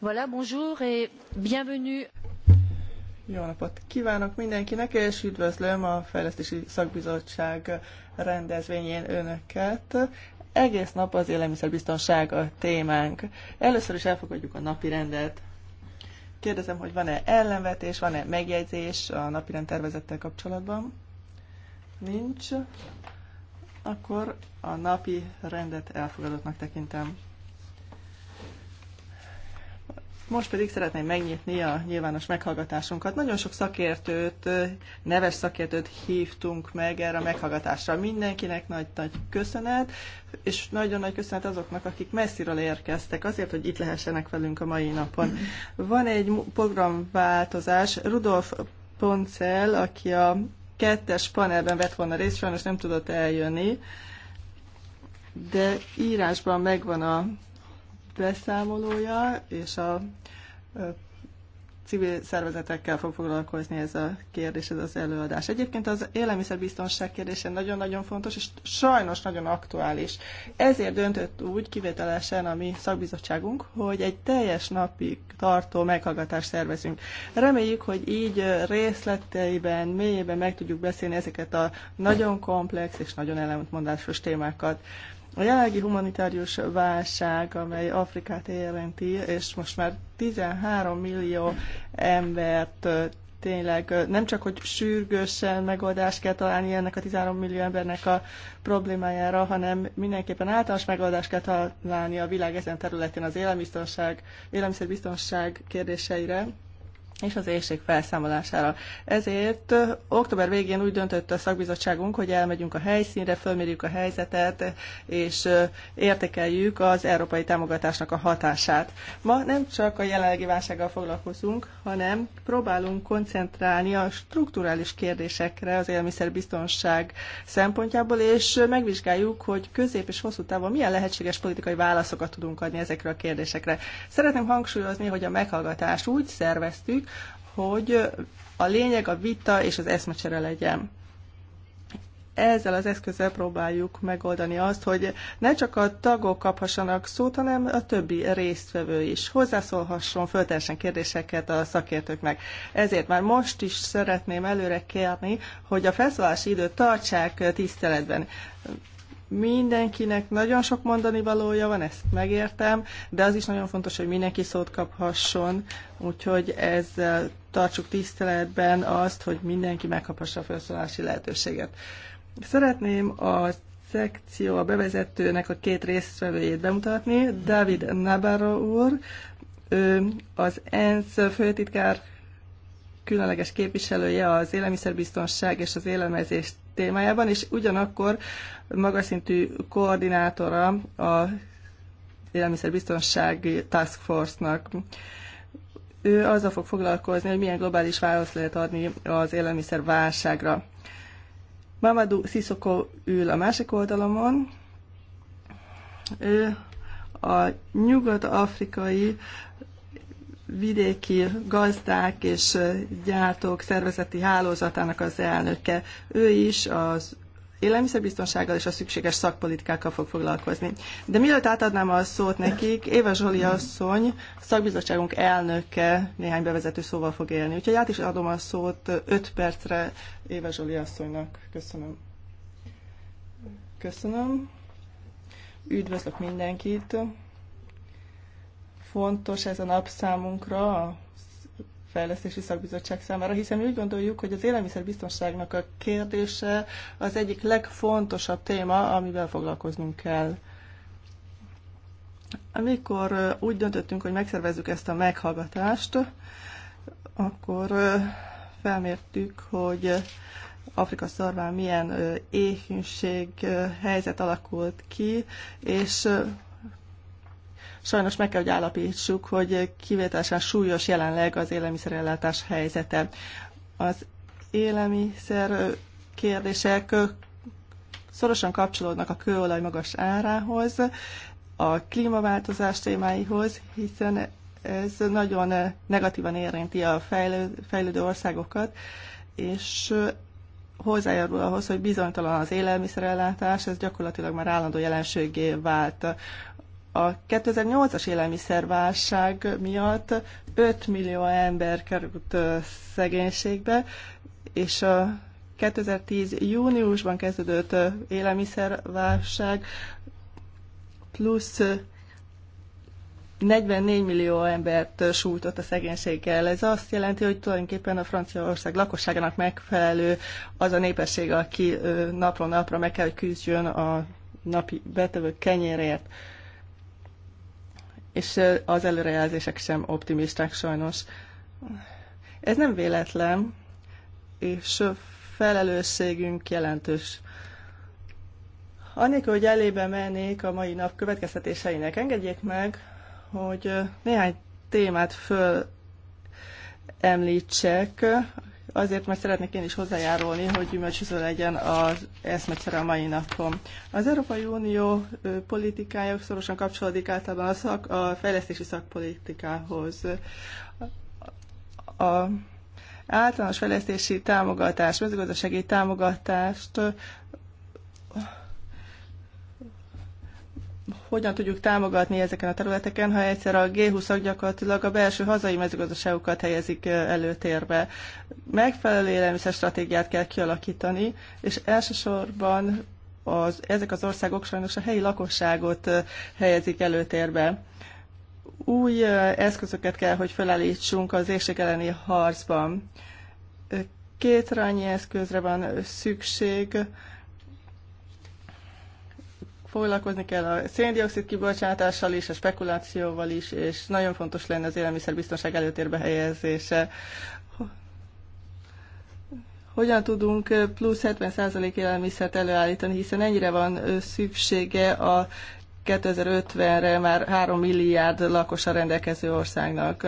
bonjour et bienvenue. Jó napot kívánok mindenkinek, és üdvözlöm a Fejlesztési Szakbizottság rendezvényén önöket. Egész nap az élelmiszerbiztonság a témánk. Először is elfogadjuk a napi rendet. Kérdezem, hogy van-e ellenvetés, van-e megjegyzés a napirend tervezettel kapcsolatban? Nincs. Akkor a napi rendet elfogadottnak tekintem. Most pedig szeretném megnyitni a nyilvános meghallgatásunkat. Nagyon sok szakértőt, neves szakértőt hívtunk meg erre a meghallgatásra. Mindenkinek nagy-nagy köszönet, és nagyon nagy köszönet azoknak, akik messziről érkeztek, azért, hogy itt lehessenek velünk a mai napon. Van egy programváltozás. Rudolf Poncel, aki a kettes panelben vett volna részt, sajnos nem tudott eljönni, de írásban megvan a beszámolója, és a civil szervezetekkel fog foglalkozni ez a kérdés, ez az előadás. Egyébként az élelmiszerbiztonság kérdése nagyon-nagyon fontos, és sajnos nagyon aktuális. Ezért döntött úgy kivételesen a mi szakbizottságunk, hogy egy teljes napig tartó meghallgatást szervezünk. Reméljük, hogy így részleteiben, mélyében meg tudjuk beszélni ezeket a nagyon komplex és nagyon ellentmondásos témákat. A jelenlegi humanitárius válság, amely Afrikát érinti, és most már 13 millió embert tényleg nem csak, hogy sürgősen megoldást kell találni ennek a 13 millió embernek a problémájára, hanem mindenképpen általános megoldást kell találni a világ ezen területén az élelmiszerbiztonság kérdéseire, és az éjség felszámolására. Ezért október végén úgy döntött a szakbizottságunk, hogy elmegyünk a helyszínre, fölmérjük a helyzetet, és értékeljük az európai támogatásnak a hatását. Ma nem csak a jelenlegi válsággal foglalkozunk, hanem próbálunk koncentrálni a strukturális kérdésekre az élmiszerbiztonság szempontjából, és megvizsgáljuk, hogy közép és hosszú távon milyen lehetséges politikai válaszokat tudunk adni ezekre a kérdésekre. Szeretném hangsúlyozni, hogy a meghallgatást úgy szerveztük, hogy a lényeg a vita és az eszmecsere legyen. Ezzel az eszközzel próbáljuk megoldani azt, hogy ne csak a tagok kaphassanak szót, hanem a többi résztvevő is hozzászólhasson, föltessen kérdéseket a szakértőknek. Ezért már most is szeretném előre kérni, hogy a felszólási időt tartsák tiszteletben Mindenkinek nagyon sok mondani valója van, ezt megértem, de az is nagyon fontos, hogy mindenki szót kaphasson, úgyhogy ezzel tartsuk tiszteletben azt, hogy mindenki megkaphassa a felszólási lehetőséget. Szeretném a szekció, a bevezetőnek a két résztvevőjét bemutatni. David Nabarro úr, ő az ENSZ főtitkár különleges képviselője az élelmiszerbiztonság és az élelmezés témájában, és ugyanakkor magas szintű koordinátora a élelmiszerbiztonsági task force-nak. Ő azzal fog foglalkozni, hogy milyen globális választ lehet adni az élelmiszer válságra. Mamadou Sissoko ül a másik oldalomon. Ő a nyugat-afrikai vidéki gazdák és gyártók szervezeti hálózatának az elnöke. Ő is az élelmiszerbiztonsággal és a szükséges szakpolitikákkal fog foglalkozni. De mielőtt átadnám a szót nekik, Éva Zsoli asszony, szakbizottságunk elnöke néhány bevezető szóval fog élni. Úgyhogy át is adom a szót 5 percre Éva Zsoli asszonynak. Köszönöm. Köszönöm. Üdvözlök mindenkit. Fontos ez a nap számunkra, a Fejlesztési Szakbizottság számára, hiszen mi úgy gondoljuk, hogy az élelmiszerbiztonságnak a kérdése az egyik legfontosabb téma, amivel foglalkoznunk kell. Amikor úgy döntöttünk, hogy megszervezzük ezt a meghallgatást, akkor felmértük, hogy Afrika szarván milyen éhünség helyzet alakult ki, és Sajnos meg kell, hogy állapítsuk, hogy kivételesen súlyos jelenleg az élelmiszerellátás helyzete. Az élelmiszer kérdések szorosan kapcsolódnak a kőolaj magas árához, a klímaváltozás témáihoz, hiszen ez nagyon negatívan érinti a fejlődő országokat, és hozzájárul ahhoz, hogy bizonytalan az élelmiszerellátás, ez gyakorlatilag már állandó jelenségé vált. A 2008-as élelmiszerválság miatt 5 millió ember került szegénységbe, és a 2010. júniusban kezdődött élelmiszerválság plusz 44 millió embert sújtott a szegénységgel. Ez azt jelenti, hogy tulajdonképpen a Franciaország lakosságának megfelelő az a népesség, aki napról napra meg kell, hogy küzdjön a napi betevő kenyérért és az előrejelzések sem optimisták sajnos. Ez nem véletlen, és felelősségünk jelentős. Annélkül, hogy elébe mennék a mai nap következtetéseinek, engedjék meg, hogy néhány témát föl említsek, azért, mert szeretnék én is hozzájárulni, hogy gyümölcsöző legyen az eszmecsere a mai napon. Az Európai Unió politikája szorosan kapcsolódik általában a, szak, a fejlesztési szakpolitikához. A általános fejlesztési támogatás, mezőgazdasági támogatást hogyan tudjuk támogatni ezeken a területeken, ha egyszer a G20-ak gyakorlatilag a belső hazai mezőgazdaságokat helyezik előtérbe. Megfelelő élelmiszer stratégiát kell kialakítani, és elsősorban az, ezek az országok sajnos a helyi lakosságot helyezik előtérbe. Új eszközöket kell, hogy felállítsunk az érség elleni harcban. Két rányi eszközre van szükség, foglalkozni kell a széndiokszid kibocsátással is, a spekulációval is, és nagyon fontos lenne az élelmiszerbiztonság előtérbe helyezése. Hogyan tudunk plusz 70% élelmiszert előállítani, hiszen ennyire van szüksége a 2050-re már 3 milliárd lakosa rendelkező országnak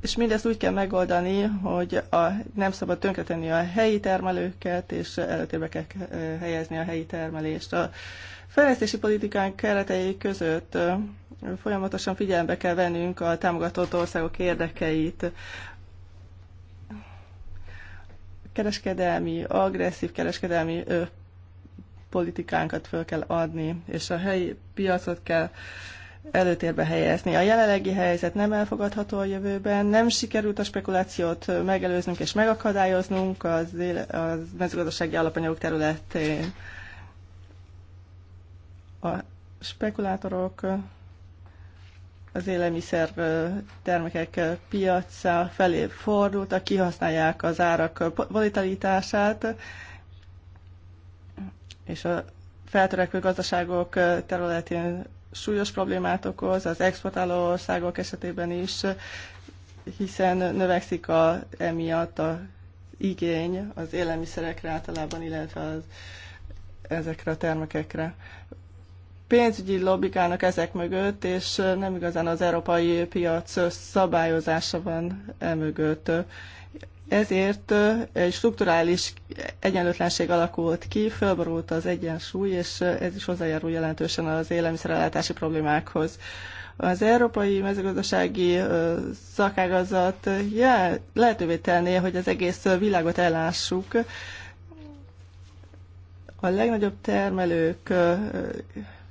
és mindezt úgy kell megoldani, hogy a, nem szabad tönkretenni a helyi termelőket, és előtérbe kell helyezni a helyi termelést. A fejlesztési politikánk keretei között folyamatosan figyelembe kell vennünk a támogatott országok érdekeit, kereskedelmi, agresszív kereskedelmi ö, politikánkat föl kell adni, és a helyi piacot kell előtérbe helyezni. A jelenlegi helyzet nem elfogadható a jövőben, nem sikerült a spekulációt megelőznünk és megakadályoznunk az, éle, az mezőgazdasági alapanyagok területén. A spekulátorok az élelmiszer termékek piaca felé fordultak, kihasználják az árak volatilitását, és a feltörekvő gazdaságok területén súlyos problémát okoz az exportáló országok esetében is, hiszen növekszik a, emiatt a igény az élelmiszerekre általában, illetve az, ezekre a termékekre. Pénzügyi lobbik állnak ezek mögött, és nem igazán az európai piac szabályozása van e mögött. Ezért egy strukturális egyenlőtlenség alakult ki, fölborult az egyensúly, és ez is hozzájárul jelentősen az élelmiszerellátási problémákhoz. Az európai mezőgazdasági szakágazat lehetővé tenné, hogy az egész világot ellássuk. A legnagyobb termelők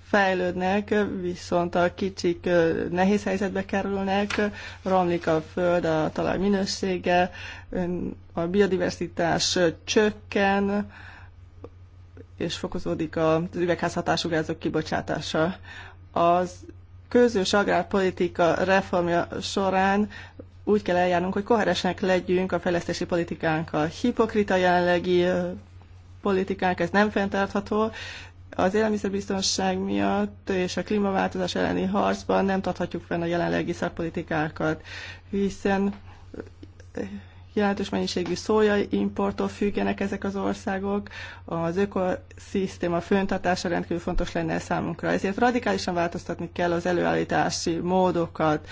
fejlődnek, viszont a kicsik nehéz helyzetbe kerülnek, romlik a föld, a talaj minősége, a biodiversitás csökken, és fokozódik az üvegházhatású gázok kibocsátása. Az közös agrárpolitika reformja során úgy kell eljárnunk, hogy koherensek legyünk a fejlesztési politikánkkal. Hipokrita jelenlegi politikánk, ez nem fenntartható, az élelmiszerbiztonság miatt és a klímaváltozás elleni harcban nem tarthatjuk fenn a jelenlegi szakpolitikákat, hiszen eh, jelentős mennyiségű szója importtól függenek ezek az országok, az ökoszisztéma föntartása rendkívül fontos lenne számunkra. Ezért radikálisan változtatni kell az előállítási módokat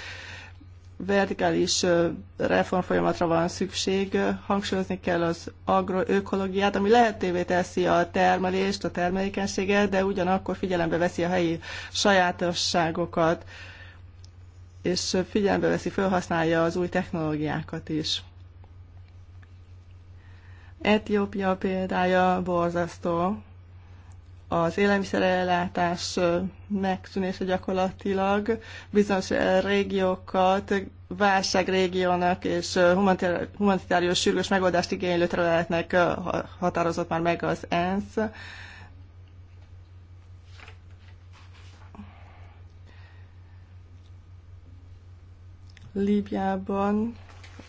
vertikális reformfolyamatra van szükség, hangsúlyozni kell az agroökológiát, ami lehetővé teszi a termelést, a termelékenységet, de ugyanakkor figyelembe veszi a helyi sajátosságokat, és figyelembe veszi, felhasználja az új technológiákat is. Etiópia példája borzasztó az élelmiszerellátás megszűnése gyakorlatilag bizonyos régiókat válságrégiónak és humanitárius sürgős megoldást igénylő területnek határozott már meg az ENSZ. Líbiában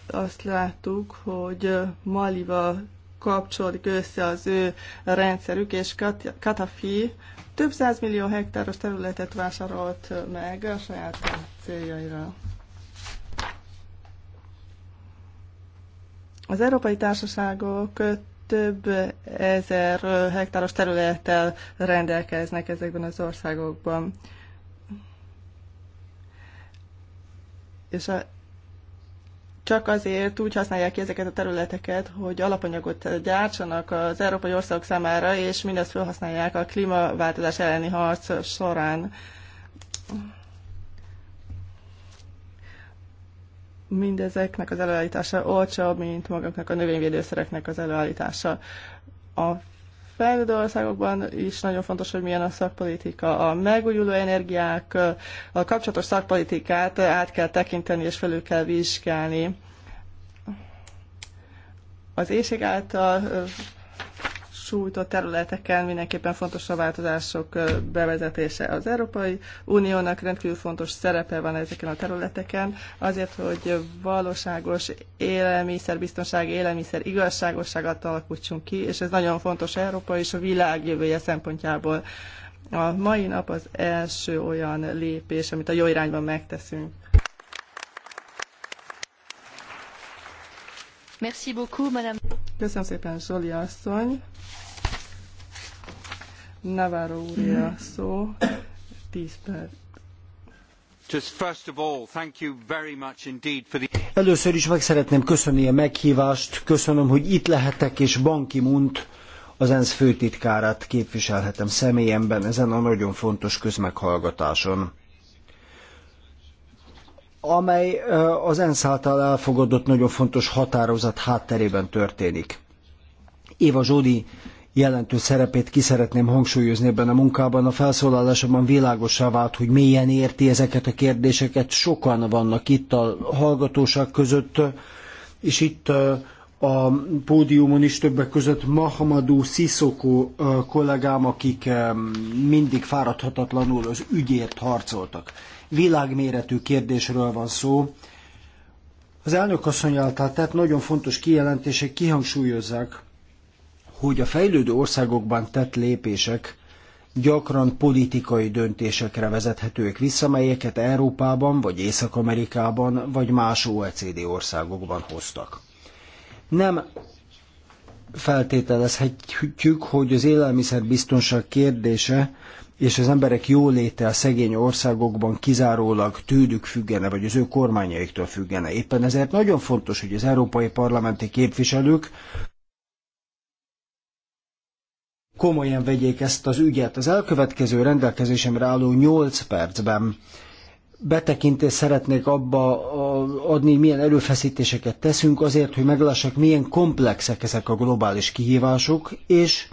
azt láttuk, hogy Malival kapcsolódik össze az ő rendszerük, és Katafi több millió hektáros területet vásárolt meg a saját céljaira. Az európai társaságok több ezer hektáros területtel rendelkeznek ezekben az országokban. És a csak azért úgy használják ki ezeket a területeket, hogy alapanyagot gyártsanak az európai országok számára, és mindezt felhasználják a klímaváltozás elleni harc során. Mindezeknek az előállítása olcsóbb, mint magaknak a növényvédőszereknek az előállítása. A fejlődő országokban is nagyon fontos, hogy milyen a szakpolitika. A megújuló energiák, a kapcsolatos szakpolitikát át kell tekinteni és felül kell vizsgálni. Az éjség által sújtott területeken mindenképpen fontos a változások bevezetése az Európai Uniónak, rendkívül fontos szerepe van ezeken a területeken, azért, hogy valóságos élelmiszerbiztonság, élelmiszer igazságosságot alakítsunk ki, és ez nagyon fontos Európa és a világ jövője szempontjából. A mai nap az első olyan lépés, amit a jó irányban megteszünk. Merci beaucoup, madame. Köszönöm szépen, Zsoli asszony. Navarro úrja szó. 10 perc. Először is meg szeretném köszönni a meghívást, köszönöm, hogy itt lehetek, és Banki Munt, az ENSZ főtitkárát képviselhetem személyemben ezen a nagyon fontos közmeghallgatáson amely az ENSZ által elfogadott nagyon fontos határozat hátterében történik. Éva Zsodi jelentő szerepét ki szeretném hangsúlyozni ebben a munkában. A felszólalásomban világosá vált, hogy mélyen érti ezeket a kérdéseket. Sokan vannak itt a hallgatóság között, és itt a pódiumon is többek között Mahamadou Sissoko kollégám, akik mindig fáradhatatlanul az ügyért harcoltak. Világméretű kérdésről van szó. Az elnök asszony által tehát nagyon fontos kijelentések kihangsúlyozzák, hogy a fejlődő országokban tett lépések gyakran politikai döntésekre vezethetőek vissza, melyeket Európában, vagy Észak-Amerikában, vagy más OECD országokban hoztak. Nem feltételezhetjük, hogy az élelmiszerbiztonság kérdése és az emberek jóléte a szegény országokban kizárólag tőlük függene, vagy az ő kormányaiktól függene. Éppen ezért nagyon fontos, hogy az európai parlamenti képviselők komolyan vegyék ezt az ügyet. Az elkövetkező rendelkezésemre álló 8 percben betekintést szeretnék abba adni, milyen előfeszítéseket teszünk azért, hogy meglássák, milyen komplexek ezek a globális kihívások, és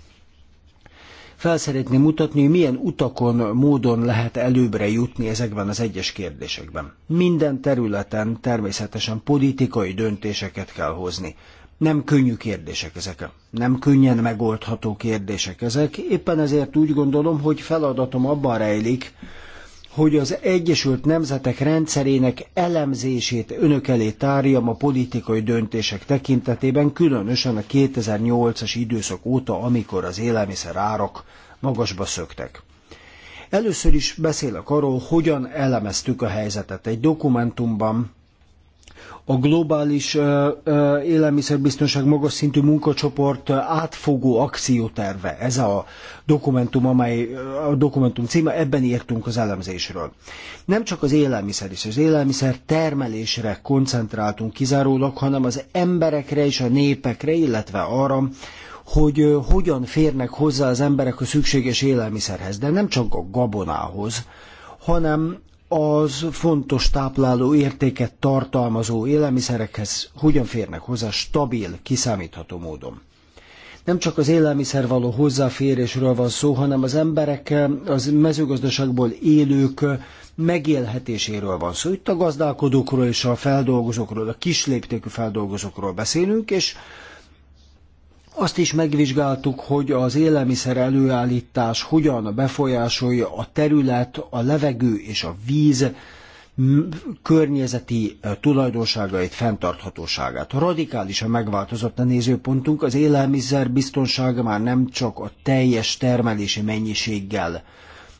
fel szeretném mutatni, hogy milyen utakon, módon lehet előbbre jutni ezekben az egyes kérdésekben. Minden területen természetesen politikai döntéseket kell hozni. Nem könnyű kérdések ezek, nem könnyen megoldható kérdések ezek, éppen ezért úgy gondolom, hogy feladatom abban rejlik, hogy az Egyesült Nemzetek rendszerének elemzését önök elé tárjam a politikai döntések tekintetében, különösen a 2008-as időszak óta, amikor az élelmiszer árak magasba szöktek. Először is beszélek arról, hogyan elemeztük a helyzetet. Egy dokumentumban a globális élelmiszerbiztonság magas szintű munkacsoport átfogó akcióterve. Ez a dokumentum, amely a dokumentum címe, ebben írtunk az elemzésről. Nem csak az élelmiszer és az élelmiszer termelésre koncentráltunk kizárólag, hanem az emberekre és a népekre, illetve arra, hogy hogyan férnek hozzá az emberek a szükséges élelmiszerhez, de nem csak a gabonához, hanem az fontos tápláló értéket tartalmazó élelmiszerekhez hogyan férnek hozzá stabil, kiszámítható módon. Nem csak az élelmiszer való hozzáférésről van szó, hanem az emberek, az mezőgazdaságból élők megélhetéséről van szó. Itt a gazdálkodókról és a feldolgozókról, a kisléptékű feldolgozókról beszélünk, és azt is megvizsgáltuk, hogy az élelmiszer előállítás hogyan befolyásolja a terület, a levegő és a víz környezeti eh, tulajdonságait, fenntarthatóságát. Radikálisan megváltozott a nézőpontunk, az élelmiszer biztonsága már nem csak a teljes termelési mennyiséggel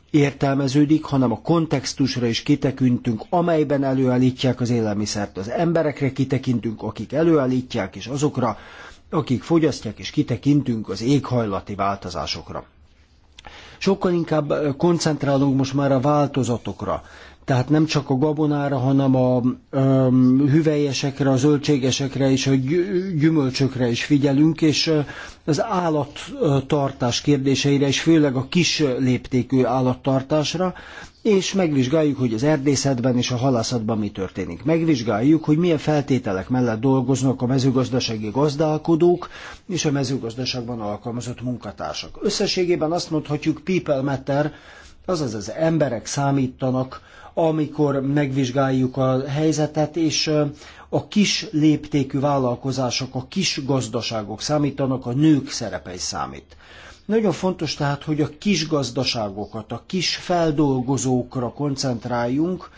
értelmeződik, hanem a kontextusra is kitekintünk, amelyben előállítják az élelmiszert. Az emberekre kitekintünk, akik előállítják, és azokra, akik fogyasztják, és kitekintünk az éghajlati változásokra. Sokkal inkább koncentrálunk most már a változatokra, tehát nem csak a gabonára, hanem a um, hüvelyesekre, a zöldségesekre és a gyümölcsökre is figyelünk, és az állattartás kérdéseire, és főleg a kis léptékű állattartásra, és megvizsgáljuk, hogy az erdészetben és a halászatban mi történik. Megvizsgáljuk, hogy milyen feltételek mellett dolgoznak a mezőgazdasági gazdálkodók és a mezőgazdaságban alkalmazott munkatársak. Összességében azt mondhatjuk, people matter, azaz az emberek számítanak, amikor megvizsgáljuk a helyzetet, és a kis léptékű vállalkozások, a kis gazdaságok számítanak, a nők szerepe is számít. Nagyon fontos tehát, hogy a kis gazdaságokat, a kis feldolgozókra koncentráljunk,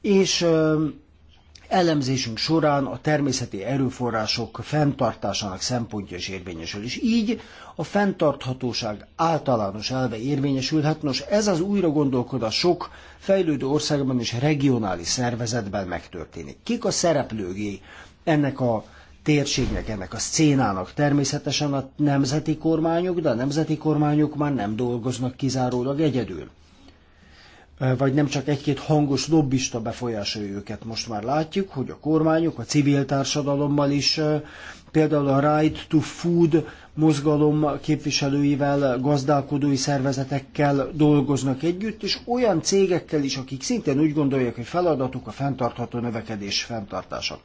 és elemzésünk során a természeti erőforrások fenntartásának szempontja is érvényesül. És így a fenntarthatóság általános elve érvényesülhet. Nos, ez az újragondolkodás sok fejlődő országban és regionális szervezetben megtörténik. Kik a szereplői ennek a térségnek, ennek a szcénának természetesen a nemzeti kormányok, de a nemzeti kormányok már nem dolgoznak kizárólag egyedül. Vagy nem csak egy-két hangos lobbista befolyásolja őket. Most már látjuk, hogy a kormányok a civil társadalommal is, például a Right to Food mozgalom képviselőivel, gazdálkodói szervezetekkel dolgoznak együtt, és olyan cégekkel is, akik szintén úgy gondolják, hogy feladatuk a fenntartható növekedés fenntartása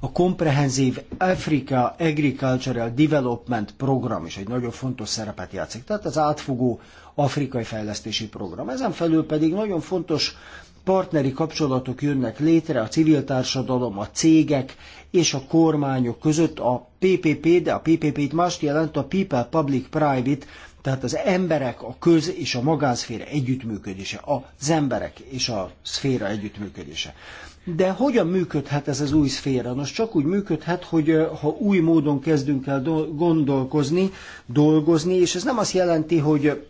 a Comprehensive Africa Agricultural Development Program is egy nagyon fontos szerepet játszik, tehát az átfogó afrikai fejlesztési program. Ezen felül pedig nagyon fontos partneri kapcsolatok jönnek létre a civil társadalom, a cégek és a kormányok között a PPP, de a PPP-t mást jelent a People Public Private, tehát az emberek, a köz és a magánszféra együttműködése, az emberek és a szféra együttműködése. De hogyan működhet ez az új szféra? Nos, csak úgy működhet, hogy ha új módon kezdünk el gondolkozni, dolgozni, és ez nem azt jelenti, hogy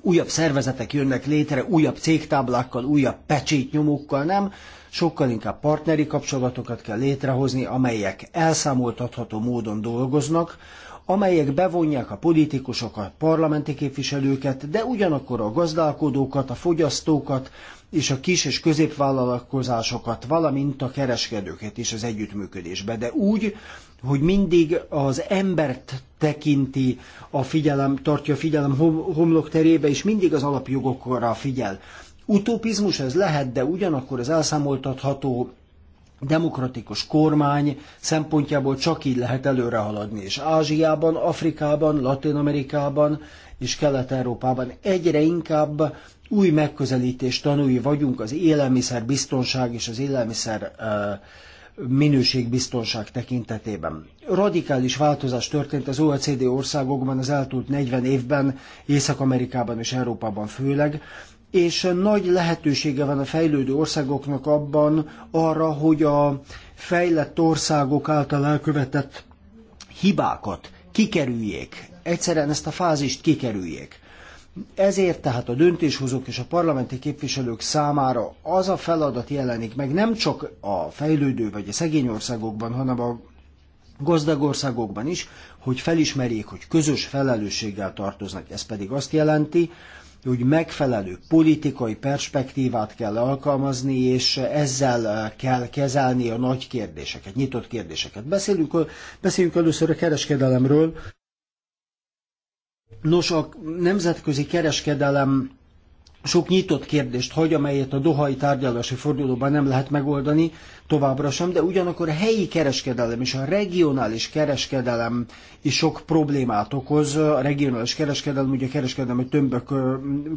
újabb szervezetek jönnek létre, újabb cégtáblákkal, újabb pecsétnyomókkal, nem, sokkal inkább partneri kapcsolatokat kell létrehozni, amelyek elszámoltatható módon dolgoznak, amelyek bevonják a politikusokat, parlamenti képviselőket, de ugyanakkor a gazdálkodókat, a fogyasztókat, és a kis és középvállalkozásokat, valamint a kereskedőket is az együttműködésbe, de úgy, hogy mindig az embert tekinti a figyelem, tartja a figyelem homlok terébe, és mindig az alapjogokra figyel. Utopizmus ez lehet, de ugyanakkor az elszámoltatható demokratikus kormány szempontjából csak így lehet előre haladni. És Ázsiában, Afrikában, Latin Amerikában és Kelet-Európában egyre inkább új megközelítés tanúi vagyunk az élelmiszer biztonság és az élelmiszer minőségbiztonság tekintetében. Radikális változás történt az OECD országokban az eltúlt 40 évben, Észak-Amerikában és Európában főleg, és nagy lehetősége van a fejlődő országoknak abban arra, hogy a fejlett országok által elkövetett hibákat kikerüljék. Egyszerűen ezt a fázist kikerüljék. Ezért tehát a döntéshozók és a parlamenti képviselők számára az a feladat jelenik meg nem csak a fejlődő vagy a szegény országokban, hanem a gazdag országokban is, hogy felismerjék, hogy közös felelősséggel tartoznak. Ez pedig azt jelenti, hogy megfelelő politikai perspektívát kell alkalmazni, és ezzel kell kezelni a nagy kérdéseket, nyitott kérdéseket. Beszélünk, beszéljünk először a kereskedelemről. Nos, a nemzetközi kereskedelem sok nyitott kérdést hagy, amelyet a dohai tárgyalási fordulóban nem lehet megoldani, továbbra sem, de ugyanakkor a helyi kereskedelem és a regionális kereskedelem is sok problémát okoz, a regionális kereskedelem ugye a kereskedelmi tömbök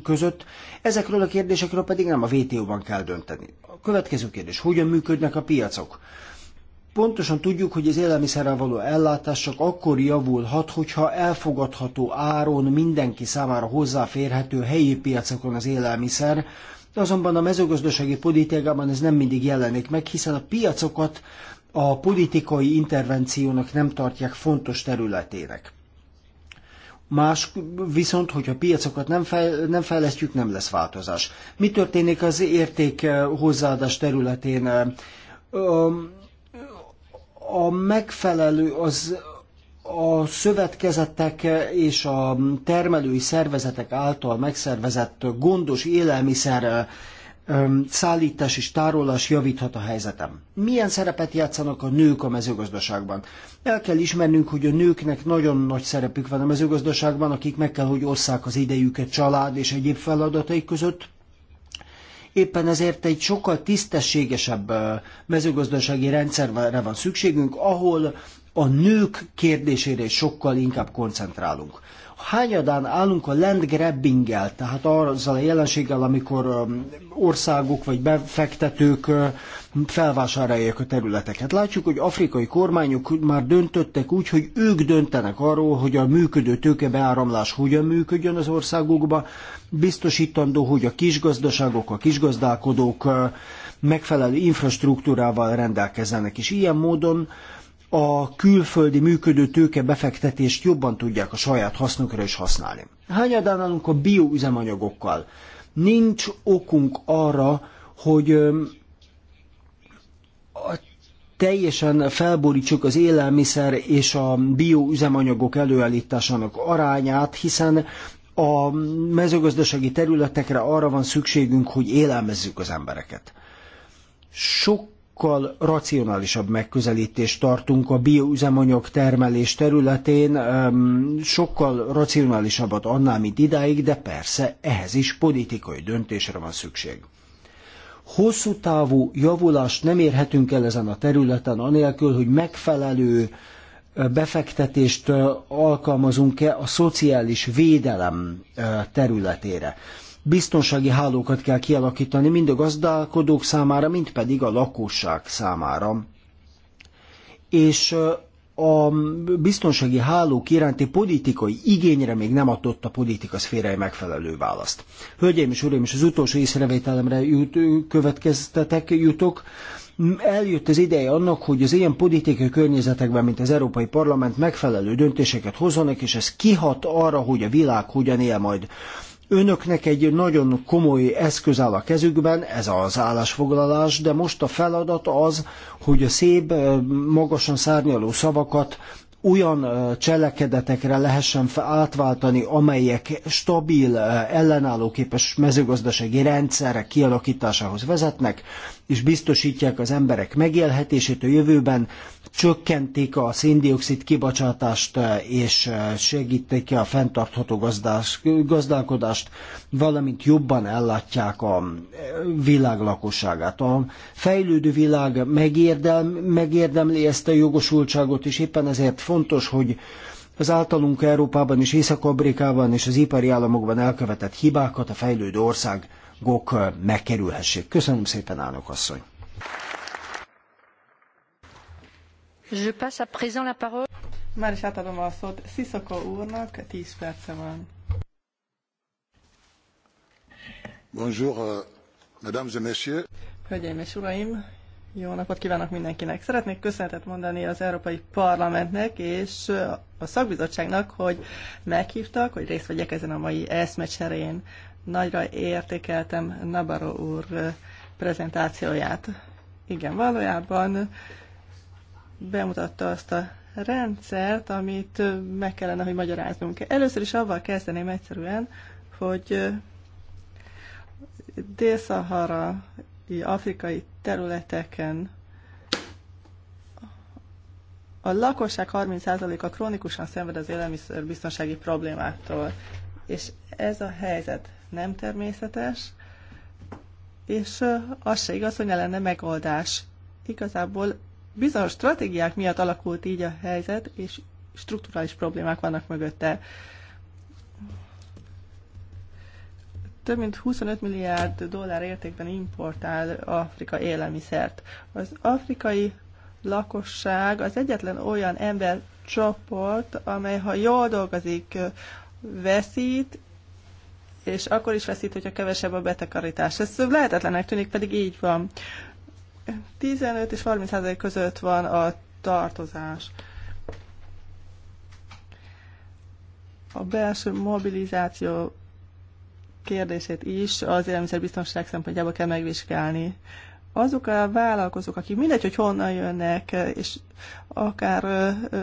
között. Ezekről a kérdésekről pedig nem a WTO-ban kell dönteni. A következő kérdés, hogyan működnek a piacok? pontosan tudjuk, hogy az élelmiszerrel való ellátás csak akkor javulhat, hogyha elfogadható áron mindenki számára hozzáférhető helyi piacokon az élelmiszer, azonban a mezőgazdasági politikában ez nem mindig jelenik meg, hiszen a piacokat a politikai intervenciónak nem tartják fontos területének. Más viszont, hogyha piacokat nem, fej, nem fejlesztjük, nem lesz változás. Mi történik az érték eh, hozzáadás területén? Um, a megfelelő, az a szövetkezetek és a termelői szervezetek által megszervezett gondos élelmiszer szállítás és tárolás javíthat a helyzetem. Milyen szerepet játszanak a nők a mezőgazdaságban? El kell ismernünk, hogy a nőknek nagyon nagy szerepük van a mezőgazdaságban, akik meg kell, hogy osszák az idejüket család és egyéb feladataik között, Éppen ezért egy sokkal tisztességesebb mezőgazdasági rendszerre van szükségünk, ahol a nők kérdésére sokkal inkább koncentrálunk hányadán állunk a land grabbinggel, tehát azzal a jelenséggel, amikor országok vagy befektetők felvásárolják a területeket. Látjuk, hogy afrikai kormányok már döntöttek úgy, hogy ők döntenek arról, hogy a működő tőkebeáramlás hogyan működjön az országokba, biztosítandó, hogy a kisgazdaságok, a kisgazdálkodók megfelelő infrastruktúrával rendelkezzenek, és ilyen módon a külföldi működő tőke befektetést jobban tudják a saját hasznukra is használni. Hányadán állunk a bioüzemanyagokkal? Nincs okunk arra, hogy teljesen felborítsuk az élelmiszer és a bioüzemanyagok előállításának arányát, hiszen a mezőgazdasági területekre arra van szükségünk, hogy élelmezzük az embereket. Sok sokkal racionálisabb megközelítést tartunk a bioüzemanyag termelés területén, sokkal racionálisabbat annál, mint idáig, de persze ehhez is politikai döntésre van szükség. Hosszú távú javulást nem érhetünk el ezen a területen, anélkül, hogy megfelelő befektetést alkalmazunk-e a szociális védelem területére biztonsági hálókat kell kialakítani mind a gazdálkodók számára, mind pedig a lakosság számára. És a biztonsági hálók iránti politikai igényre még nem adott a politika szférai megfelelő választ. Hölgyeim és uraim, és az utolsó észrevételemre jut, következtetek, jutok. Eljött az ideje annak, hogy az ilyen politikai környezetekben, mint az Európai Parlament megfelelő döntéseket hozzanak, és ez kihat arra, hogy a világ hogyan él majd. Önöknek egy nagyon komoly eszköz áll a kezükben, ez az állásfoglalás, de most a feladat az, hogy a szép, magasan szárnyaló szavakat olyan cselekedetekre lehessen átváltani, amelyek stabil, ellenállóképes mezőgazdasági rendszerek kialakításához vezetnek, és biztosítják az emberek megélhetését a jövőben, csökkentik a széndiokszid kibocsátást eh, és eh, segítik a fenntartható gazdálkodást, valamint jobban ellátják a eh, világ lakosságát. A fejlődő világ megérdem, megérdemli ezt a jogosultságot, és éppen ezért fontos, hogy az általunk Európában és Észak-Amerikában és az ipari államokban elkövetett hibákat a fejlődő ország gok megkerülhessék. Köszönöm szépen, állok asszony! Je passe à présent la parole. Már is átadom a szót Sziszoko úrnak, 10 perce van. Bonjour, euh, mesdames et messieurs. Hölgyeim és uraim, jó napot kívánok mindenkinek! Szeretnék köszönetet mondani az Európai Parlamentnek és a szakbizottságnak, hogy meghívtak, hogy részt vegyek ezen a mai eszmecserén. Nagyra értékeltem Nabaró úr prezentációját. Igen, valójában bemutatta azt a rendszert, amit meg kellene, hogy magyaráznunk. Először is avval kezdeném egyszerűen, hogy dél afrikai területeken a lakosság 30%-a krónikusan szenved az élelmiszerbiztonsági problémáktól. És ez a helyzet nem természetes, és az se igaz, hogy ne lenne megoldás. Igazából bizonyos stratégiák miatt alakult így a helyzet, és strukturális problémák vannak mögötte. Több mint 25 milliárd dollár értékben importál Afrika élelmiszert. Az afrikai lakosság az egyetlen olyan ember csoport, amely ha jól dolgozik, veszít, és akkor is veszít, hogyha kevesebb a betakarítás. Ez lehetetlenek tűnik, pedig így van. 15 és 30 százalék között van a tartozás. A belső mobilizáció kérdését is az élelmiszerbiztonság szempontjából kell megvizsgálni. Azok a vállalkozók, akik mindegy, hogy honnan jönnek, és akár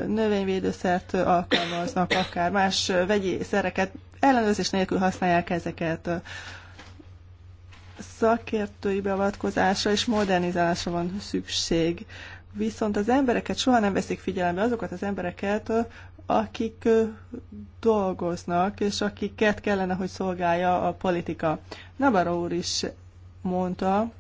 növényvédőszert alkalmaznak, akár más vegyi szereket ellenőrzés nélkül használják ezeket. Szakértői beavatkozásra és modernizálásra van szükség. Viszont az embereket soha nem veszik figyelembe, azokat az embereket, akik dolgoznak, és akiket kellene, hogy szolgálja a politika. Navarro úr is mondta,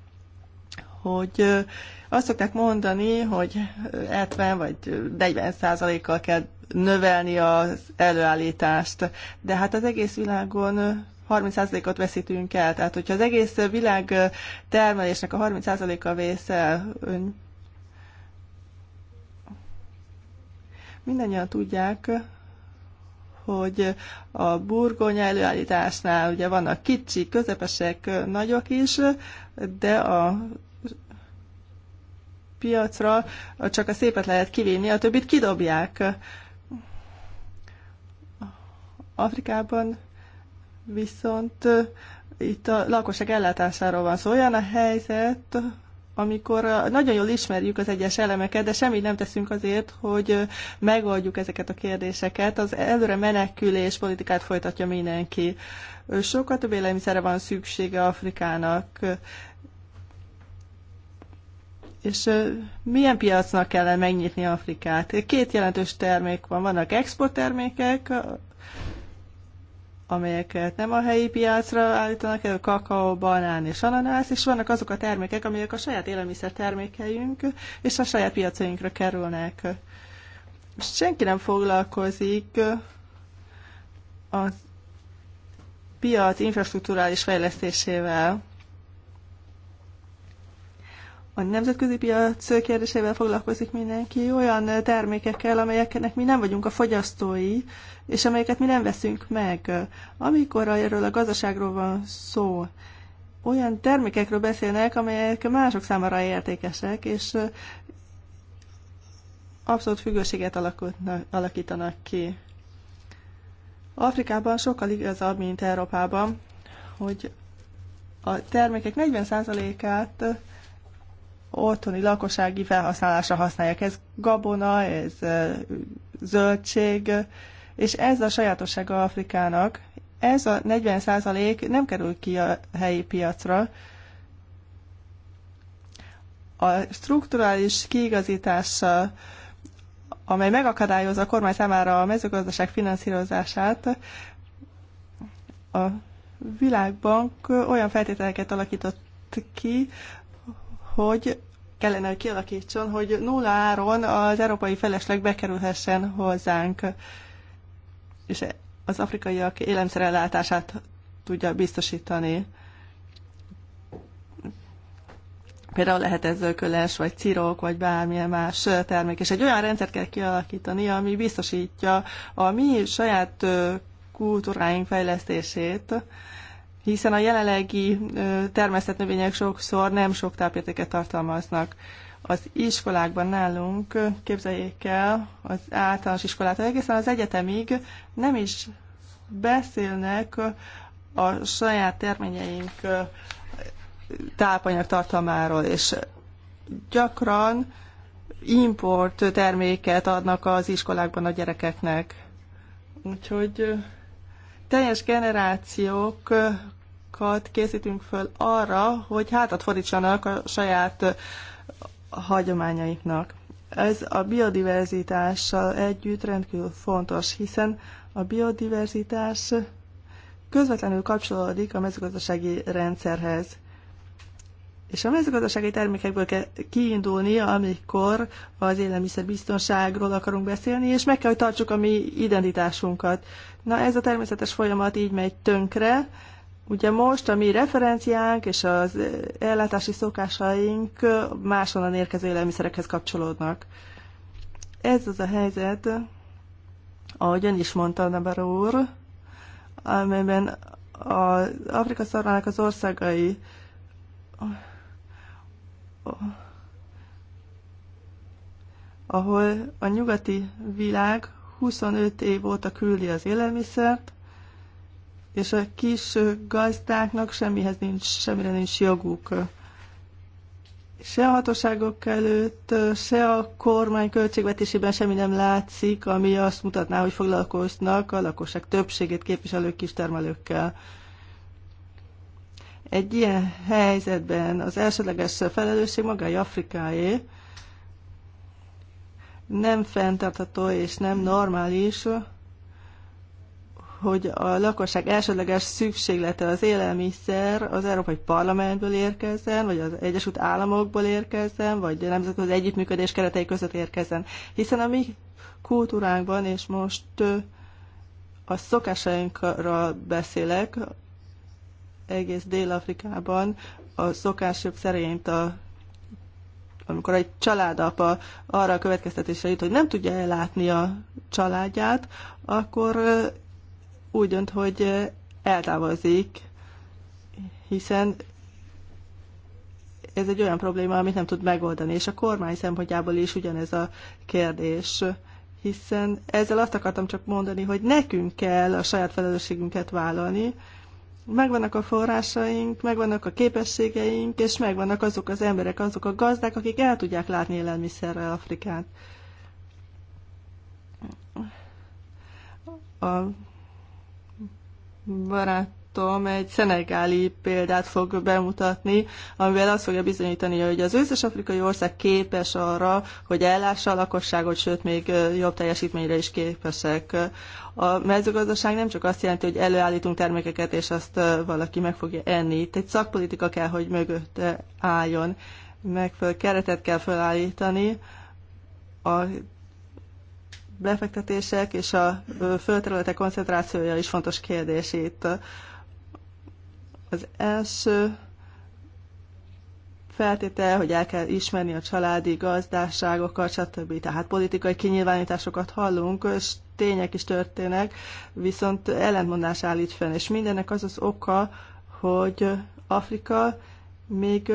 hogy azt szokták mondani, hogy 70 vagy 40 százalékkal kell növelni az előállítást. De hát az egész világon 30%-ot veszítünk el. Tehát, hogyha az egész világ termelésnek a 30%-a vész el, ön... mindannyian tudják, hogy a burgonya előállításnál ugye vannak kicsi közepesek, nagyok is, de a piacra csak a szépet lehet kivinni, a többit kidobják. Afrikában viszont itt a lakosság ellátásáról van szó. Olyan a helyzet, amikor nagyon jól ismerjük az egyes elemeket, de semmit nem teszünk azért, hogy megoldjuk ezeket a kérdéseket. Az előre menekülés politikát folytatja mindenki. Sokkal több élelmiszerre van szüksége Afrikának. És milyen piacnak kellene megnyitni Afrikát? Két jelentős termék van. Vannak exporttermékek, amelyeket nem a helyi piacra állítanak, ez a kakaó, banán és ananász, és vannak azok a termékek, amelyek a saját élelmiszer termékeink és a saját piacainkra kerülnek. Senki nem foglalkozik a piac infrastruktúrális fejlesztésével. A nemzetközi piac kérdésével foglalkozik mindenki, olyan termékekkel, amelyeknek mi nem vagyunk a fogyasztói, és amelyeket mi nem veszünk meg. Amikor erről a gazdaságról van szó, olyan termékekről beszélnek, amelyek mások számára értékesek, és abszolút függőséget alakítanak ki. Afrikában sokkal igazabb, mint Európában, hogy a termékek 40%-át otthoni lakossági felhasználásra használják. Ez gabona, ez zöldség, és ez a sajátossága Afrikának. Ez a 40% nem kerül ki a helyi piacra. A strukturális kiigazítással amely megakadályozza a kormány számára a mezőgazdaság finanszírozását, a Világbank olyan feltételeket alakított ki, hogy kellene, hogy kialakítson, hogy nulla áron az európai felesleg bekerülhessen hozzánk, és az afrikaiak élelmiszerellátását tudja biztosítani. Például lehet ez köles, vagy cirok, vagy bármilyen más termék. És egy olyan rendszert kell kialakítani, ami biztosítja a mi saját kultúráink fejlesztését, hiszen a jelenlegi termesztett növények sokszor nem sok tápértéket tartalmaznak. Az iskolákban nálunk, képzeljék el, az általános iskolától egészen az egyetemig nem is beszélnek a saját terményeink tápanyag tartalmáról, és gyakran import terméket adnak az iskolákban a gyerekeknek. Úgyhogy teljes generációk javaslatokat készítünk föl arra, hogy hátat fordítsanak a saját hagyományaiknak. Ez a biodiverzitással együtt rendkívül fontos, hiszen a biodiverzitás közvetlenül kapcsolódik a mezőgazdasági rendszerhez. És a mezőgazdasági termékekből kell kiindulni, amikor az élelmiszerbiztonságról akarunk beszélni, és meg kell, hogy tartsuk a mi identitásunkat. Na ez a természetes folyamat így megy tönkre, Ugye most a mi referenciánk és az ellátási szokásaink máshonnan érkező élelmiszerekhez kapcsolódnak. Ez az a helyzet, ahogy ön is mondta, Nabar úr, amelyben az Afrika szarvának az országai ahol a nyugati világ 25 év óta küldi az élelmiszert, és a kis gazdáknak semmihez nincs, semmire nincs joguk. Se a hatóságok előtt, se a kormány költségvetésében semmi nem látszik, ami azt mutatná, hogy foglalkoznak a lakosság többségét képviselő termelőkkel. Egy ilyen helyzetben az elsődleges felelősség magája Afrikáé, nem fenntartható és nem normális, hogy a lakosság elsődleges szükséglete az élelmiszer az Európai Parlamentből érkezzen, vagy az Egyesült Államokból érkezzen, vagy nemzetközi együttműködés keretei között érkezzen. Hiszen a mi kultúránkban, és most a szokásainkról beszélek, egész Dél-Afrikában a szokások szerint a amikor egy családapa arra a következtetésre jut, hogy nem tudja ellátni a családját, akkor úgy dönt, hogy eltávozik, hiszen ez egy olyan probléma, amit nem tud megoldani, és a kormány szempontjából is ugyanez a kérdés, hiszen ezzel azt akartam csak mondani, hogy nekünk kell a saját felelősségünket vállalni, megvannak a forrásaink, megvannak a képességeink, és megvannak azok az emberek, azok a gazdák, akik el tudják látni élelmiszerrel Afrikát. A barátom egy szenegáli példát fog bemutatni, amivel azt fogja bizonyítani, hogy az összes afrikai ország képes arra, hogy ellássa a lakosságot, sőt, még jobb teljesítményre is képesek. A mezőgazdaság nem csak azt jelenti, hogy előállítunk termékeket, és azt valaki meg fogja enni. Itt egy szakpolitika kell, hogy mögött álljon. meg keretet kell felállítani, a befektetések és a földterületek koncentrációja is fontos kérdés itt. Az első feltétel, hogy el kell ismerni a családi gazdásságokat, stb. Tehát politikai kinyilvánításokat hallunk, és tények is történnek, viszont ellentmondás állít fenn, és mindennek az az oka, hogy Afrika még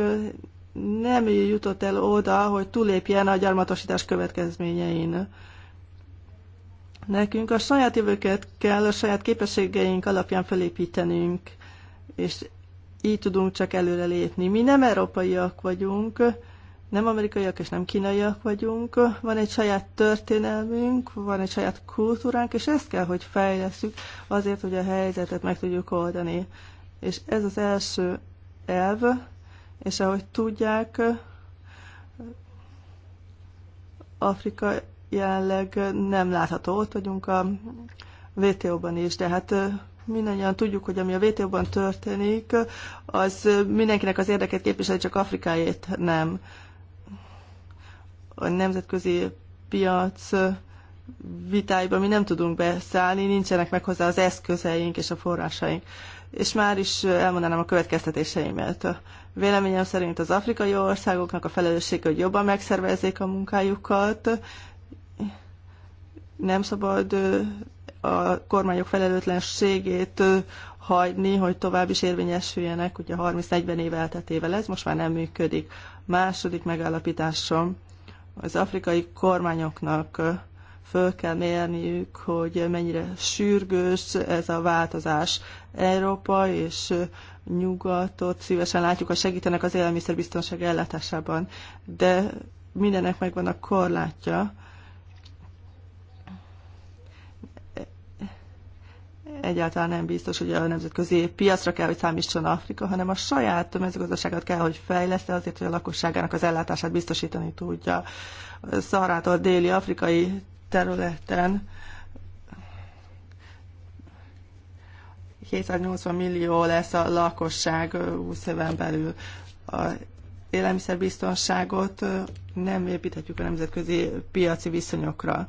nem jutott el oda, hogy túlépjen a gyarmatosítás következményein. Nekünk a saját jövőket kell a saját képességeink alapján felépítenünk, és így tudunk csak előre lépni. Mi nem európaiak vagyunk, nem amerikaiak és nem kínaiak vagyunk, van egy saját történelmünk, van egy saját kultúránk, és ezt kell, hogy fejlesztjük azért, hogy a helyzetet meg tudjuk oldani. És ez az első elv, és ahogy tudják, Afrika jelenleg nem látható. Ott vagyunk a vto ban is, de hát mindannyian tudjuk, hogy ami a vto ban történik, az mindenkinek az érdeket képviseli, csak Afrikáért nem. A nemzetközi piac vitáiba mi nem tudunk beszállni, nincsenek meg hozzá az eszközeink és a forrásaink. És már is elmondanám a következtetéseimet. Véleményem szerint az afrikai országoknak a felelőssége, hogy jobban megszervezzék a munkájukat, nem szabad a kormányok felelőtlenségét hagyni, hogy tovább is érvényesüljenek, ugye 30-40 év elteltével ez most már nem működik. Második megállapításom, az afrikai kormányoknak föl kell mérniük, hogy mennyire sürgős ez a változás. Európa és nyugatot szívesen látjuk, hogy segítenek az élelmiszerbiztonság ellátásában, de mindennek megvan a korlátja. egyáltalán nem biztos, hogy a nemzetközi piacra kell, hogy számítson Afrika, hanem a saját mezőgazdaságát kell, hogy fejleszte azért, hogy a lakosságának az ellátását biztosítani tudja. Szarától déli afrikai területen 780 millió lesz a lakosság 20 éven belül. A élelmiszerbiztonságot nem építhetjük a nemzetközi piaci viszonyokra.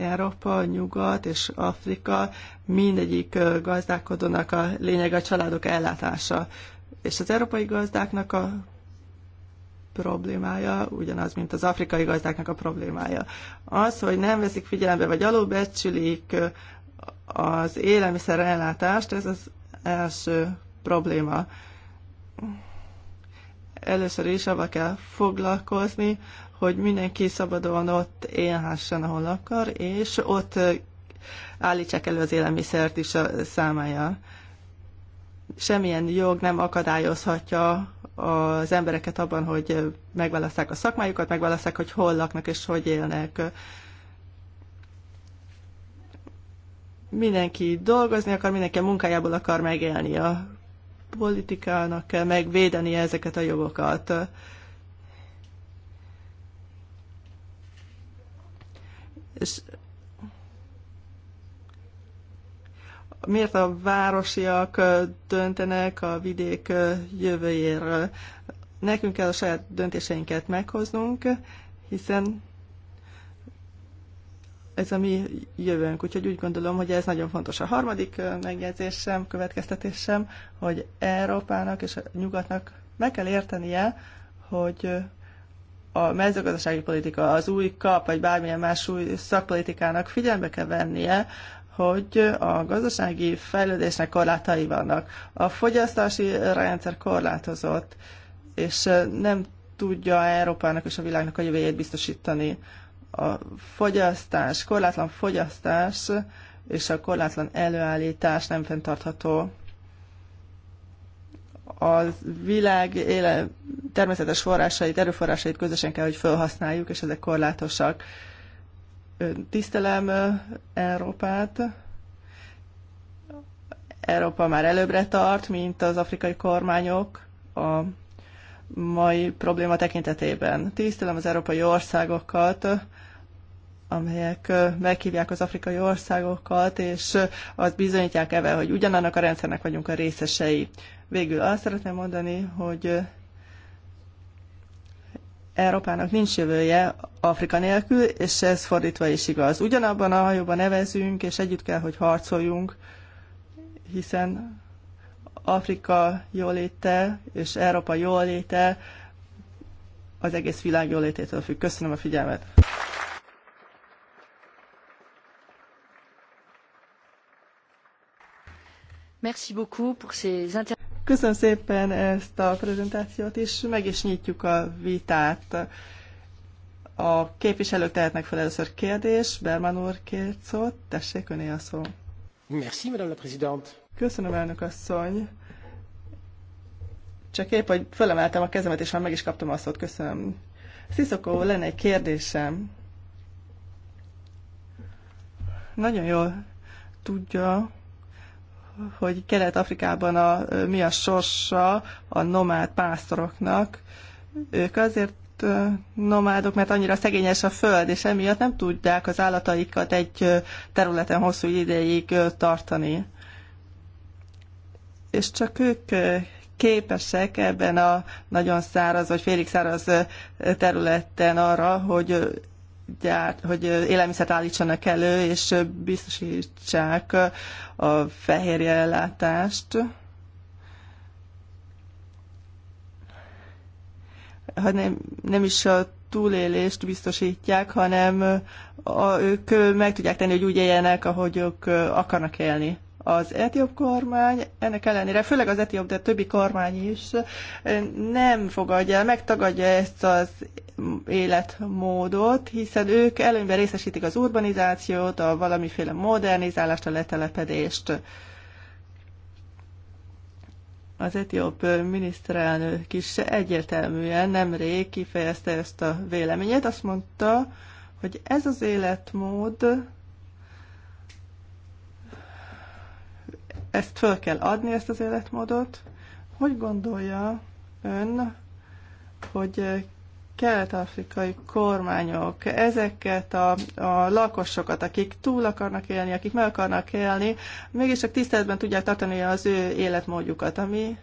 Európa, Nyugat és Afrika mindegyik gazdálkodónak a lényeg a családok ellátása. És az európai gazdáknak a problémája, ugyanaz, mint az afrikai gazdáknak a problémája. Az, hogy nem veszik figyelembe, vagy alulbecsülik az élelmiszer ellátást, ez az első probléma. Először is abba kell foglalkozni, hogy mindenki szabadon ott élhessen, ahol akar, és ott állítsák elő az élelmiszert is a számája. Semmilyen jog nem akadályozhatja az embereket abban, hogy megválaszták a szakmájukat, megválaszták, hogy hol laknak és hogy élnek. Mindenki dolgozni akar, mindenki a munkájából akar megélni. A politikának kell megvédeni ezeket a jogokat. És miért a városiak döntenek a vidék jövőjéről? Nekünk kell a saját döntéseinket meghoznunk, hiszen ez a mi jövőnk. Úgyhogy úgy gondolom, hogy ez nagyon fontos. A harmadik megjegyzésem, következtetésem, hogy Európának és a nyugatnak meg kell értenie, hogy a mezőgazdasági politika, az új kap, vagy bármilyen más új szakpolitikának figyelme kell vennie, hogy a gazdasági fejlődésnek korlátai vannak. A fogyasztási rendszer korlátozott, és nem tudja Európának és a világnak a jövőjét biztosítani. A fogyasztás, korlátlan fogyasztás és a korlátlan előállítás nem fenntartható a világ éle, természetes forrásait, erőforrásait közösen kell, hogy felhasználjuk, és ezek korlátosak. Tisztelem Európát. Európa már előbbre tart, mint az afrikai kormányok a mai probléma tekintetében. Tisztelem az európai országokat, amelyek meghívják az afrikai országokat, és azt bizonyítják evel, hogy ugyanannak a rendszernek vagyunk a részesei. Végül azt szeretném mondani, hogy Európának nincs jövője Afrika nélkül, és ez fordítva is igaz. Ugyanabban a hajóban nevezünk, és együtt kell, hogy harcoljunk, hiszen Afrika jóléte és Európa jóléte az egész világ jólététől függ. Köszönöm a figyelmet! Köszönöm szépen ezt a prezentációt, és meg is nyitjuk a vitát. A képviselők tehetnek fel először kérdés. Berman úr kért szót. Tessék, öné a szó. Merci, madame la présidente. Köszönöm, elnök asszony. Csak épp, hogy fölemeltem a kezemet, és már meg is kaptam a szót. Köszönöm. Sziszokó, lenne egy kérdésem. Nagyon jól tudja, hogy Kelet-Afrikában a, mi a sorsa a nomád pásztoroknak. Ők azért nomádok, mert annyira szegényes a föld, és emiatt nem tudják az állataikat egy területen hosszú ideig tartani. És csak ők képesek ebben a nagyon száraz vagy félig száraz területen arra, hogy gyárt, hogy élelmiszert állítsanak elő, és biztosítsák a fehérje ellátást. Ha nem, nem is a túlélést biztosítják, hanem a, ők meg tudják tenni, hogy úgy éljenek, ahogy ők akarnak élni az etióp kormány, ennek ellenére, főleg az etióp, de többi kormány is nem fogadja megtagadja ezt az életmódot, hiszen ők előnyben részesítik az urbanizációt, a valamiféle modernizálást, a letelepedést. Az etióp miniszterelnök is egyértelműen nemrég kifejezte ezt a véleményét, azt mondta, hogy ez az életmód ezt föl kell adni, ezt az életmódot. Hogy gondolja ön, hogy eh, kelet-afrikai kormányok ezeket a, a lakosokat, akik túl akarnak élni, akik meg akarnak élni, mégis csak tiszteletben tudják tartani az ő életmódjukat, ami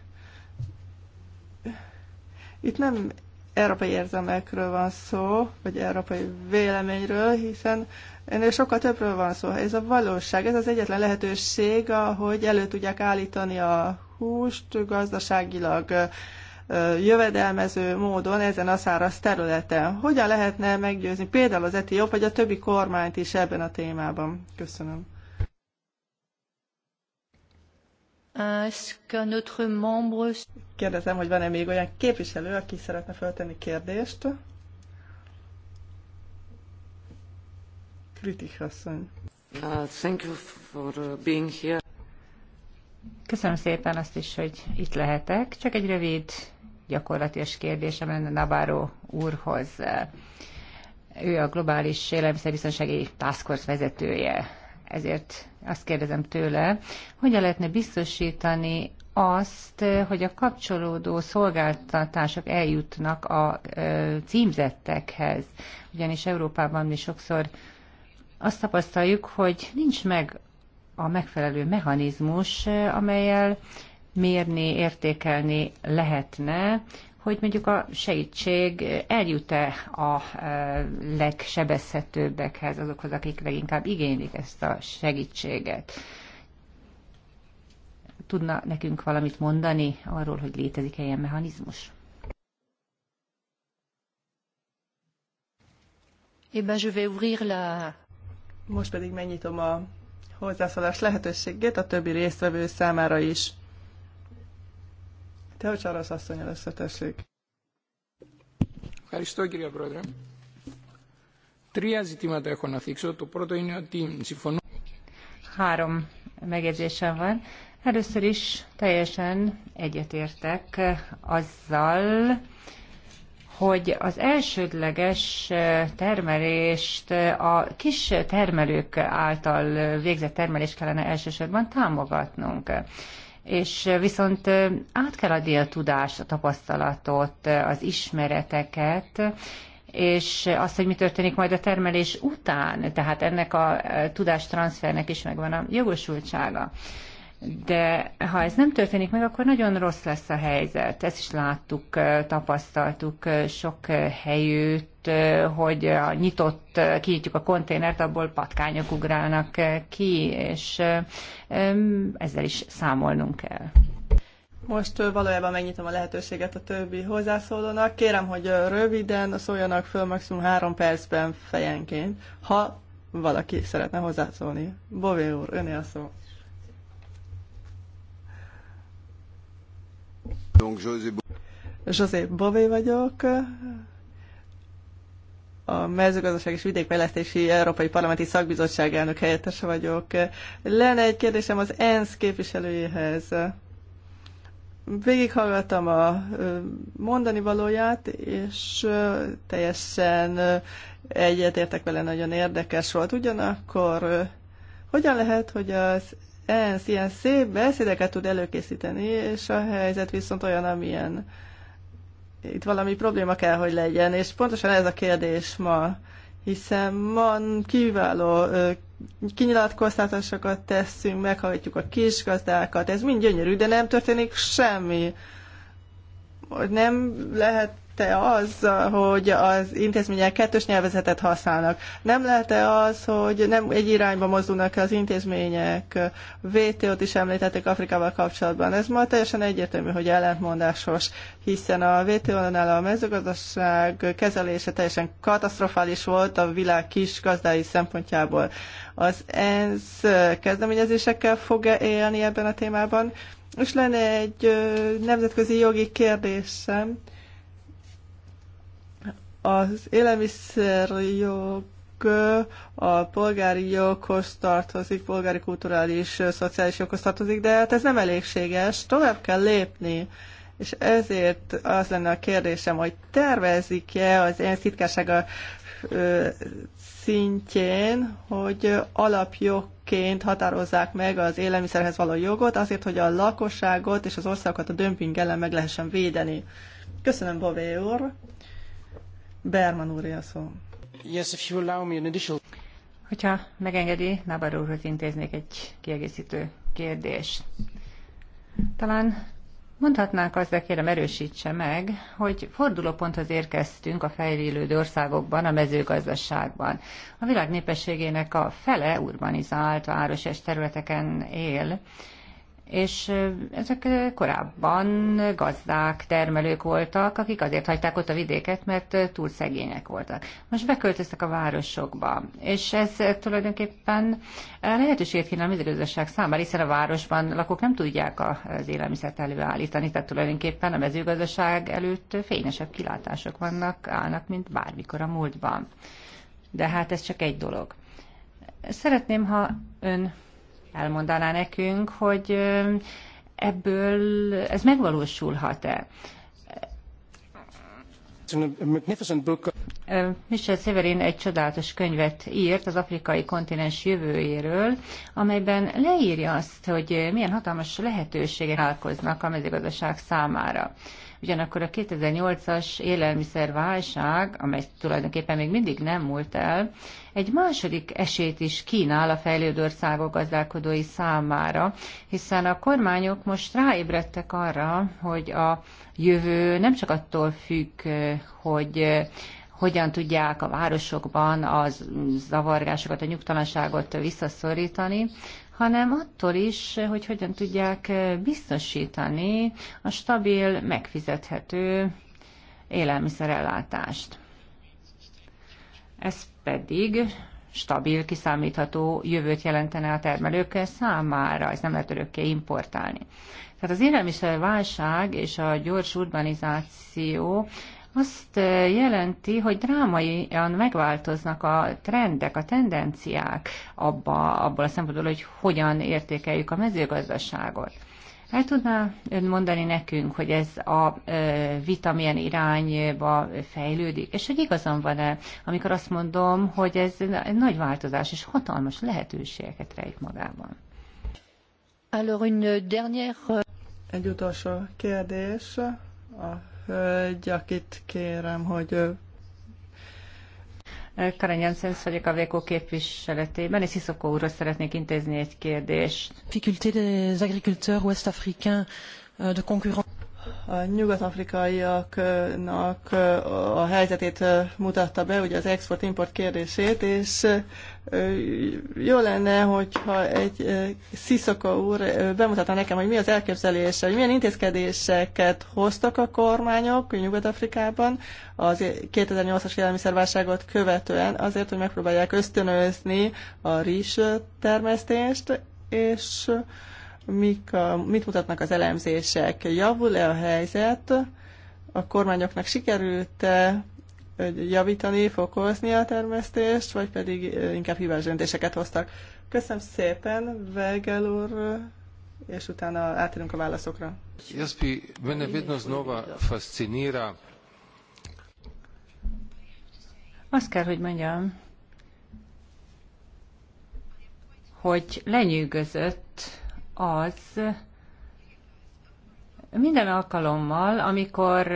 itt nem európai érzelmekről van szó, vagy európai véleményről, hiszen Ennél sokkal többről van szó. Ez a valóság, ez az egyetlen lehetőség, hogy elő tudják állítani a húst gazdaságilag jövedelmező módon ezen a száraz területen. Hogyan lehetne meggyőzni például az etióp, vagy a többi kormányt is ebben a témában? Köszönöm. Kérdezem, hogy van-e még olyan képviselő, aki szeretne föltenni kérdést? Uh, uh, Köszönöm szépen azt is, hogy itt lehetek. Csak egy rövid gyakorlatilag kérdésem lenne Navarro úrhoz. Ő a globális élelmiszerbiztonsági task force vezetője. Ezért azt kérdezem tőle, hogyan lehetne biztosítani azt, hogy a kapcsolódó szolgáltatások eljutnak a címzettekhez. Ugyanis Európában mi sokszor azt tapasztaljuk, hogy nincs meg a megfelelő mechanizmus, amelyel mérni, értékelni lehetne, hogy mondjuk a segítség eljut-e a e, legsebezhetőbbekhez, azokhoz, akik leginkább igénylik ezt a segítséget. Tudna nekünk valamit mondani arról, hogy létezik-e ilyen mechanizmus? Eh ben, je vais ouvrir la, most pedig megnyitom a hozzászólás lehetőségét a többi résztvevő számára is. Te, hogy Csarasz asszony először tessék. Ευχαριστώ κύριε Πρόεδρε. Τρία ζητήματα έχω να θίξω. Το πρώτο είναι ότι συμφωνώ. Három megjegyzésem van. Először is teljesen egyetértek azzal, hogy az elsődleges eh, termelést eh, a kis termelők által végzett termelés kellene elsősorban támogatnunk és eh, viszont át kell adni a tudást, a tapasztalatot, az ismereteket, és az, hogy mi történik majd a termelés után, tehát ennek a tudástranszfernek is megvan a jogosultsága de ha ez nem történik meg, akkor nagyon rossz lesz a helyzet. Ezt is láttuk, tapasztaltuk sok helyütt, hogy a nyitott, kinyitjuk a konténert, abból patkányok ugrálnak ki, és ezzel is számolnunk kell. Most valójában megnyitom a lehetőséget a többi hozzászólónak. Kérem, hogy röviden szóljanak föl maximum három percben fejenként, ha valaki szeretne hozzászólni. Bové úr, öné a szó. Donc, José, José Bové vagyok, a mezőgazdaság és vidékfejlesztési Európai Parlamenti Szakbizottság elnök helyettese vagyok. Lenne egy kérdésem az ENSZ képviselőjéhez. Végighallgattam a mondani valóját, és teljesen egyetértek vele, nagyon érdekes volt. Ugyanakkor hogyan lehet, hogy az ENSZ ilyen szép beszédeket tud előkészíteni, és a helyzet viszont olyan, amilyen. Itt valami probléma kell, hogy legyen, és pontosan ez a kérdés ma, hiszen ma kiváló kinyilatkoztatásokat teszünk, meghallgatjuk a kisgazdákat, ez mind gyönyörű, de nem történik semmi. Hogy nem lehet lehet-e az, hogy az intézmények kettős nyelvezetet használnak? Nem lehet-e az, hogy nem egy irányba mozdulnak az intézmények? WTO t is említették Afrikával kapcsolatban. Ez ma teljesen egyértelmű, hogy ellentmondásos, hiszen a wto nál a mezőgazdaság kezelése teljesen katasztrofális volt a világ kis gazdái szempontjából. Az ENSZ kezdeményezésekkel fog -e élni ebben a témában? És lenne egy nemzetközi jogi kérdésem, az élelmiszerjog a polgári joghoz tartozik, polgári kulturális, szociális joghoz tartozik, de hát ez nem elégséges, tovább kell lépni. És ezért az lenne a kérdésem, hogy tervezik-e az ENSZ titkársága szintjén, hogy alapjogként határozzák meg az élelmiszerhez való jogot, azért, hogy a lakosságot és az országokat a dömping ellen meg lehessen védeni. Köszönöm, Bové úr! Berman úr a szó. Yes, if you allow me an additional... Hogyha megengedi, Nabar úrhoz intéznék egy kiegészítő kérdést. Talán mondhatnánk azt, de kérem erősítse meg, hogy fordulóponthoz érkeztünk a fejlődő országokban, a mezőgazdaságban. A világ népességének a fele urbanizált, város és területeken él, és ezek korábban gazdák, termelők voltak, akik azért hagyták ott a vidéket, mert túl szegények voltak. Most beköltöztek a városokba, és ez tulajdonképpen lehetőséget kínál a mezőgazdaság számára, hiszen a városban lakók nem tudják az élelmiszert előállítani, tehát tulajdonképpen a mezőgazdaság előtt fényesebb kilátások vannak, állnak, mint bármikor a múltban. De hát ez csak egy dolog. Szeretném, ha ön elmondaná nekünk, hogy ebből ez megvalósulhat-e. Michel Severin egy csodálatos könyvet írt az afrikai kontinens jövőjéről, amelyben leírja azt, hogy milyen hatalmas lehetőségek állkoznak a mezőgazdaság számára. Ugyanakkor a 2008-as élelmiszerválság, amely tulajdonképpen még mindig nem múlt el, egy második esélyt is kínál a fejlődő országok gazdálkodói számára, hiszen a kormányok most ráébredtek arra, hogy a jövő nem csak attól függ, hogy eh, hogyan tudják a városokban az zavargásokat, a nyugtalanságot visszaszorítani, hanem attól is, hogy hogyan tudják eh, biztosítani a stabil, megfizethető élelmiszerellátást. Ez pedig stabil, kiszámítható jövőt jelentene a termelők számára, ezt nem lehet örökké importálni. Tehát az élelmiszerválság és a gyors urbanizáció azt eh, jelenti, hogy drámaian megváltoznak a trendek, a tendenciák abba, abból a szempontból, hogy hogyan értékeljük a mezőgazdaságot. El tudná ön mondani nekünk, hogy ez a eh, vita milyen irányba fejlődik, és hogy igazam van-e, amikor azt mondom, hogy ez egy nagy változás és hatalmas lehetőségeket rejt magában. Alors une dernière... Euh, egy utolsó kérdés a hölgy, akit kérem, hogy Karen Jensensz vagyok a VECO képviseletében, és Sziszokó úrhoz szeretnék intézni egy kérdést. Difficulté des agriculteurs ouest-africains euh, de concurrence. A nyugat-afrikaiaknak a helyzetét mutatta be, ugye az export-import kérdését, és jó lenne, hogyha egy sziszoka úr bemutatna nekem, hogy mi az elképzelése, hogy milyen intézkedéseket hoztak a kormányok Nyugat-Afrikában az 2008-as élelmiszerválságot követően azért, hogy megpróbálják ösztönözni a rizs termesztést, és mik a, mit mutatnak az elemzések. Javul-e a helyzet? A kormányoknak sikerült -e javítani, fokozni a termesztést, vagy pedig inkább hibás döntéseket hoztak. Köszönöm szépen, Vegel úr, és utána átérünk a válaszokra. Jaz mene vedno znova fascinira. Azt kell, hogy mondjam, hogy lenyűgözött az, minden alkalommal, amikor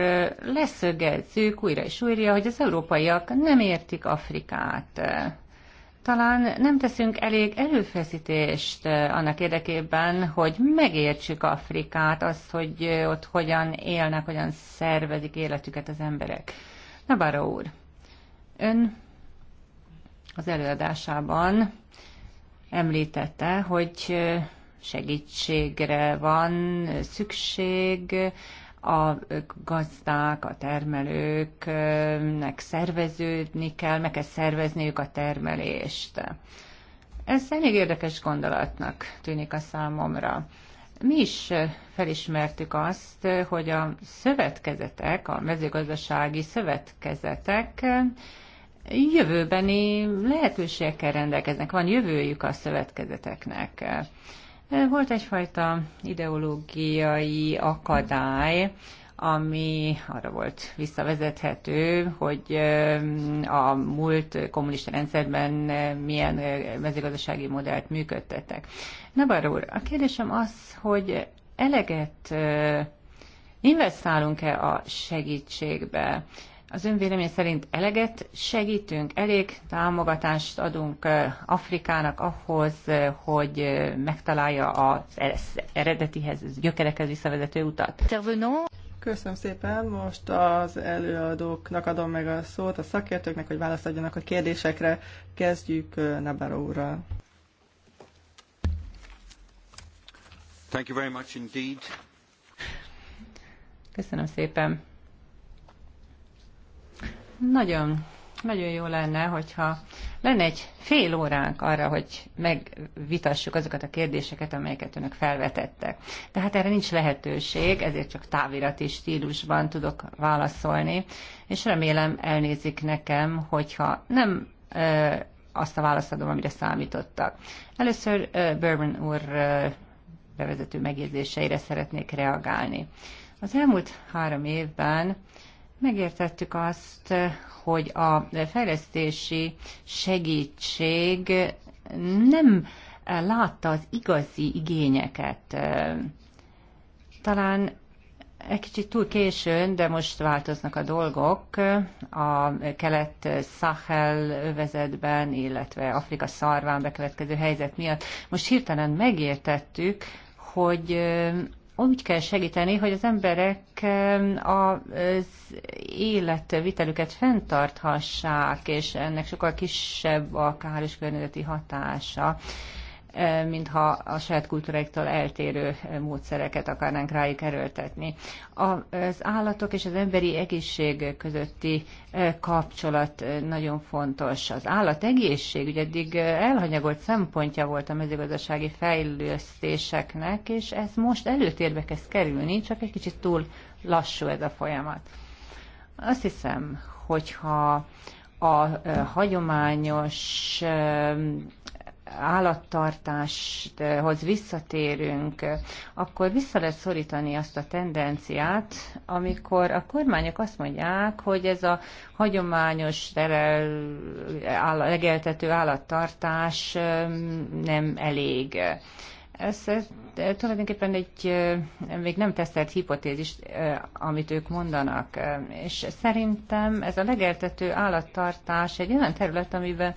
leszögezzük újra és újra, hogy az európaiak nem értik Afrikát, talán nem teszünk elég előfeszítést annak érdekében, hogy megértsük Afrikát, azt, hogy ott hogyan élnek, hogyan szervezik életüket az emberek. Na Nabara úr, ön az előadásában említette, hogy segítségre van szükség, a gazdák, a termelőknek szerveződni kell, meg kell szervezniük a termelést. Ez elég érdekes gondolatnak tűnik a számomra. Mi is felismertük azt, hogy a szövetkezetek, a mezőgazdasági szövetkezetek jövőbeni lehetőségekkel rendelkeznek, van jövőjük a szövetkezeteknek. Volt egyfajta ideológiai akadály, ami arra volt visszavezethető, hogy a múlt kommunista rendszerben milyen mezőgazdasági modellt működtettek. Na, úr, a kérdésem az, hogy eleget investálunk-e a segítségbe? Az ön vélemény szerint eleget segítünk, elég támogatást adunk Afrikának ahhoz, hogy megtalálja az eredetihez, gyökerekhez visszavezető utat? Köszönöm szépen, most az előadóknak adom meg a szót, a szakértőknek, hogy válaszadjanak a kérdésekre. Kezdjük Nabaró úrral. Thank you very much indeed. Köszönöm szépen. Nagyon, nagyon jó lenne, hogyha lenne egy fél óránk arra, hogy megvitassuk azokat a kérdéseket, amelyeket önök felvetettek. De hát erre nincs lehetőség, ezért csak távirati stílusban tudok válaszolni, és remélem elnézik nekem, hogyha nem ö, azt a választ adom, amire számítottak. Először ö, Berman úr ö, bevezető megjegyzéseire szeretnék reagálni. Az elmúlt három évben Megértettük azt, hogy a fejlesztési segítség nem látta az igazi igényeket. Talán egy kicsit túl későn, de most változnak a dolgok a kelet-Sahel övezetben, illetve Afrika szarván bekövetkező helyzet miatt. Most hirtelen megértettük, hogy úgy kell segíteni, hogy az emberek az életvitelüket fenntarthassák, és ennek sokkal kisebb a káros környezeti hatása mintha a saját kultúráiktól eltérő módszereket akarnánk rájuk erőltetni. Az állatok és az emberi egészség közötti kapcsolat nagyon fontos. Az állat egészség, ugye eddig elhanyagolt szempontja volt a mezőgazdasági fejlesztéseknek, és ez most előtérbe kezd kerülni, csak egy kicsit túl lassú ez a folyamat. Azt hiszem, hogyha a hagyományos állattartáshoz visszatérünk, akkor vissza lehet szorítani azt a tendenciát, amikor a kormányok azt mondják, hogy ez a hagyományos legeltető állattartás nem elég. Ez, ez tulajdonképpen egy még nem tesztelt hipotézis, amit ők mondanak. És szerintem ez a legeltető állattartás egy olyan terület, amiben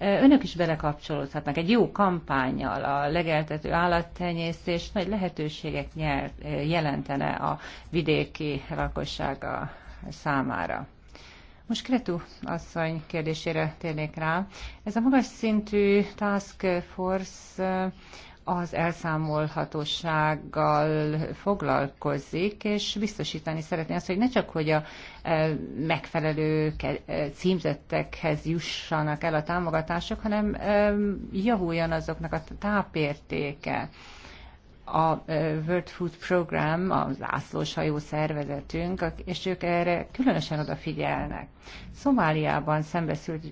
Önök is belekapcsolódhatnak egy jó kampányjal, a legeltető állattenyésztés nagy lehetőséget nyert, jelentene a vidéki lakossága számára. Most Kretu asszony kérdésére térnék rá. Ez a magas szintű task force az elszámolhatósággal foglalkozik, és biztosítani szeretné azt, hogy ne csak, hogy a e, megfelelő e, címzettekhez jussanak el a támogatások, hanem e, javuljon azoknak a tápértéke a World Food Program, a zászlós hajó szervezetünk, és ők erre különösen odafigyelnek. Szomáliában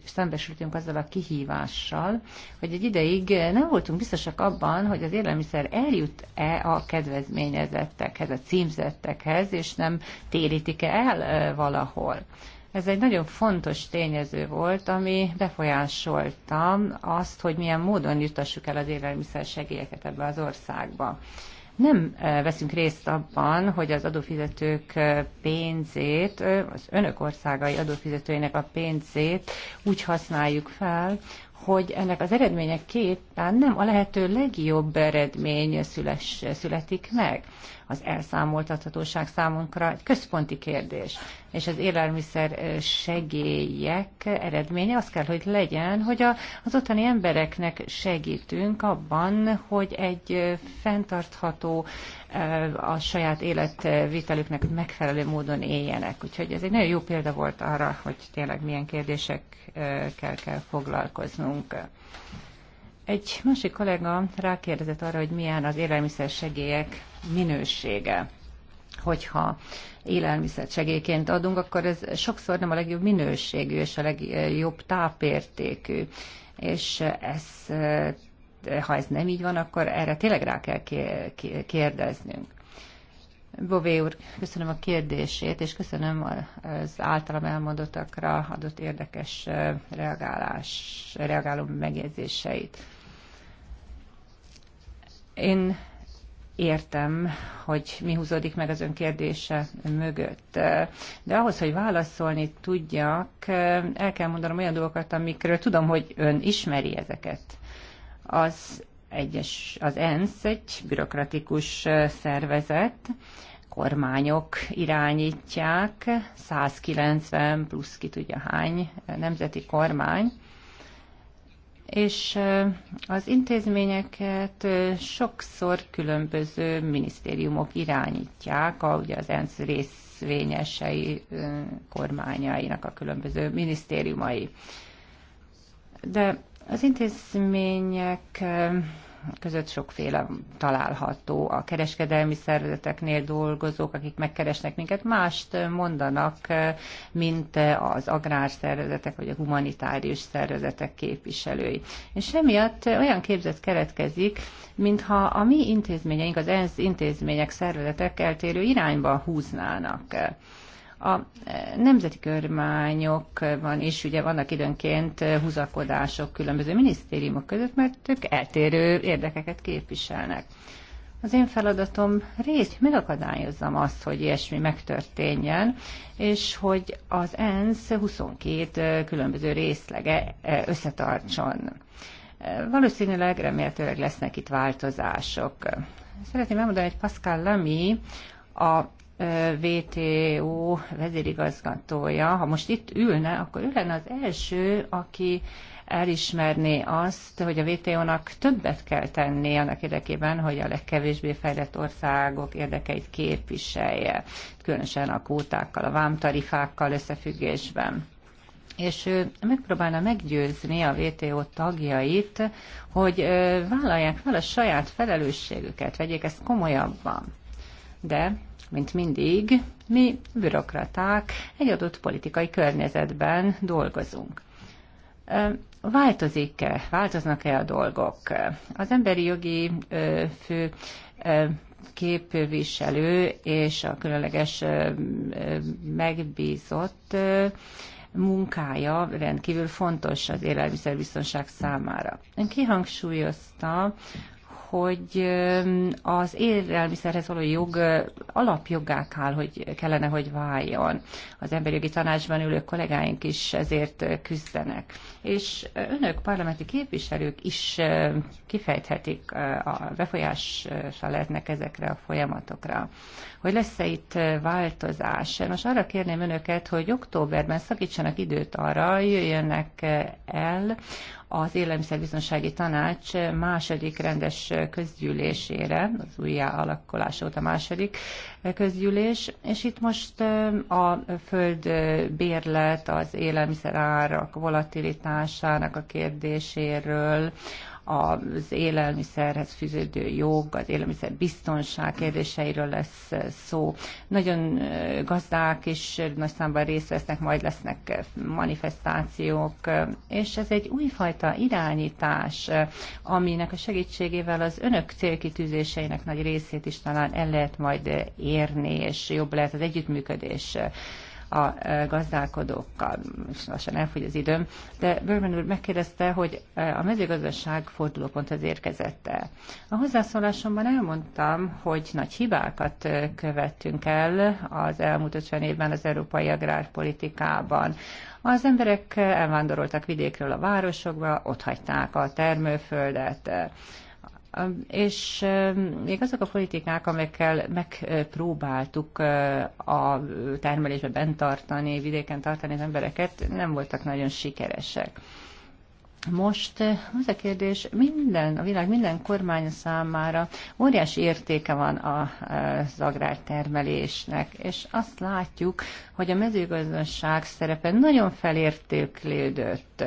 szembesültünk azzal a kihívással, hogy egy ideig nem voltunk biztosak abban, hogy az élelmiszer eljut-e a kedvezményezettekhez, a címzettekhez, és nem térítik-e el valahol. Ez egy nagyon fontos tényező volt, ami befolyásolta azt, hogy milyen módon jutassuk el az élelmiszer segélyeket ebbe az országba. Nem e, veszünk részt abban, hogy az adófizetők e, pénzét, e, az önök országai adófizetőinek a pénzét úgy használjuk fel, hogy ennek az eredményeképpen nem a lehető legjobb eredmény szüles, születik meg az elszámoltathatóság számunkra egy központi kérdés. És az élelmiszer segélyek eredménye az kell, hogy legyen, hogy az ottani embereknek segítünk abban, hogy egy fenntartható, a saját életvitelüknek megfelelő módon éljenek. Úgyhogy ez egy nagyon jó példa volt arra, hogy tényleg milyen kérdésekkel kell foglalkoznunk. Egy másik kollega rákérdezett arra, hogy milyen az élelmiszer segélyek minősége. Hogyha élelmiszer segélyként adunk, akkor ez sokszor nem a legjobb minőségű és a legjobb tápértékű. És ez ha ez nem így van, akkor erre tényleg rá kell kérdeznünk. Bové úr, köszönöm a kérdését, és köszönöm az általam elmondottakra adott érdekes reagálás, reagáló megjegyzéseit. Én értem, hogy mi húzódik meg az ön kérdése mögött. De ahhoz, hogy válaszolni tudjak, el kell mondanom olyan dolgokat, amikről tudom, hogy ön ismeri ezeket. Az, egyes, az ENSZ egy bürokratikus szervezet, kormányok irányítják, 190 plusz ki tudja hány nemzeti kormány, és az intézményeket sokszor különböző minisztériumok irányítják, a, ugye az ENSZ részvényesei kormányainak a különböző minisztériumai. De az intézmények között sokféle található. A kereskedelmi szervezeteknél dolgozók, akik megkeresnek minket, mást mondanak, mint az agrárszervezetek vagy a humanitárius szervezetek képviselői. És emiatt olyan képzet keletkezik, mintha a mi intézményeink, az ENSZ intézmények, szervezetek eltérő irányba húznának. A eh, nemzeti van, és ugye vannak időnként eh, húzakodások különböző minisztériumok között, mert ők eltérő érdekeket képviselnek. Az én feladatom részt megakadályozzam azt, hogy ilyesmi megtörténjen, és hogy az ENSZ 22 eh, különböző részlege összetartson. Valószínűleg remélhetőleg lesznek itt változások. Szeretném elmondani, hogy Pascal Lamy, a VTO vezérigazgatója, ha most itt ülne, akkor ő lenne az első, aki elismerné azt, hogy a vto nak többet kell tenni annak érdekében, hogy a legkevésbé fejlett országok érdekeit képviselje, különösen a kótákkal, a vámtarifákkal összefüggésben. És ő megpróbálna meggyőzni a VTO tagjait, hogy vállalják fel a saját felelősségüket, vegyék ezt komolyabban. De mint mindig, mi bürokraták egy adott politikai környezetben dolgozunk. Változik-e, változnak-e a dolgok? Az emberi jogi fő képviselő és a különleges megbízott munkája rendkívül fontos az élelmiszerbiztonság számára. Ön kihangsúlyozta, hogy az élelmiszerhez való jog alapjoggá kell, hogy kellene, hogy váljon. Az emberi jogi tanácsban ülő kollégáink is ezért küzdenek. És önök, parlamenti képviselők is kifejthetik, a befolyással lehetnek ezekre a folyamatokra. Hogy lesz-e itt változás? Most arra kérném önöket, hogy októberben szakítsanak időt arra, jöjjönnek el, az Élelmiszerbiztonsági Tanács második rendes közgyűlésére, az újjá alakulás óta második közgyűlés, és itt most a földbérlet, az élelmiszerárak volatilitásának a kérdéséről, az élelmiszerhez fűződő jog, az élelmiszer biztonság kérdéseiről lesz eh, szó. Nagyon eh, gazdák is nagy számban részt vesznek, majd lesznek eh, manifestációk, és ez egy újfajta irányítás, aminek a segítségével az önök célkitűzéseinek nagy részét is talán el lehet majd érni, és jobb lehet az együttműködés a e, gazdálkodókkal. És lassan elfogy az időm. De Börman úr megkérdezte, hogy e, a mezőgazdaság fordulóponthoz érkezett-e. A hozzászólásomban elmondtam, hogy nagy hibákat e, követtünk el az elmúlt 50 évben az európai agrárpolitikában. Az emberek elvándoroltak vidékről a városokba, ott hagyták a termőföldet és még azok a politikák, amikkel megpróbáltuk a termelésbe bent tartani, vidéken tartani az embereket, nem voltak nagyon sikeresek. Most eh, az a kérdés, minden, a világ minden kormány számára óriási értéke van az agrártermelésnek, és azt látjuk, hogy a mezőgazdaság szerepe nagyon felértéklődött.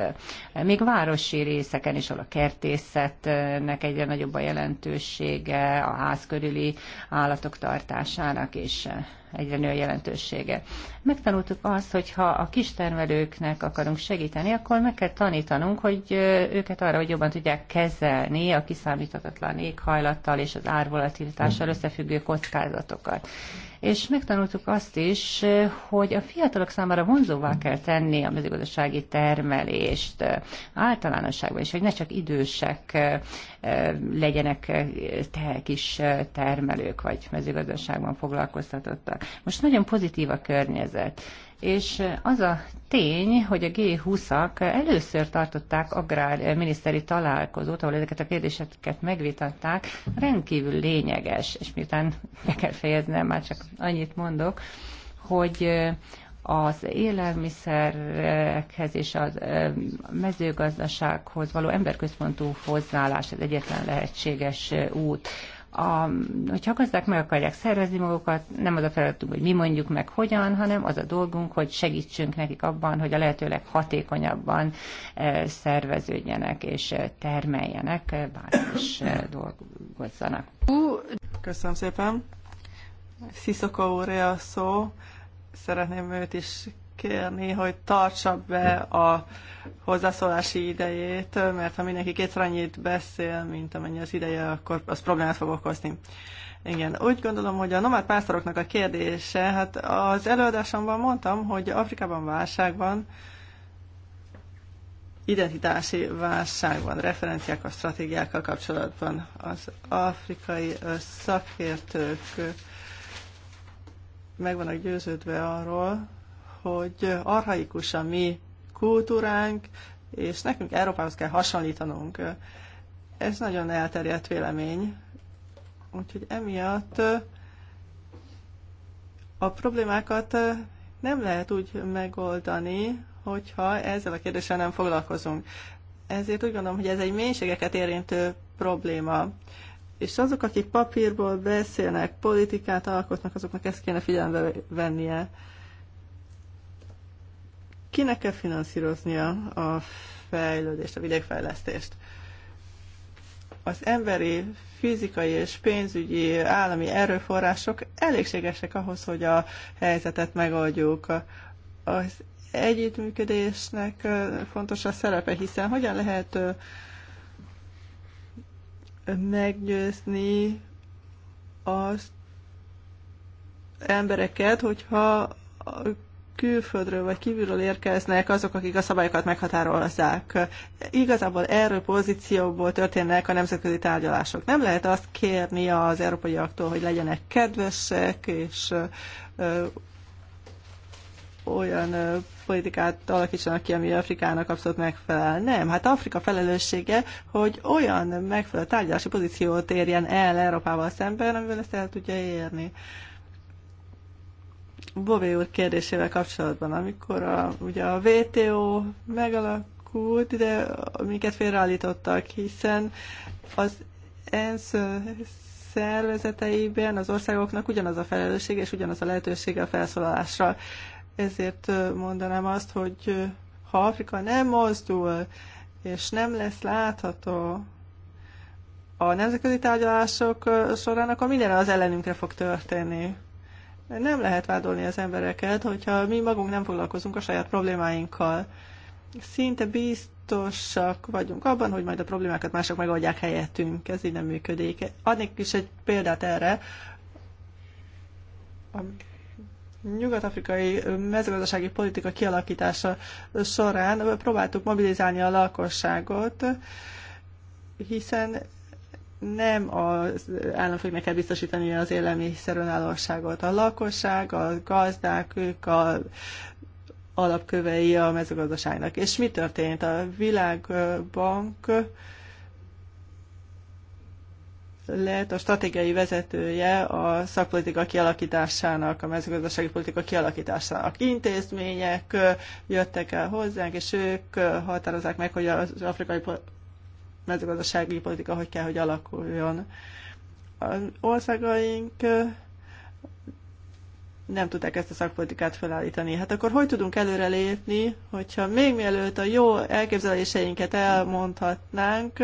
Még városi részeken is, ahol a kertészetnek egyre nagyobb a jelentősége, a ház körüli állatok tartásának is egyre nő a jelentősége. Megtanultuk azt, hogy ha a kistermelőknek akarunk segíteni, akkor meg kell tanítanunk, hogy őket arra, hogy jobban tudják kezelni a kiszámíthatatlan éghajlattal és az árvolatilitással mm. összefüggő kockázatokat és megtanultuk azt is, hogy a fiatalok számára vonzóvá kell tenni a mezőgazdasági termelést eh, általánosságban és hogy ne csak idősek eh, eh, legyenek te kis termelők, vagy mezőgazdaságban foglalkoztatottak. Most nagyon pozitív a környezet és az a tény, hogy a G20-ak először tartották agrárminiszteri találkozót, ahol ezeket a kérdéseket megvitatták, rendkívül lényeges, és miután be kell fejeznem, már csak annyit mondok, hogy az élelmiszerekhez és a mezőgazdasághoz való emberközpontú hozzáállás az egyetlen lehetséges út a, hogyha gazdák meg akarják szervezni magukat, nem az a feladatunk, hogy mi mondjuk meg hogyan, hanem az a dolgunk, hogy segítsünk nekik abban, hogy a lehetőleg hatékonyabban e, szerveződjenek és e, termeljenek, e, bármi is dolgozzanak. Köszönöm szépen. Sziszoka úr a szó. Szeretném őt is kérni, hogy tartsa be a hozzászólási idejét, mert ha mindenki kétszer annyit beszél, mint amennyi az ideje, akkor az problémát fog okozni. Igen, úgy gondolom, hogy a nomád pásztoroknak a kérdése, hát az előadásomban mondtam, hogy Afrikában válság van, identitási válság van, referenciák a stratégiákkal kapcsolatban. Az afrikai szakértők meg vannak győződve arról, hogy arhaikus a mi kultúránk, és nekünk Európához kell hasonlítanunk. Ez nagyon elterjedt vélemény. Úgyhogy emiatt a problémákat nem lehet úgy megoldani, hogyha ezzel a kérdéssel nem foglalkozunk. Ezért úgy gondolom, hogy ez egy mélységeket érintő probléma. És azok, akik papírból beszélnek, politikát alkotnak, azoknak ezt kéne figyelembe vennie. Kinek kell finanszíroznia a fejlődést, a vidékfejlesztést? Az emberi, fizikai és pénzügyi állami erőforrások elégségesek ahhoz, hogy a helyzetet megoldjuk. Az együttműködésnek fontos a szerepe, hiszen hogyan lehet meggyőzni az embereket, hogyha külföldről vagy kívülről érkeznek azok, akik a szabályokat meghatározzák. Igazából erről pozícióból történnek a nemzetközi tárgyalások. Nem lehet azt kérni az európaiaktól, hogy legyenek kedvesek, és ö, olyan ö, politikát alakítsanak ki, ami Afrikának abszolút megfelel. Nem, hát Afrika felelőssége, hogy olyan megfelelő tárgyalási pozíciót érjen el Európával szemben, amivel ezt el tudja érni. Ö, Bové úr kérdésével kapcsolatban, amikor a, ugye a VTO megalakult, de minket félreállítottak, hiszen az ENSZ szervezeteiben az országoknak ugyanaz a felelősség és ugyanaz a lehetősége a felszólalásra. Ezért mondanám azt, hogy ha Afrika nem mozdul, és nem lesz látható a nemzetközi tárgyalások során, akkor minden az ellenünkre fog történni. Nem lehet vádolni az embereket, hogyha mi magunk nem foglalkozunk a saját problémáinkkal. Szinte biztosak vagyunk abban, hogy majd a problémákat mások megoldják helyettünk. Ez így nem működik. Adnék is egy példát erre. A nyugat-afrikai mezőgazdasági politika kialakítása során próbáltuk mobilizálni a lakosságot, hiszen nem az fog kell biztosítani az élelmiszerönállóságot. A lakosság, a gazdák, ők a alapkövei a mezőgazdaságnak. És mi történt? A világbank lett a stratégiai vezetője a szakpolitika kialakításának, a mezőgazdasági politika kialakításának. Intézmények jöttek el hozzánk, és ők határozzák meg, hogy az afrikai mezőgazdasági politika hogy kell, hogy alakuljon. Az országaink nem tudták ezt a szakpolitikát felállítani. Hát akkor hogy tudunk előrelépni, hogyha még mielőtt a jó elképzeléseinket elmondhatnánk,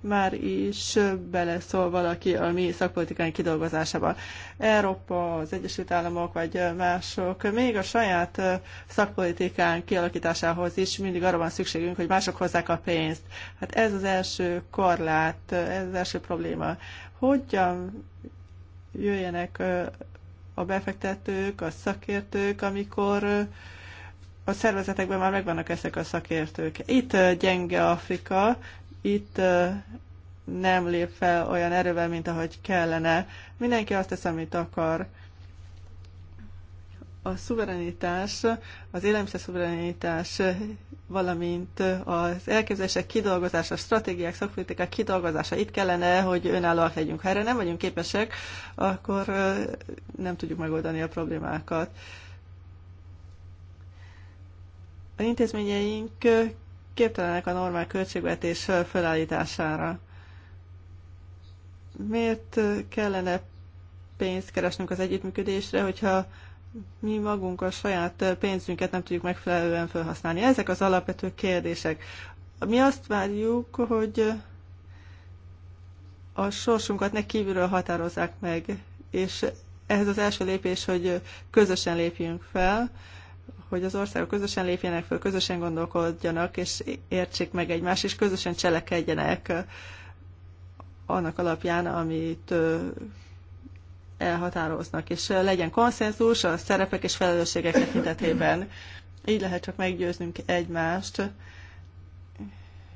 már is beleszól valaki a mi szakpolitikánk kidolgozásába. Európa, az Egyesült Államok vagy mások, még a saját szakpolitikánk kialakításához is mindig arra van szükségünk, hogy mások hozzák a pénzt. Hát ez az első korlát, ez az első probléma. Hogyan jöjjenek a befektetők, a szakértők, amikor a szervezetekben már megvannak ezek a szakértők. Itt gyenge Afrika, itt nem lép fel olyan erővel, mint ahogy kellene. Mindenki azt tesz, amit akar a szuverenitás, az élelmiszer szuverenitás, valamint az elképzelések kidolgozása, stratégiák, szakpolitikák kidolgozása. Itt kellene, hogy önállóak legyünk. Ha erre nem vagyunk képesek, akkor nem tudjuk megoldani a problémákat. A intézményeink képtelenek a normál költségvetés felállítására. Miért kellene pénzt keresnünk az együttműködésre, hogyha mi magunk a saját pénzünket nem tudjuk megfelelően felhasználni. Ezek az alapvető kérdések. Mi azt várjuk, hogy a sorsunkat ne kívülről határozzák meg, és ehhez az első lépés, hogy közösen lépjünk fel, hogy az országok közösen lépjenek fel, közösen gondolkodjanak, és értsék meg egymást, és közösen cselekedjenek annak alapján, amit elhatároznak, és legyen konszenzus a szerepek és felelősségek tekintetében. Így lehet csak meggyőznünk egymást,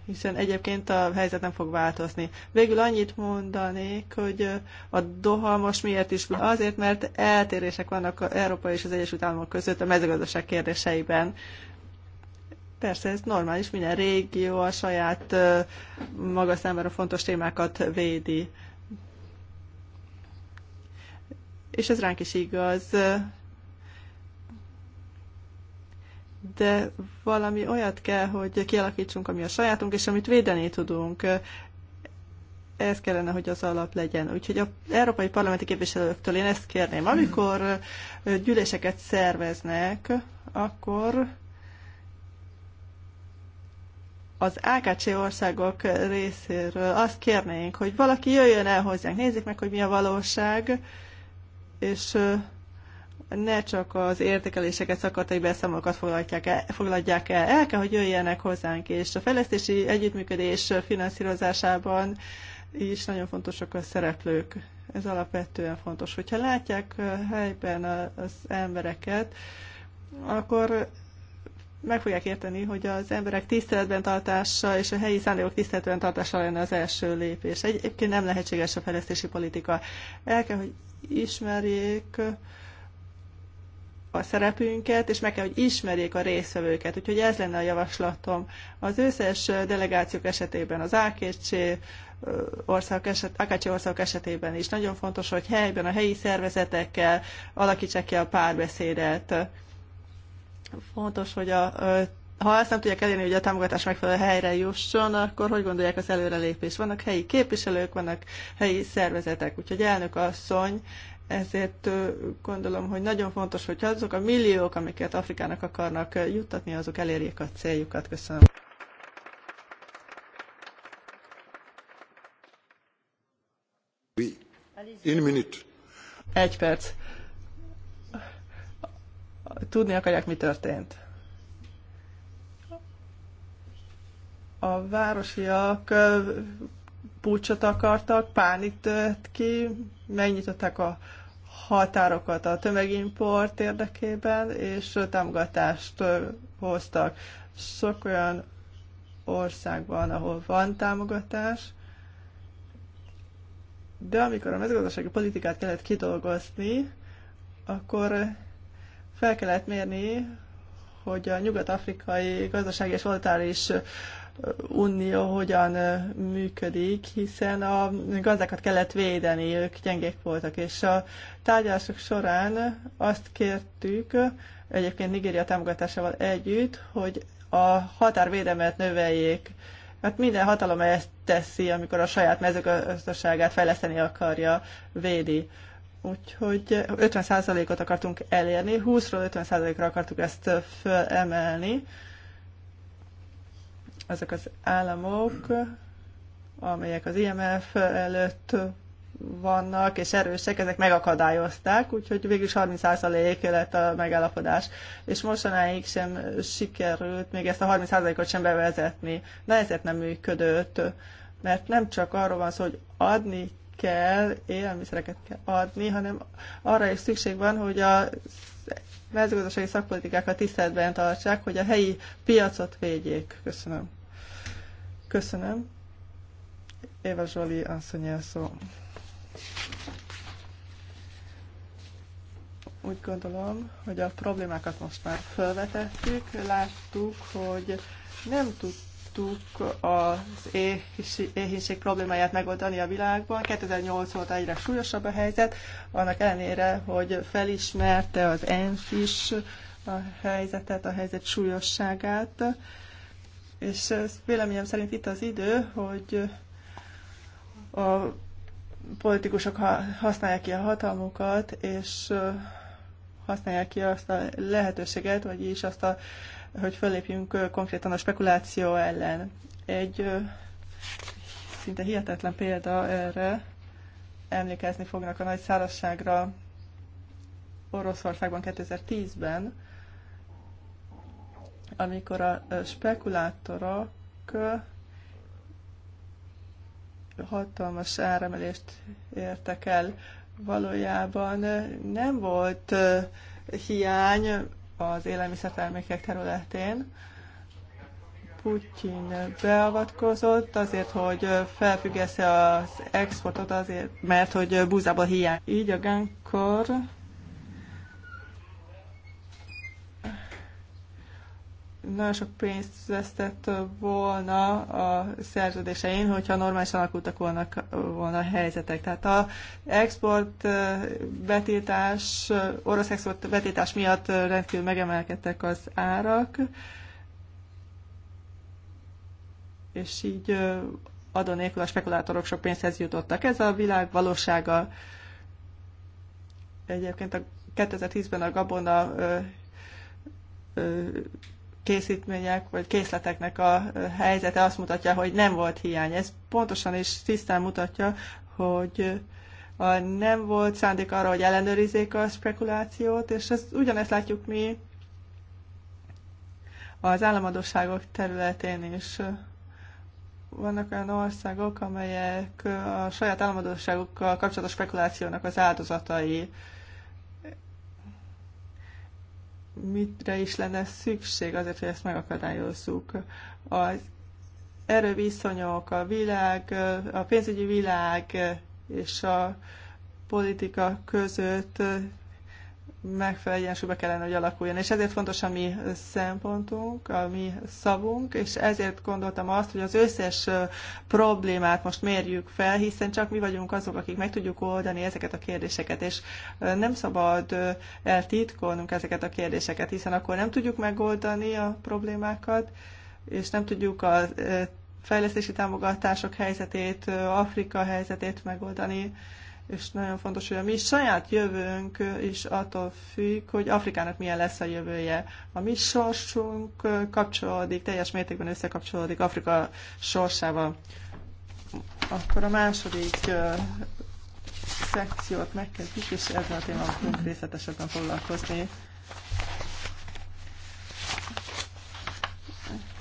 hiszen egyébként a helyzet nem fog változni. Végül annyit mondanék, hogy a Doha most miért is? Azért, mert eltérések vannak az Európa és az Egyesült Államok között a mezőgazdaság kérdéseiben. Persze ez normális, minden régió a saját maga számára fontos témákat védi. és ez ránk is igaz. De valami olyat kell, hogy kialakítsunk, ami a sajátunk, és amit védeni tudunk. Ez kellene, hogy az alap legyen. Úgyhogy az európai parlamenti képviselőktől én ezt kérném. Amikor gyűléseket szerveznek, akkor az AKC országok részéről azt kérnénk, hogy valaki jöjjön el hozzánk, nézzük meg, hogy mi a valóság, és ne csak az értékeléseket, szakartai beszámolókat foglalják el, foglalják el. El kell, hogy jöjjenek hozzánk, és a fejlesztési együttműködés finanszírozásában is nagyon fontosak a szereplők. Ez alapvetően fontos. Hogyha látják helyben az embereket, akkor meg fogják érteni, hogy az emberek tiszteletben tartása és a helyi szándékok tiszteletben tartása lenne az első lépés. Egyébként nem lehetséges a fejlesztési politika. El kell, hogy ismerjék a szerepünket, és meg kell, hogy ismerjék a részvevőket. Úgyhogy ez lenne a javaslatom. Az összes delegációk esetében, az AKC országok eset, akácsi országok esetében is nagyon fontos, hogy helyben a helyi szervezetekkel alakítsák ki a párbeszédet. Fontos, hogy a ha azt nem tudják elérni, hogy a támogatás megfelelő helyre jusson, akkor hogy gondolják az előrelépés? Vannak helyi képviselők, vannak helyi szervezetek, úgyhogy elnök asszony, ezért gondolom, hogy nagyon fontos, hogy azok a milliók, amiket Afrikának akarnak juttatni, azok elérjék a céljukat. Köszönöm. In minute. Egy perc. Tudni akarják, mi történt. a városiak pucsot akartak, pánik tört ki, megnyitották a határokat a tömegimport érdekében, és támogatást hoztak. Sok olyan országban, ahol van támogatás, de amikor a mezőgazdasági politikát kellett kidolgozni, akkor fel kellett mérni, hogy a nyugat-afrikai gazdasági és voltáris Unió hogyan működik, hiszen a gazdákat kellett védeni, ők gyengék voltak, és a tárgyalások során azt kértük, egyébként Nigéria támogatásával együtt, hogy a határvédelmet növeljék. Hát minden hatalom ezt teszi, amikor a saját mezőgazdaságát fejleszteni akarja, védi. Úgyhogy 50%-ot akartunk elérni, 20-ról 50%-ra akartuk ezt fölemelni, ezek az államok, amelyek az IMF előtt vannak és erősek, ezek megakadályozták, úgyhogy végül is 30% lett a megállapodás. És mostanáig sem sikerült még ezt a 30%-ot sem bevezetni. Na ezért nem működött, mert nem csak arról van szó, hogy adni kell, élelmiszereket kell adni, hanem arra is szükség van, hogy a mezőgazdasági szakpolitikákat tiszteletben tartsák, hogy a helyi piacot védjék. Köszönöm. Köszönöm. Éva Zsoli asszony szó. Úgy gondolom, hogy a problémákat most már felvetettük, láttuk, hogy nem tudtuk tudtuk az éhínség problémáját megoldani a világban. 2008 volt egyre súlyosabb a helyzet, annak ellenére, hogy felismerte az ENSZ is a helyzetet, a helyzet súlyosságát. És véleményem szerint itt az idő, hogy a politikusok használják ki a hatalmukat, és használják ki azt a lehetőséget, vagyis azt a hogy fölépjünk konkrétan a spekuláció ellen. Egy szinte hihetetlen példa erre, emlékezni fognak a nagy szárazságra Oroszországban 2010-ben, amikor a spekulátorok hatalmas áremelést értek el. Valójában nem volt hiány, az élelmiszertermékek területén. Putyin beavatkozott azért, hogy felfüggesse az exportot, azért, mert hogy búzából hiány. Így a Gankor nagyon sok pénzt vesztett volna a szerződésein, hogyha normálisan alakultak volna, volna a helyzetek. Tehát a export betiltás, orosz export betiltás miatt rendkívül megemelkedtek az árak, és így adó a spekulátorok sok pénzhez jutottak. Ez a világ valósága. Egyébként a 2010-ben a Gabona készítmények vagy készleteknek a helyzete azt mutatja, hogy nem volt hiány. Ez pontosan és tisztán mutatja, hogy a nem volt szándék arra, hogy ellenőrizzék a spekulációt, és ezt, ugyanezt látjuk mi az államadóságok területén is. Vannak olyan országok, amelyek a saját államadóságukkal kapcsolatos spekulációnak az áldozatai mitre is lenne szükség azért, hogy ezt megakadályozzuk. Az erőviszonyok, a világ, a pénzügyi világ és a politika között megfelelő egyensúlyba kellene, hogy alakuljon. És ezért fontos a mi szempontunk, a mi szavunk, és ezért gondoltam azt, hogy az összes problémát most mérjük fel, hiszen csak mi vagyunk azok, akik meg tudjuk oldani ezeket a kérdéseket, és nem szabad eltitkolnunk ezeket a kérdéseket, hiszen akkor nem tudjuk megoldani a problémákat, és nem tudjuk a fejlesztési támogatások helyzetét, Afrika helyzetét megoldani, és nagyon fontos, hogy a mi saját jövőnk is attól függ, hogy Afrikának milyen lesz a jövője. A mi sorsunk kapcsolódik, teljes mértékben összekapcsolódik Afrika sorsával. Akkor a második szekciót meg kell kis, és ezzel a témával fogunk részletesebben foglalkozni.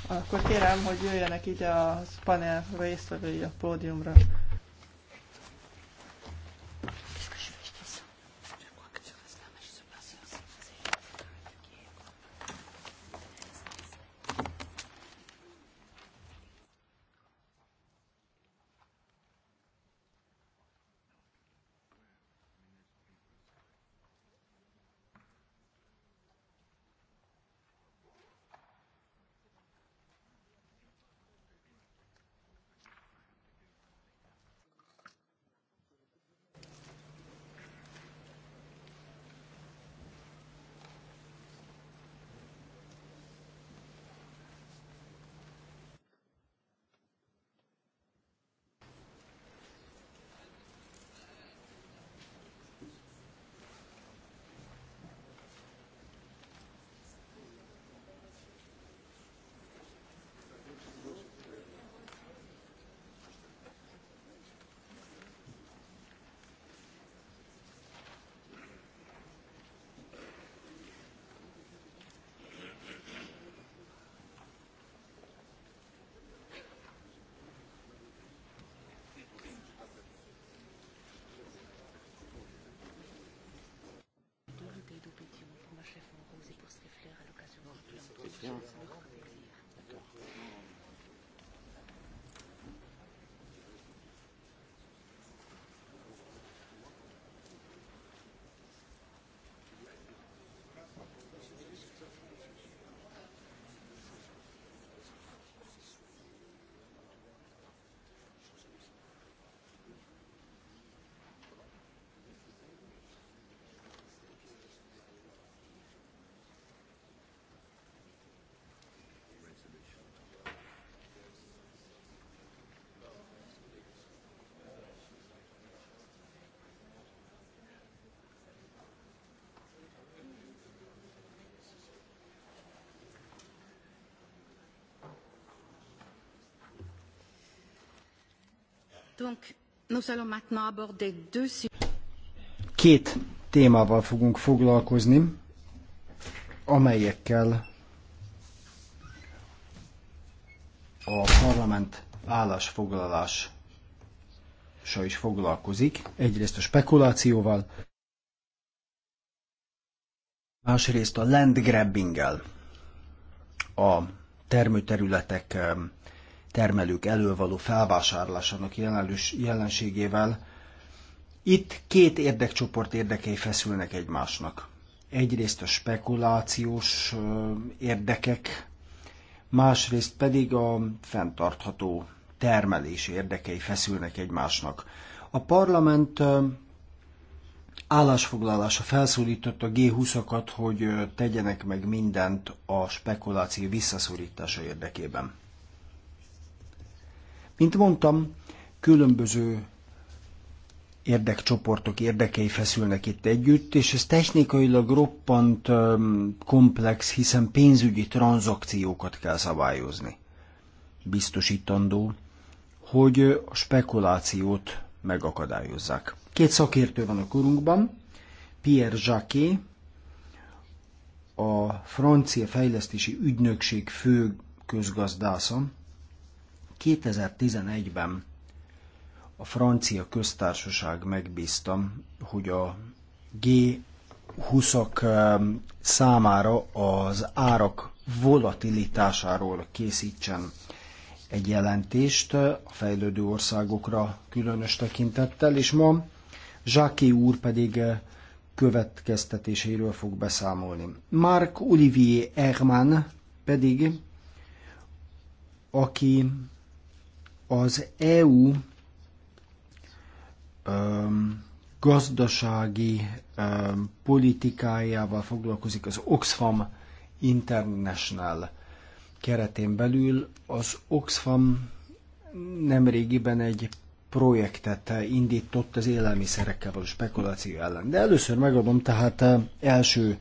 Akkor kérem, hogy jöjjenek ide a panel résztvevői a pódiumra. Jó. Két témával fogunk foglalkozni, amelyekkel a parlament állásfoglalása is foglalkozik. Egyrészt a spekulációval, másrészt a land grabbinggel, a termőterületek termelők elől való felvásárlásának jelenlős, jelenségével. Itt két érdekcsoport érdekei feszülnek egymásnak. Egyrészt a spekulációs érdekek, másrészt pedig a fenntartható termelés érdekei feszülnek egymásnak. A parlament állásfoglalása felszólította a G20-akat, hogy tegyenek meg mindent a spekuláció visszaszorítása érdekében. Mint mondtam, különböző érdekcsoportok érdekei feszülnek itt együtt, és ez technikailag roppant komplex, hiszen pénzügyi tranzakciókat kell szabályozni. Biztosítandó, hogy a spekulációt megakadályozzák. Két szakértő van a korunkban, Pierre Jacquet, a francia fejlesztési ügynökség fő közgazdásza, 2011-ben a francia köztársaság megbízta, hogy a G20-ak eh, számára az árak volatilitásáról készítsen egy jelentést a fejlődő országokra különös tekintettel, és ma Zsáki úr pedig eh, következtetéséről fog beszámolni. Marc Olivier Herman pedig, aki az EU um, gazdasági um, politikájával foglalkozik az Oxfam International keretén belül. Az Oxfam nemrégiben egy projektet indított az élelmiszerekkel való spekuláció ellen. De először megadom tehát első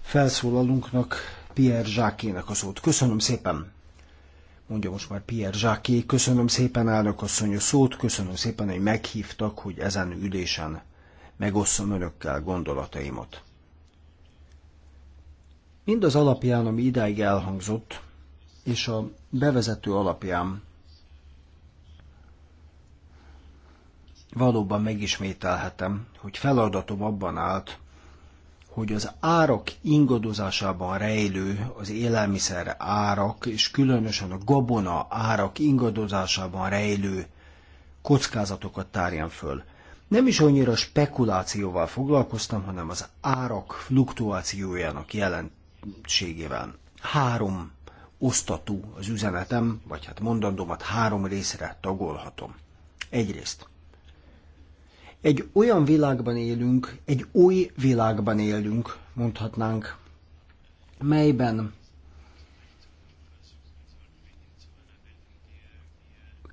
felszólalunknak, Pierre Zsákének a szót. Köszönöm szépen! mondja most már Pierre Jacquet. Köszönöm szépen, elnök asszony, a szót, köszönöm szépen, hogy meghívtak, hogy ezen ülésen megosszam önökkel gondolataimat. Mindaz alapján, ami idáig elhangzott, és a bevezető alapján valóban megismételhetem, hogy feladatom abban állt, hogy az árak ingadozásában rejlő, az élelmiszer árak, és különösen a gabona árak ingadozásában rejlő kockázatokat tárjam föl. Nem is annyira spekulációval foglalkoztam, hanem az árak fluktuációjának jelentségével. Három osztatú az üzenetem, vagy hát mondandómat három részre tagolhatom. Egyrészt egy olyan világban élünk, egy új világban élünk, mondhatnánk, melyben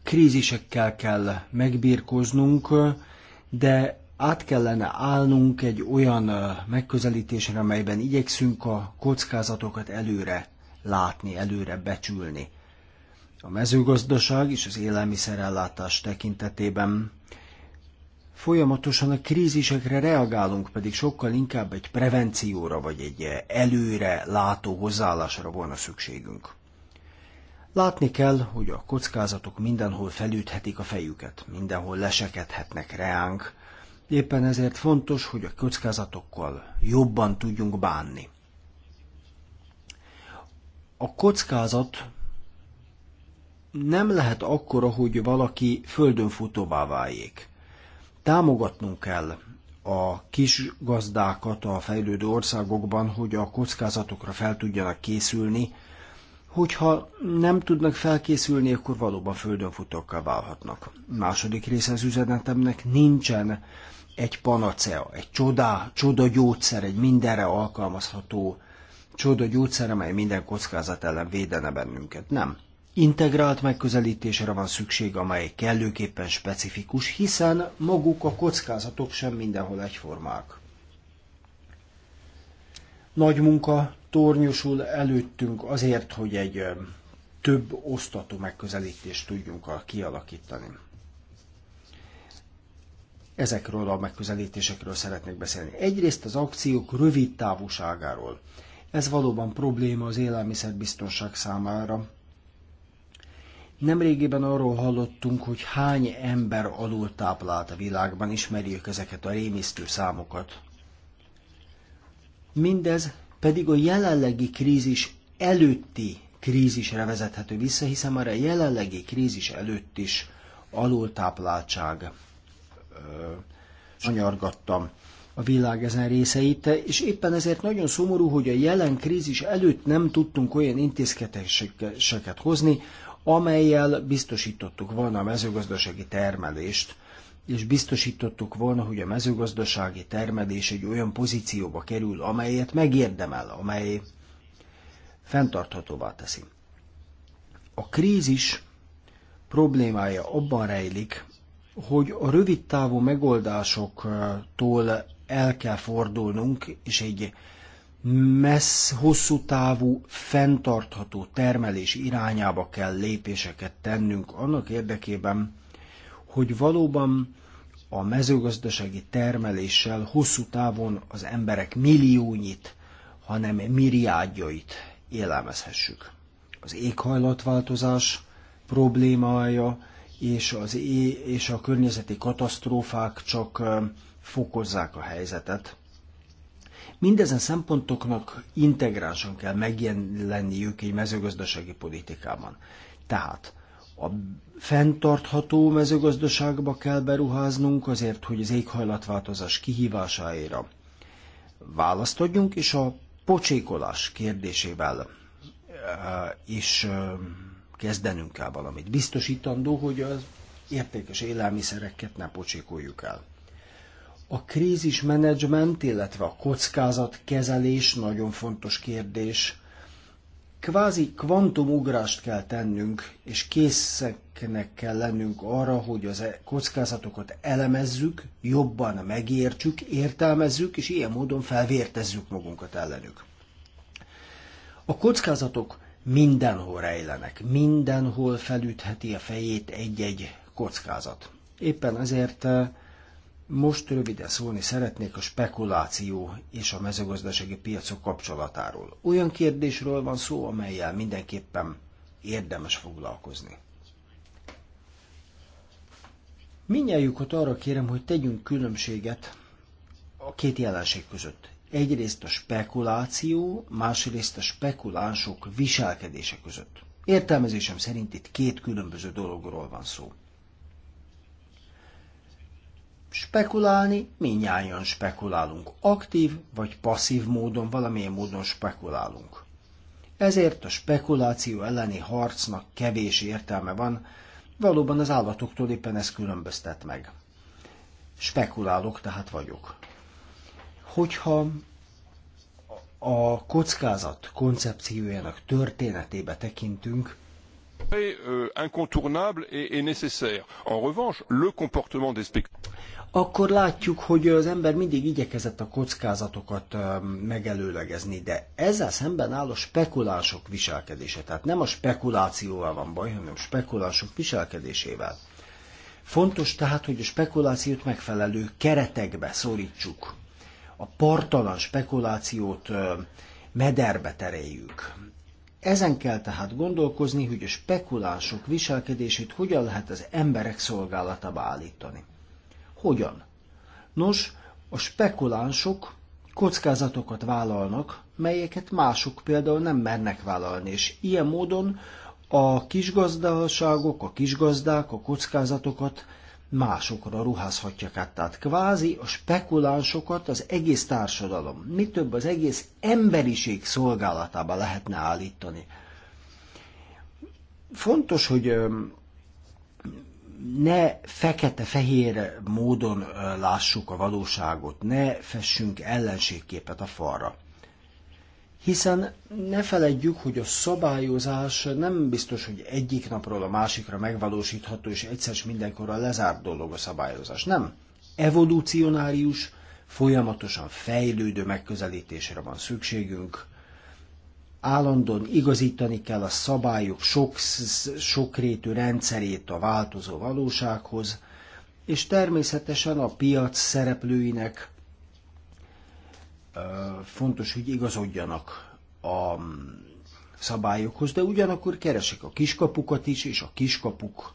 krízisekkel kell megbírkoznunk, de át kellene állnunk egy olyan megközelítésre, amelyben igyekszünk a kockázatokat előre látni, előre becsülni. A mezőgazdaság és az élelmiszerellátás tekintetében Folyamatosan a krízisekre reagálunk, pedig sokkal inkább egy prevencióra vagy egy előre látó hozzáállásra volna szükségünk. Látni kell, hogy a kockázatok mindenhol felüthetik a fejüket, mindenhol lesekedhetnek reánk, éppen ezért fontos, hogy a kockázatokkal jobban tudjunk bánni. A kockázat nem lehet akkora, hogy valaki földön futóvá váljék. Támogatnunk kell a kis gazdákat a fejlődő országokban, hogy a kockázatokra fel tudjanak készülni, hogyha nem tudnak felkészülni, akkor valóban földönfutókkal válhatnak. Második része az üzenetemnek nincsen egy panacea, egy csodá, csoda gyógyszer, egy mindenre alkalmazható csoda gyógyszer, amely minden kockázat ellen védene bennünket. Nem. Integrált megközelítésre van szükség, amely kellőképpen specifikus, hiszen maguk a kockázatok sem mindenhol egyformák. Nagy munka tornyosul előttünk azért, hogy egy több osztatú megközelítést tudjunk kialakítani. Ezekről a megközelítésekről szeretnék beszélni. Egyrészt az akciók rövid távúságáról. Ez valóban probléma az élelmiszerbiztonság számára, Nemrégiben arról hallottunk, hogy hány ember táplált a világban, ismerjük ezeket a rémisztő számokat. Mindez pedig a jelenlegi krízis előtti krízisre vezethető vissza, hiszen már a jelenlegi krízis előtt is alultápláltság anyargattam a világ ezen részeit, és éppen ezért nagyon szomorú, hogy a jelen krízis előtt nem tudtunk olyan intézkedéseket hozni, amelyel biztosítottuk volna a mezőgazdasági termelést, és biztosítottuk volna, hogy a mezőgazdasági termelés egy olyan pozícióba kerül, amelyet megérdemel, amely fenntarthatóvá teszi. A krízis problémája abban rejlik, hogy a rövid távú megoldásoktól eh, el kell fordulnunk, és egy messz, hosszú távú, fenntartható termelés irányába kell lépéseket tennünk annak érdekében, hogy valóban a mezőgazdasági termeléssel hosszú távon az emberek milliónyit, hanem milliárdjait élelmezhessük. Az éghajlatváltozás problémája és, az é- és a környezeti katasztrófák csak fokozzák a helyzetet Mindezen szempontoknak integránsan kell megjelenniük egy mezőgazdasági politikában. Tehát a fenntartható mezőgazdaságba kell beruháznunk azért, hogy az éghajlatváltozás kihívásáira választ adjunk, és a pocsékolás kérdésével eh, is eh, kezdenünk kell valamit. Biztosítandó, hogy az értékes élelmiszereket ne pocsékoljuk el. A krízis menedzsment, illetve a kockázatkezelés nagyon fontos kérdés. Kvázi kvantumugrást kell tennünk, és készeknek kell lennünk arra, hogy az e- kockázatokat elemezzük, jobban megértsük, értelmezzük, és ilyen módon felvértezzük magunkat ellenük. A kockázatok mindenhol rejlenek, mindenhol felütheti a fejét egy-egy kockázat. Éppen ezért eh, most röviden szólni szeretnék a spekuláció és a mezőgazdasági piacok kapcsolatáról. Olyan kérdésről van szó, amelyel mindenképpen érdemes foglalkozni. Mindjájukat arra kérem, hogy tegyünk különbséget a két jelenség között. Egyrészt a spekuláció, másrészt a spekulánsok viselkedése között. Értelmezésem szerint itt két különböző dologról van szó. Spekulálni minnyáján spekulálunk. Aktív vagy passzív módon, valamilyen módon spekulálunk. Ezért a spekuláció elleni harcnak kevés értelme van, valóban az állatoktól éppen ez különböztet meg. Spekulálok, tehát vagyok. Hogyha a kockázat koncepciójának történetébe tekintünk, Euh, incontournable et, nécessaire. En revanche, le comportement des spectateurs. Akkor látjuk, hogy az ember mindig igyekezett a kockázatokat megelőlegezni, de ezzel szemben áll a spekulánsok viselkedése. Tehát nem a spekulációval van baj, hanem spekulánsok viselkedésével. Fontos tehát, hogy a spekulációt megfelelő keretekbe szorítsuk. A partalan spekulációt mederbe tereljük. Ezen kell tehát gondolkozni, hogy a spekulások viselkedését hogyan lehet az emberek szolgálatába állítani. Hogyan? Nos, a spekulánsok kockázatokat vállalnak, melyeket mások például nem mernek vállalni, és ilyen módon a kisgazdaságok, a kisgazdák a kockázatokat másokra ruházhatják át. Tehát kvázi a spekulánsokat az egész társadalom, mi több az egész emberiség szolgálatába lehetne állítani. Fontos, hogy ne fekete-fehér módon lássuk a valóságot, ne fessünk ellenségképet a falra hiszen ne feledjük, hogy a szabályozás nem biztos, hogy egyik napról a másikra megvalósítható, és egyszer mindenkor a lezárt dolog a szabályozás. Nem. Evolúcionárius, folyamatosan fejlődő megközelítésre van szükségünk. Állandóan igazítani kell a szabályok sok, sokrétű rendszerét a változó valósághoz, és természetesen a piac szereplőinek fontos, hogy igazodjanak a mm, szabályokhoz, de ugyanakkor keresek a kiskapukat is, és a kiskapuk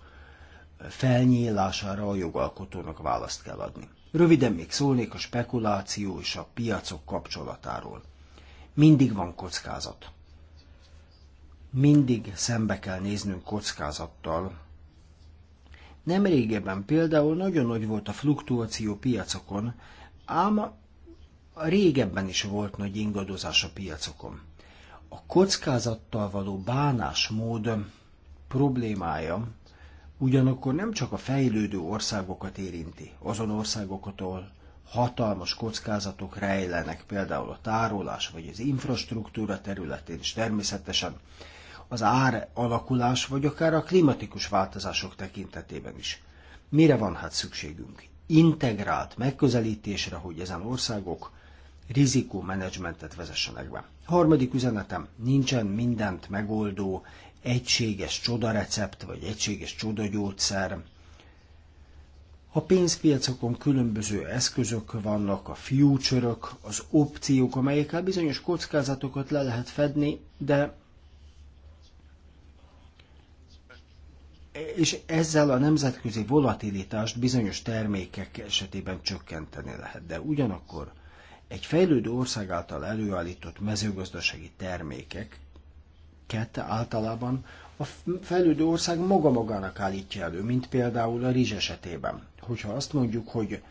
felnyílására a jogalkotónak választ kell adni. Röviden még szólnék a spekuláció és a piacok kapcsolatáról. Mindig van kockázat. Mindig szembe kell néznünk kockázattal. Nem régebben például nagyon nagy volt a fluktuáció piacokon, ám régebben is volt nagy ingadozás a piacokon. A kockázattal való bánásmód problémája ugyanakkor nem csak a fejlődő országokat érinti, azon országoktól hatalmas kockázatok rejlenek, például a tárolás vagy az infrastruktúra területén, és természetesen az ár alakulás, vagy akár a klimatikus változások tekintetében is. Mire van hát szükségünk? Integrált megközelítésre, hogy ezen országok rizikómenedzsmentet vezessenek be. Harmadik üzenetem, nincsen mindent megoldó egységes csodarecept vagy egységes csodagyógyszer. A pénzpiacokon különböző eszközök vannak, a future az opciók, amelyekkel bizonyos kockázatokat le lehet fedni, de és ezzel a nemzetközi volatilitást bizonyos termékek esetében csökkenteni lehet. De ugyanakkor egy fejlődő ország által előállított mezőgazdasági termékek kette általában a fejlődő ország maga magának állítja elő, mint például a rizs esetében. Hogyha azt mondjuk, hogy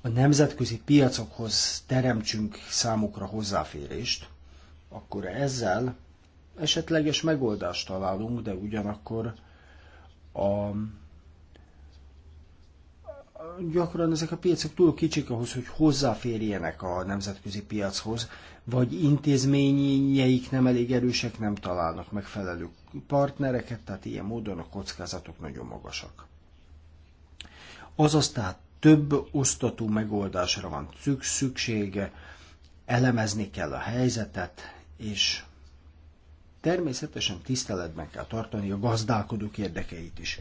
a nemzetközi piacokhoz teremtsünk számukra hozzáférést, akkor ezzel esetleges megoldást találunk, de ugyanakkor a gyakran ezek a piacok túl kicsik ahhoz, hogy hozzáférjenek a nemzetközi piachoz, vagy intézményeik nem elég erősek, nem találnak megfelelő partnereket, tehát ilyen módon a kockázatok nagyon magasak. Azaz tehát több osztatú megoldásra van szüksége, elemezni kell a helyzetet, és természetesen tiszteletben kell tartani a gazdálkodók érdekeit is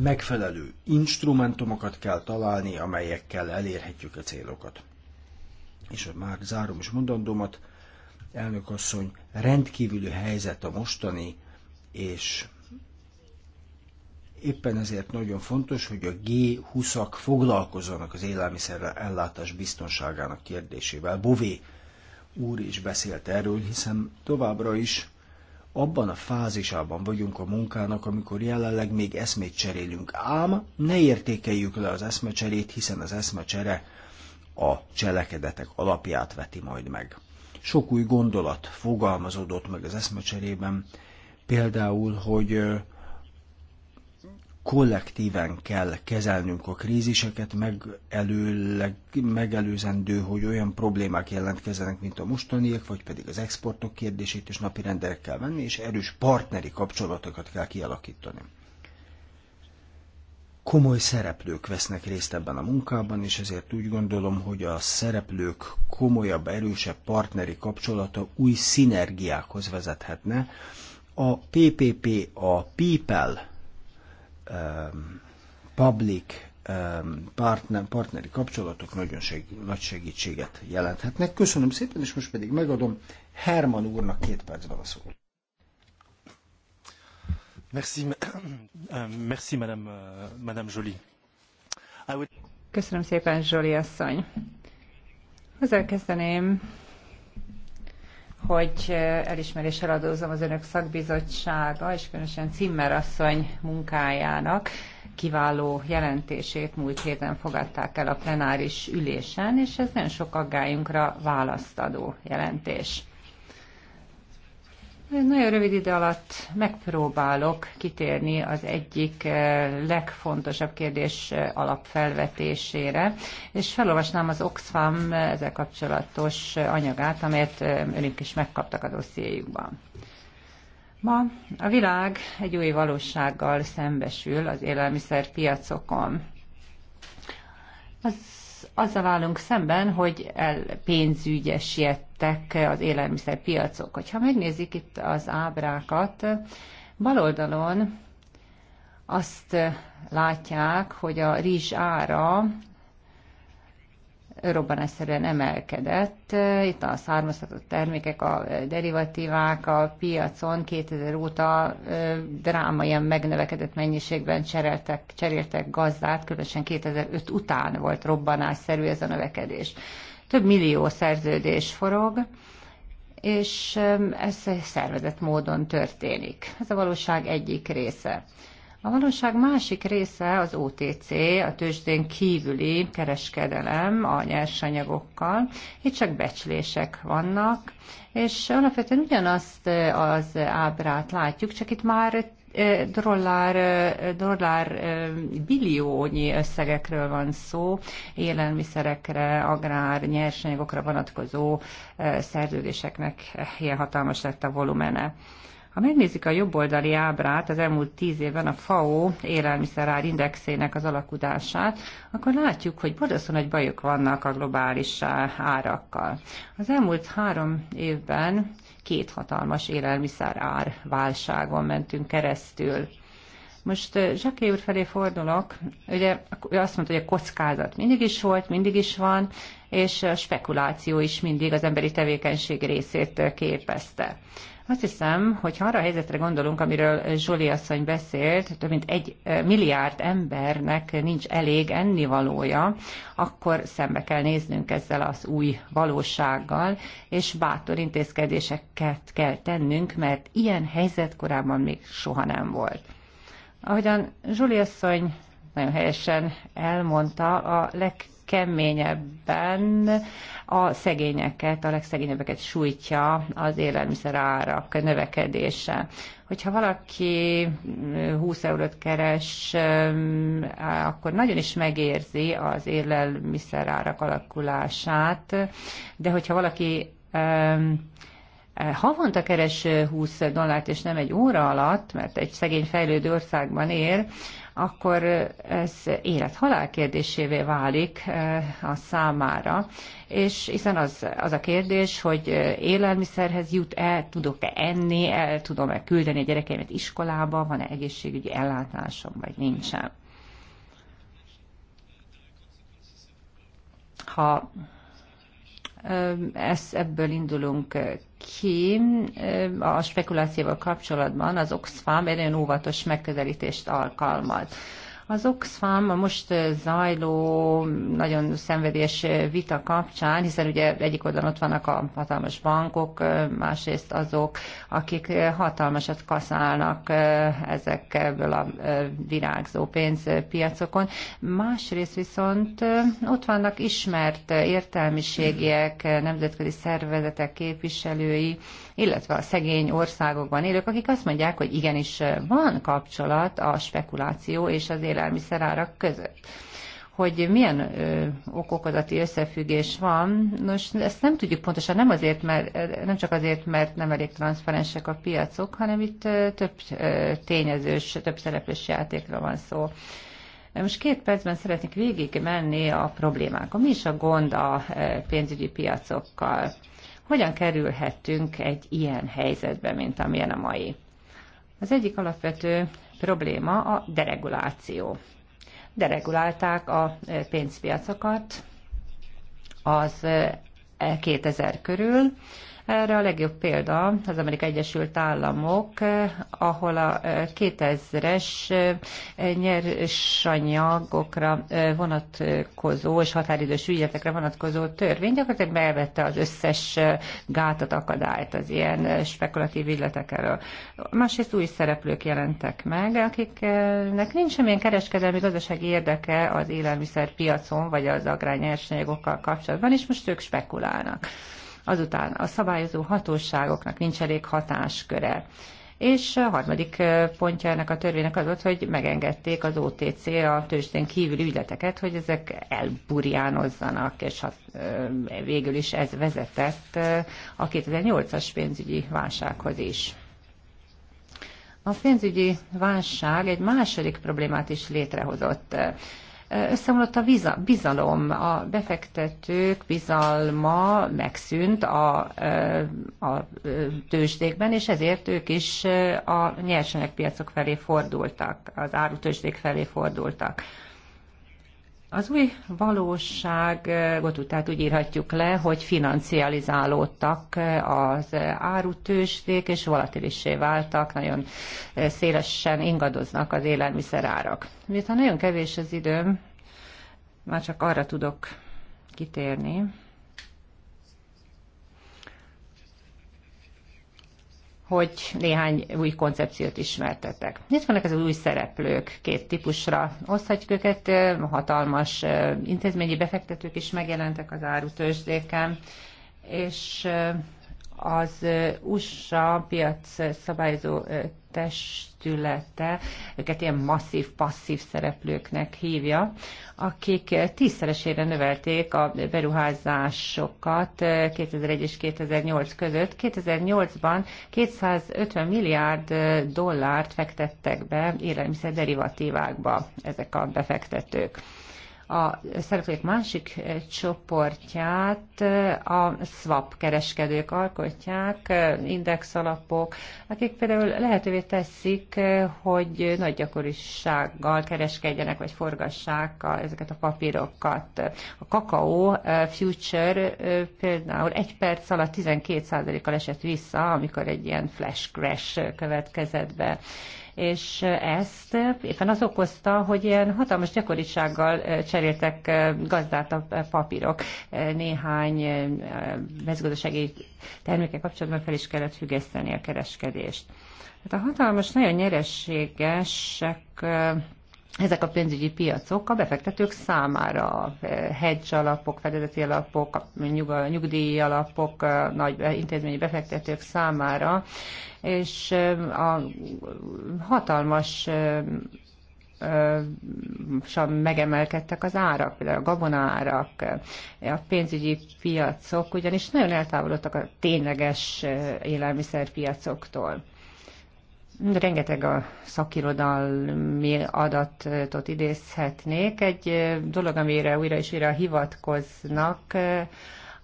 megfelelő instrumentumokat kell találni, amelyekkel elérhetjük a célokat. És már zárom is mondandómat, elnök asszony, rendkívüli helyzet a mostani, és éppen ezért nagyon fontos, hogy a G20-ak foglalkozzanak az élelmiszer ellátás biztonságának kérdésével. Bové úr is beszélt erről, hiszen továbbra is abban a fázisában vagyunk a munkának, amikor jelenleg még eszmét cserélünk. Ám ne értékeljük le az eszmecserét, hiszen az eszmecsere a cselekedetek alapját veti majd meg. Sok új gondolat fogalmazódott meg az eszmecserében, például, hogy kollektíven kell kezelnünk a kríziseket, megelőleg, megelőzendő, hogy olyan problémák jelentkezzenek, mint a mostaniak, vagy pedig az exportok kérdését is napi rendelek kell venni, és erős partneri kapcsolatokat kell kialakítani. Komoly szereplők vesznek részt ebben a munkában, és ezért úgy gondolom, hogy a szereplők komolyabb, erősebb partneri kapcsolata új szinergiákhoz vezethetne. A PPP, a People um, public um, partner, partneri kapcsolatok nagyon seg- nagy segítséget jelenthetnek. Köszönöm szépen, és most pedig megadom Herman úrnak két percben a szót. Merci, um, merci madame, uh, madame Jolie. Would... Köszönöm szépen, Jolie asszony. Hozzá kezdeném, hogy elismeréssel adózom az önök szakbizottsága, és különösen Cimmer asszony munkájának kiváló jelentését múlt héten fogadták el a plenáris ülésen, és ez nagyon sok aggályunkra választadó jelentés. Nagyon rövid idő alatt megpróbálok kitérni az egyik eh, legfontosabb kérdés eh, alapfelvetésére, és felolvasnám az Oxfam eh, ezzel kapcsolatos anyagát, amelyet önök is megkaptak a dossziéjukban. Ma a világ egy új valósággal szembesül az élelmiszerpiacokon. Az azzal állunk szemben, hogy el pénzügyesítettek az élelmiszerpiacok. Hogyha megnézik itt az ábrákat, baloldalon azt látják, hogy a rizs ára robbanásszerűen emelkedett. Itt a származtatott termékek, a derivatívák a piacon 2000 óta drámaian megnövekedett mennyiségben cseréltek, cseréltek gazdát, különösen 2005 után volt robbanásszerű ez a növekedés. Több millió szerződés forog, és ez szervezett módon történik. Ez a valóság egyik része. A valóság másik része az OTC, a tőzsdén kívüli kereskedelem a nyersanyagokkal. Itt csak becslések vannak, és alapvetően ugyanazt az ábrát látjuk, csak itt már dollár, dollár billiónyi összegekről van szó, élelmiszerekre, agrár, nyersanyagokra vonatkozó szerződéseknek ilyen hatalmas lett a volumene. Ha megnézik a jobboldali ábrát, az elmúlt tíz évben a FAO élelmiszerár indexének az alakulását, akkor látjuk, hogy borzasztó nagy bajok vannak a globális eh, árakkal. Az elmúlt három évben két hatalmas élelmiszerár válságon mentünk keresztül. Most eh, Zsaké úr felé fordulok, ugye ő azt mondta, hogy a kockázat mindig is volt, mindig is van, és a spekuláció is mindig az emberi tevékenység részét eh, képezte. Azt hiszem, hogy ha arra a helyzetre gondolunk, amiről Zsoli asszony beszélt, több mint egy milliárd embernek nincs elég ennivalója, akkor szembe kell néznünk ezzel az új valósággal, és bátor intézkedéseket kell tennünk, mert ilyen helyzet korábban még soha nem volt. Ahogyan Zsoli asszony nagyon helyesen elmondta, a leg legkeményebben a szegényeket, a legszegényebbeket sújtja az élelmiszer árak növekedése. Hogyha valaki 20 mm, eurót keres, mm, akkor nagyon is megérzi az élelmiszer árak alakulását, de hogyha valaki havonta keres 20 dollárt, és nem egy óra alatt, mert egy szegény fejlődő országban él, akkor ez élet-halál kérdésévé válik eh, a számára, és hiszen az, az a kérdés, hogy eh, élelmiszerhez jut el, tudok-e enni, el tudom-e küldeni a gyerekeimet iskolába, van-e egészségügyi ellátásom, vagy nincsen. Ha ezt ebből indulunk ki a spekulációval kapcsolatban az Oxfam egy nagyon óvatos megközelítést alkalmaz. Az Oxfam a most eh, zajló, nagyon szenvedélyes eh, vita kapcsán, hiszen ugye egyik oldalon ott vannak a hatalmas bankok, eh, másrészt azok, akik hatalmasat kaszálnak ezekből a virágzó pénzpiacokon. Másrészt viszont ott vannak ismert értelmiségiek, nemzetközi szervezetek képviselői, illetve a szegény országokban élők, akik azt mondják, hogy igenis van kapcsolat a spekuláció és az élelmiszerárak között hogy milyen ö, okokozati összefüggés van. Nos, ezt nem tudjuk pontosan, nem azért, mert nem csak azért, mert nem elég transzparensek a piacok, hanem itt ö, több ö, tényezős, több szereplős játékra van szó. Most két percben szeretnék végig menni a problémákon. Mi is a gond a pénzügyi piacokkal? Hogyan kerülhettünk egy ilyen helyzetbe, mint amilyen a mai? Az egyik alapvető probléma a dereguláció. Deregulálták a pénzpiacokat az 2000 eh, körül, erre a legjobb példa az Amerikai Egyesült Államok, ahol a 2000-es nyersanyagokra vonatkozó és határidős ügyetekre vonatkozó törvény gyakorlatilag bevette az összes gátat, akadályt az ilyen spekulatív ügyletek elől. Másrészt új szereplők jelentek meg, akiknek nincs semmilyen kereskedelmi gazdasági érdeke az élelmiszerpiacon vagy az agrár kapcsolatban, és most ők spekulálnak azután a szabályozó hatóságoknak nincs elég hatásköre. És a harmadik pontja ennek a törvénynek az volt, hogy megengedték az OTC a tőzsdén kívüli ügyleteket, hogy ezek elburjánozzanak, és hat, végül is ez vezetett a 2008-as pénzügyi válsághoz is. A pénzügyi válság egy második problémát is létrehozott összeomlott a bizalom, a befektetők bizalma megszűnt a, a tőzsdékben, és ezért ők is a nyersanyagpiacok felé fordultak, az árutőzsdék felé fordultak. Az új valóságot tehát úgy írhatjuk le, hogy financializálódtak az árutősdék, és volatilissé váltak, nagyon szélesen ingadoznak az élelmiszerárak. Miután nagyon kevés az időm, már csak arra tudok kitérni, hogy néhány új koncepciót ismertetek. Itt vannak az új szereplők, két típusra oszthatjuk őket, hatalmas intézményi befektetők is megjelentek az árutősdéken, és az USA piac szabályozó testülete, őket ilyen masszív, passzív szereplőknek hívja, akik tízszeresére növelték a beruházásokat 2001 és 2008 között. 2008-ban 250 milliárd dollárt fektettek be élelmiszer derivatívákba ezek a befektetők a szereplők másik eh, csoportját eh, a swap kereskedők alkotják, eh, index alapok, akik például lehetővé teszik, hogy nagy gyakorisággal kereskedjenek, vagy forgassák a, ezeket a papírokat. A kakaó future például egy perc alatt 12%-kal esett vissza, amikor egy ilyen flash crash következett be és ezt éppen az okozta, hogy ilyen hatalmas gyakorisággal cseréltek gazdát a papírok. Néhány mezőgazdasági termékek kapcsolatban fel is kellett függeszteni a kereskedést. Hát a hatalmas, nagyon nyerességesek ezek a pénzügyi piacok a befektetők számára, a eh, hedge alapok, fedezeti alapok, a nyugdíj alapok, a eh, nagy intézményi befektetők számára, és eh, a hatalmas sem megemelkedtek az árak, például a gabonárak, a pénzügyi piacok, ugyanis nagyon eltávolodtak a tényleges élelmiszerpiacoktól. Rengeteg a szakirodalmi adatot idézhetnék. Egy dolog, amire újra és újra hivatkoznak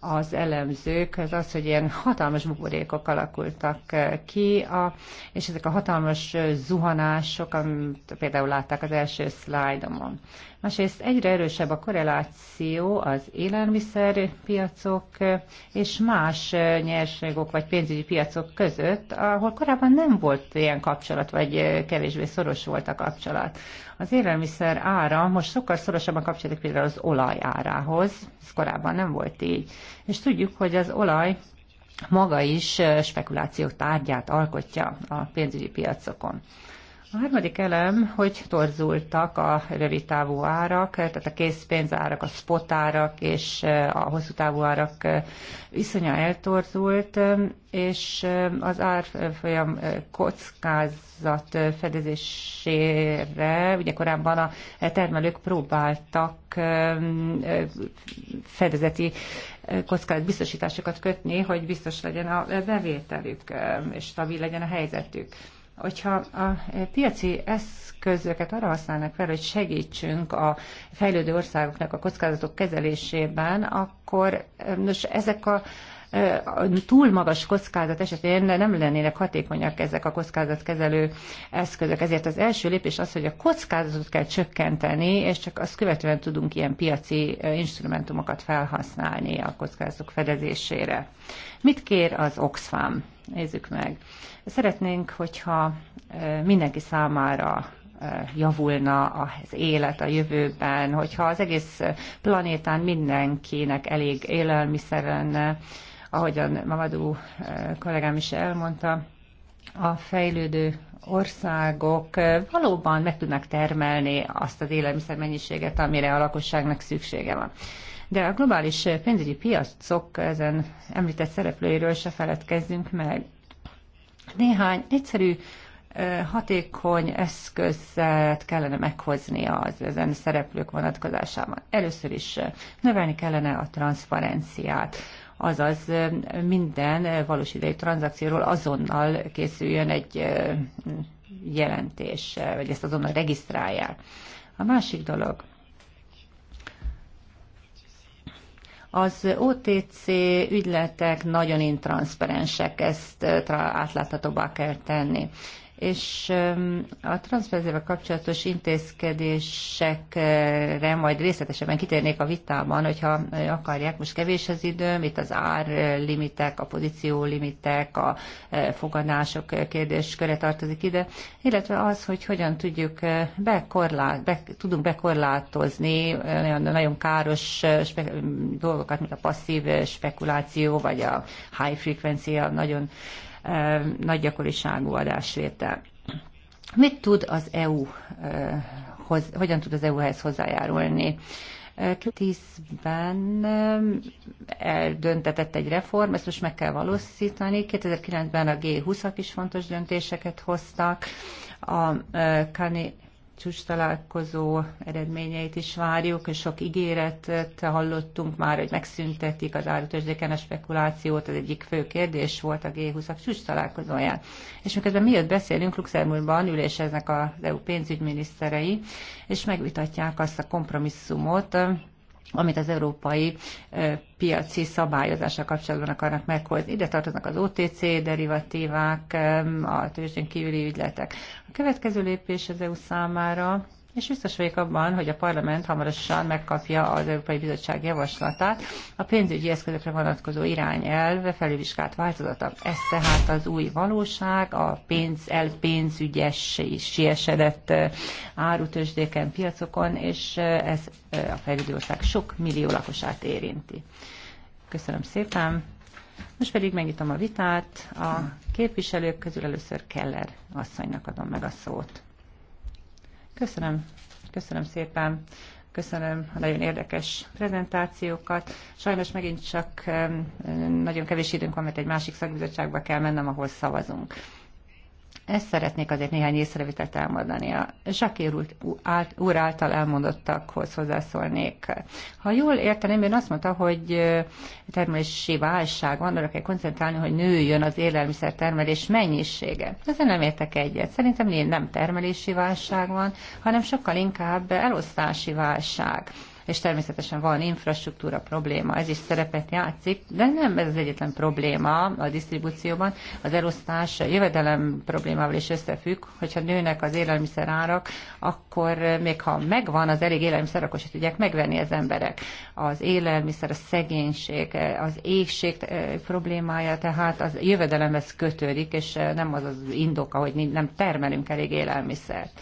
az elemzők, az az, hogy ilyen hatalmas buborékok alakultak ki, a, és ezek a hatalmas zuhanások, amit például látták az első szlájdomon. Másrészt egyre erősebb a korreláció az élelmiszerpiacok és más nyersanyagok vagy pénzügyi piacok között, ahol korábban nem volt ilyen kapcsolat, vagy kevésbé szoros volt a kapcsolat. Az élelmiszer ára most sokkal szorosabban kapcsolódik például az olaj árához, ez korábban nem volt így. És tudjuk, hogy az olaj maga is spekuláció tárgyát alkotja a pénzügyi piacokon. A harmadik elem, hogy torzultak a rövid távú árak, tehát a készpénzárak, a spotárak és eh, a hosszú távú árak eh, viszonya eltorzult, eh, és az árfolyam kockázat fedezésére, ugye korábban a termelők próbáltak fedezeti kockázat biztosításokat kötni, hogy biztos legyen a bevételük, és stabil legyen a helyzetük hogyha a piaci eszközöket arra használnak fel, hogy segítsünk a fejlődő országoknak a kockázatok kezelésében, akkor nos, ezek a túl magas kockázat esetén nem lennének hatékonyak ezek a kockázatkezelő eszközök. Ezért az első lépés az, hogy a kockázatot kell csökkenteni, és csak azt követően tudunk ilyen piaci instrumentumokat felhasználni a kockázatok fedezésére. Mit kér az Oxfam? Nézzük meg. Szeretnénk, hogyha mindenki számára javulna az élet a jövőben, hogyha az egész planétán mindenkinek elég élelmiszer lenne, ahogyan Mamadou kollégám is elmondta, a fejlődő országok valóban meg tudnak termelni azt az mennyiséget, amire a lakosságnak szüksége van. De a globális pénzügyi piacok ezen említett szereplőiről se feledkezzünk meg. Néhány egyszerű hatékony eszközt kellene meghozni az ezen szereplők vonatkozásában. Először is növelni kellene a transzparenciát azaz minden valós idejű tranzakcióról azonnal készüljön egy jelentés, vagy ezt azonnal regisztrálják. A másik dolog, Az OTC ügyletek nagyon intranszperensek, ezt átláthatóbbá kell tenni és a transzfezével kapcsolatos intézkedésekre majd részletesebben kitérnék a vitában, hogyha akarják, most kevés az időm, itt az ár limitek, a pozíció limitek, a fogadások kérdésköre tartozik ide, illetve az, hogy hogyan tudjuk bekorlát, be, tudunk bekorlátozni olyan nagyon káros dolgokat, mint a passzív spekuláció, vagy a high frequency, a nagyon nagy gyakoriságú adásvétel. Mit tud az EU, hoz, hogyan tud az EU-hez hozzájárulni? 2010-ben eldöntetett egy reform, ezt most meg kell valószítani. 2009-ben a G20-ak is fontos döntéseket hoztak. A Kani csúcs találkozó eredményeit is várjuk, és sok ígéretet hallottunk már, hogy megszüntetik az árutősdéken a spekulációt, az egyik fő kérdés volt a G20-ak csúcs találkozóján. És miközben miért beszélünk, Luxemburgban üléseznek az EU pénzügyminiszterei, és megvitatják azt a kompromisszumot, amit az európai piaci szabályozása kapcsolatban akarnak meghozni. Ide tartoznak az OTC derivatívák, a tőzsdén kívüli ügyletek. A következő lépés az EU számára és biztos vagyok abban, hogy a parlament hamarosan megkapja az Európai Bizottság javaslatát. A pénzügyi eszközökre vonatkozó irányelv felülvizsgált változata. Ez tehát az új valóság, a pénz elpénzügyes és siesedett árutősdéken, piacokon, és ez a fejlődő ország sok millió lakosát érinti. Köszönöm szépen. Most pedig megnyitom a vitát. A képviselők közül először Keller asszonynak adom meg a szót. Köszönöm. Köszönöm szépen. Köszönöm a nagyon érdekes prezentációkat. Sajnos megint csak nagyon kevés időnk van, mert egy másik szakbizottságba kell mennem, ahol szavazunk. Ezt szeretnék azért néhány észrevételt elmondani. A Zsakér úr által elmondottakhoz hozzászólnék. Ha jól értem, én azt mondta, hogy termelési válság van, arra kell koncentrálni, hogy nőjön az élelmiszer termelés mennyisége. Ezzel nem értek egyet. Szerintem nem termelési válság van, hanem sokkal inkább elosztási válság és természetesen van infrastruktúra probléma, ez is szerepet játszik, de nem ez az egyetlen probléma a disztribúcióban. Az elosztás a jövedelem problémával is összefügg, hogyha nőnek az élelmiszerárak, akkor még ha megvan az elég élelmiszer, akkor se tudják megvenni az emberek. Az élelmiszer, a szegénység, az égség eh, problémája, tehát az jövedelemhez kötődik, és eh, nem az az indoka, hogy nem termelünk elég élelmiszert.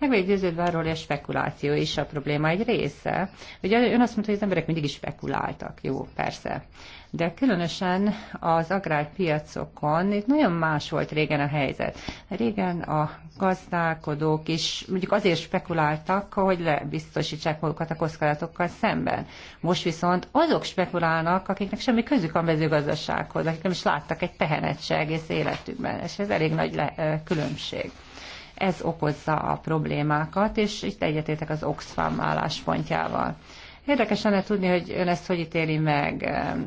Meg vagy győződve arról, hogy a spekuláció is a probléma egy része. Ugye ön azt mondta, hogy az emberek mindig is spekuláltak. Jó, persze. De különösen az agrárpiacokon itt nagyon más volt régen a helyzet. Régen a gazdálkodók is mondjuk azért spekuláltak, hogy lebiztosítsák magukat a kockázatokkal szemben. Most viszont azok spekulálnak, akiknek semmi közük a mezőgazdasághoz, akik nem is láttak egy tehenet se egész életükben, és ez elég nagy le- különbség ez okozza a problémákat, és itt egyetétek az Oxfam álláspontjával. Érdekes lenne tudni, hogy ön ezt hogy ítéli meg.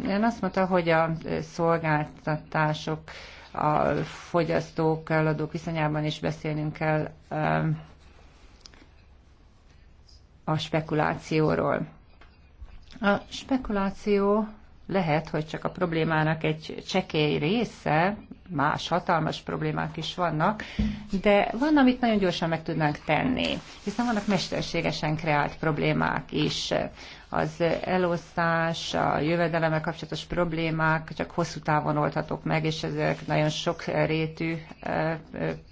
Ön azt mondta, hogy a szolgáltatások, a fogyasztók, eladók viszonyában is beszélnünk kell um, a spekulációról. A spekuláció lehet, hogy csak a problémának egy csekély része, más hatalmas problémák is vannak, de van, amit nagyon gyorsan meg tudnánk tenni, hiszen vannak mesterségesen kreált problémák is. Az elosztás, a jövedelemmel kapcsolatos problémák csak hosszú távon oldhatók meg, és ezek nagyon sok rétű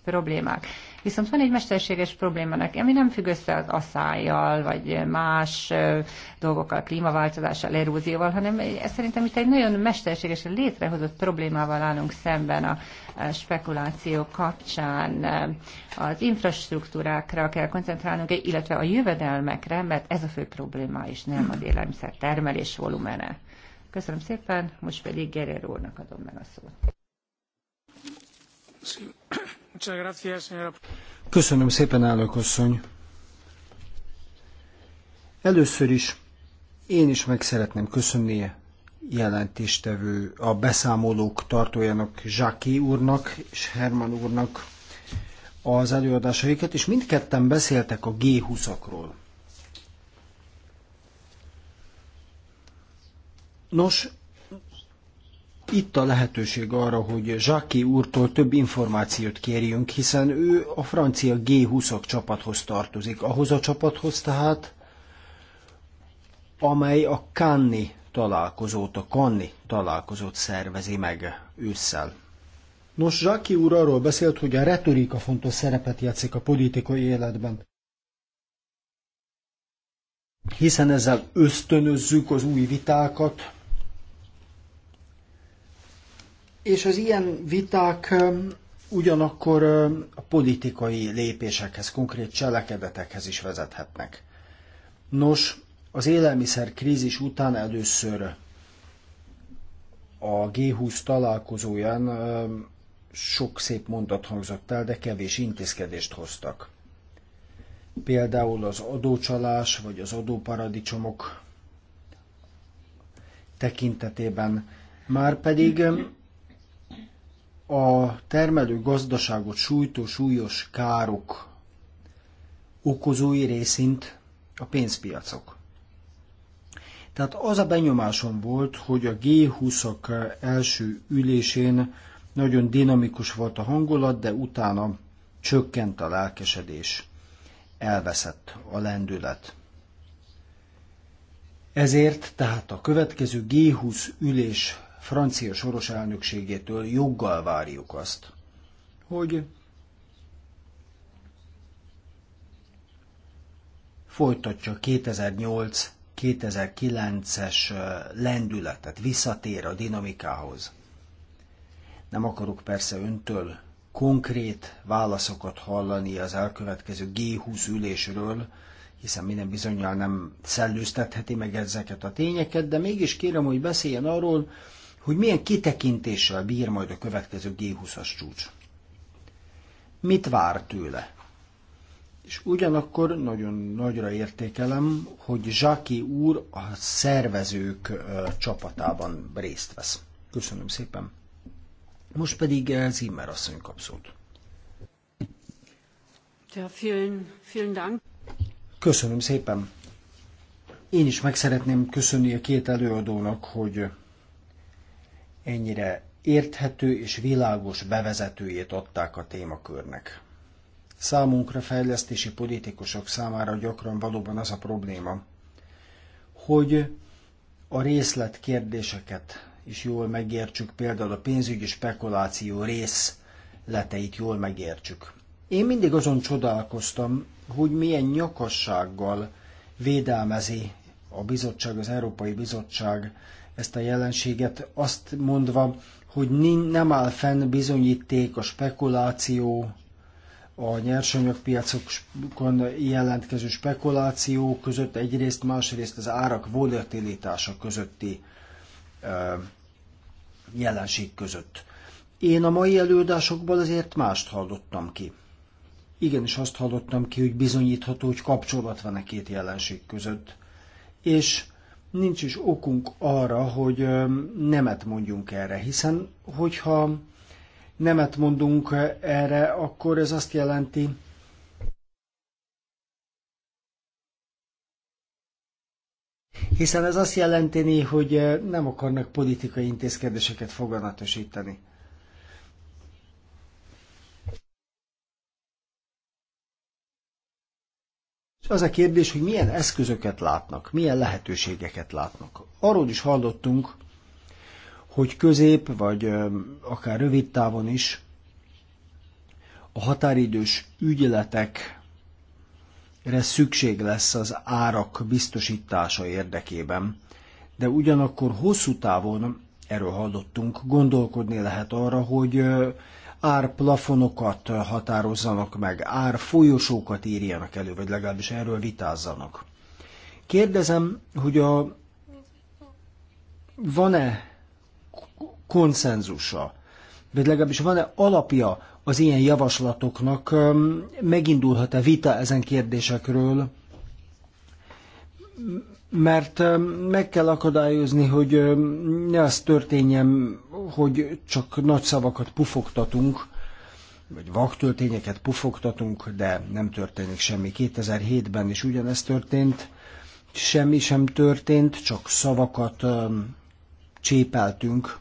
problémák. Viszont van egy mesterséges neki, ami nem függ össze az asszájjal, vagy más dolgokkal, klímaváltozással, erózióval, hanem ez szerintem itt egy nagyon mesterségesen létrehozott problémával állunk szemben a spekuláció kapcsán. Az infrastruktúrákra kell koncentrálnunk, illetve a jövedelmekre, mert ez a fő probléma, is nem az élelmiszer termelés volumene. Köszönöm szépen, most pedig Gerer úrnak adom meg a szót. Köszönöm szépen, elnök asszony. Először is én is meg szeretném köszönni jelentéstevő, a beszámolók tartójának Zsáki úrnak és Herman úrnak az előadásaikat, és mindketten beszéltek a G20-akról. Nos, itt a lehetőség arra, hogy Zsaki úrtól több információt kérjünk, hiszen ő a francia G20-ok csapathoz tartozik. Ahhoz a csapathoz tehát, amely a Canni találkozót, a Canni találkozót szervezi meg ősszel. Nos, Zsaki úr arról beszélt, hogy a retorika fontos szerepet játszik a politikai életben hiszen ezzel ösztönözzük az új vitákat, és az ilyen viták ugyanakkor a politikai lépésekhez, konkrét cselekedetekhez is vezethetnek. Nos, az élelmiszer krízis után először a G20 találkozóján sok szép mondat hangzott el, de kevés intézkedést hoztak. Például az adócsalás vagy az adóparadicsomok tekintetében. Már pedig a termelő gazdaságot sújtó súlyos károk okozói részint a pénzpiacok. Tehát az a benyomásom volt, hogy a G20-ak első ülésén nagyon dinamikus volt a hangulat, de utána csökkent a lelkesedés, elveszett a lendület. Ezért tehát a következő G20 ülés francia soros elnökségétől joggal várjuk azt, hogy folytatja 2008-2009-es lendületet, visszatér a dinamikához. Nem akarok persze öntől konkrét válaszokat hallani az elkövetkező G20 ülésről, hiszen minden bizonyal nem szellőztetheti meg ezeket a tényeket, de mégis kérem, hogy beszéljen arról, hogy milyen kitekintéssel bír majd a következő G20-as csúcs. Mit vár tőle? És ugyanakkor nagyon nagyra értékelem, hogy Zsaki úr a szervezők csapatában részt vesz. Köszönöm szépen. Most pedig Zimmer asszony kap szót. Ja, vielen, vielen Dank. Köszönöm szépen. Én is meg szeretném köszönni a két előadónak, hogy ennyire érthető és világos bevezetőjét adták a témakörnek. Számunkra, fejlesztési politikusok számára gyakran valóban az a probléma, hogy a részlet kérdéseket, is jól megértsük, például a pénzügyi spekuláció részleteit jól megértsük. Én mindig azon csodálkoztam, hogy milyen nyakassággal védelmezi a bizottság, az Európai Bizottság ezt a jelenséget, azt mondva, hogy nem áll fenn bizonyíték a spekuláció, a nyersanyagpiacokon jelentkező spekuláció között egyrészt, másrészt az árak volatilitása közötti jelenség között. Én a mai előadásokból azért mást hallottam ki. Igenis azt hallottam ki, hogy bizonyítható, hogy kapcsolat van a két jelenség között. És nincs is okunk arra, hogy nemet mondjunk erre, hiszen hogyha nemet mondunk erre, akkor ez azt jelenti, hiszen ez azt jelenti, hogy nem akarnak politikai intézkedéseket foganatosítani. Az a kérdés, hogy milyen eszközöket látnak, milyen lehetőségeket látnak. Arról is hallottunk, hogy közép, vagy akár rövid távon is a határidős ügyletekre szükség lesz az árak biztosítása érdekében, de ugyanakkor hosszú távon, erről hallottunk, gondolkodni lehet arra, hogy árplafonokat határozzanak meg, árfolyosókat írjanak elő, vagy legalábbis erről vitázzanak. Kérdezem, hogy a van-e konszenzusa, vagy legalábbis van-e alapja az ilyen javaslatoknak, megindulhat-e vita ezen kérdésekről, mert meg kell akadályozni, hogy ne az történjen, hogy csak nagy szavakat pufogtatunk, vagy vaktöltényeket pufogtatunk, de nem történik semmi. 2007-ben is ugyanezt történt, semmi sem történt, csak szavakat csépeltünk.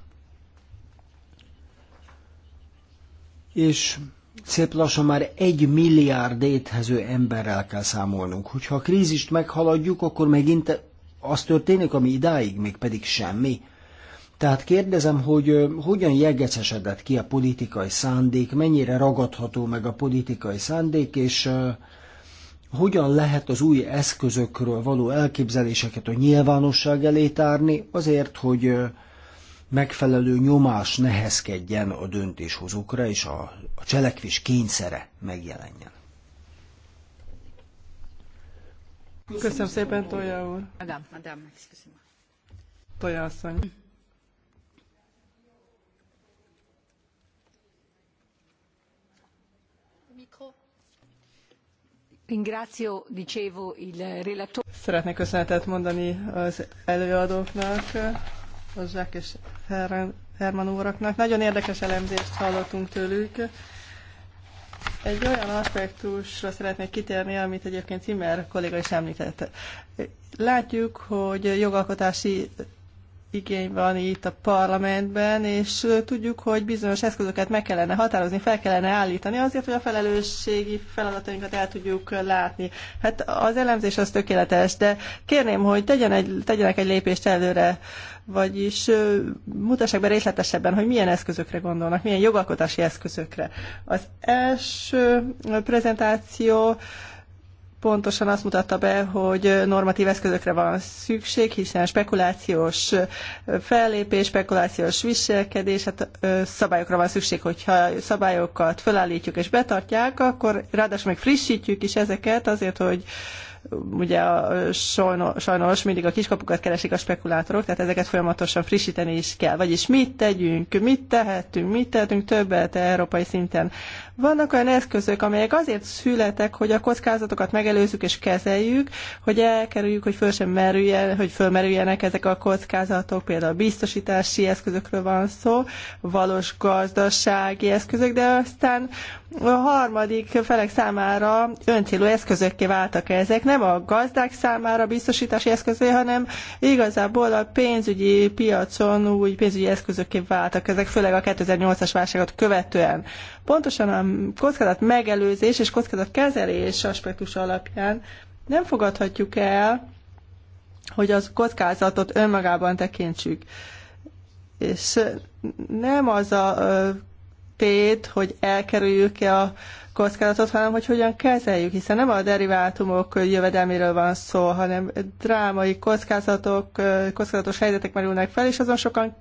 És szép lassan már egy milliárd éthező emberrel kell számolnunk. Hogyha a krízist meghaladjuk, akkor megint az történik, ami idáig még pedig semmi. Tehát kérdezem, hogy hogyan jegecesedett ki a politikai szándék, mennyire ragadható meg a politikai szándék, és hogyan lehet az új eszközökről való elképzeléseket a nyilvánosság elé tárni, azért, hogy megfelelő nyomás nehezkedjen a döntéshozókra, és a, a cselekvés kényszere megjelenjen. Köszönöm szépen, Tolja úr. Adam, madame, Tolja asszony. Szeretnék köszönetet mondani az előadóknak hozzák és Herman óraknak. Nagyon érdekes elemzést hallottunk tőlük. Egy olyan aspektusra szeretnék kitérni, amit egyébként Zimmer kolléga is említett. Látjuk, hogy jogalkotási igény van itt a parlamentben, és tudjuk, hogy bizonyos eszközöket meg kellene határozni, fel kellene állítani azért, hogy a felelősségi feladatainkat el tudjuk látni. Hát az elemzés az tökéletes, de kérném, hogy tegyen egy, tegyenek egy lépést előre, vagyis mutassák be részletesebben, hogy milyen eszközökre gondolnak, milyen jogalkotási eszközökre. Az első prezentáció pontosan azt mutatta be, hogy normatív eszközökre van szükség, hiszen spekulációs fellépés, spekulációs viselkedés, hát szabályokra van szükség, hogyha szabályokat fölállítjuk és betartják, akkor ráadásul még frissítjük is ezeket azért, hogy ugye a, sajnos, sajnos mindig a kiskapukat keresik a spekulátorok, tehát ezeket folyamatosan frissíteni is kell. Vagyis mit tegyünk, mit tehetünk, mit tehetünk többet európai szinten vannak olyan eszközök, amelyek azért születek, hogy a kockázatokat megelőzzük és kezeljük, hogy elkerüljük, hogy föl sem merüljen, hogy fölmerüljenek ezek a kockázatok, például biztosítási eszközökről van szó, valós gazdasági eszközök, de aztán a harmadik felek számára öncélú eszközökké váltak ezek, nem a gazdák számára biztosítási eszközé, hanem igazából a pénzügyi piacon úgy pénzügyi eszközökké váltak ezek, főleg a 2008-as válságot követően pontosan a kockázat megelőzés és kockázat kezelés aspektus alapján nem fogadhatjuk el, hogy az kockázatot önmagában tekintsük. És nem az a tét, hogy elkerüljük-e a kockázatot, hanem hogy hogyan kezeljük, hiszen nem a derivátumok jövedelméről van szó, hanem drámai kockázatok, kockázatos helyzetek merülnek fel, és azon sokan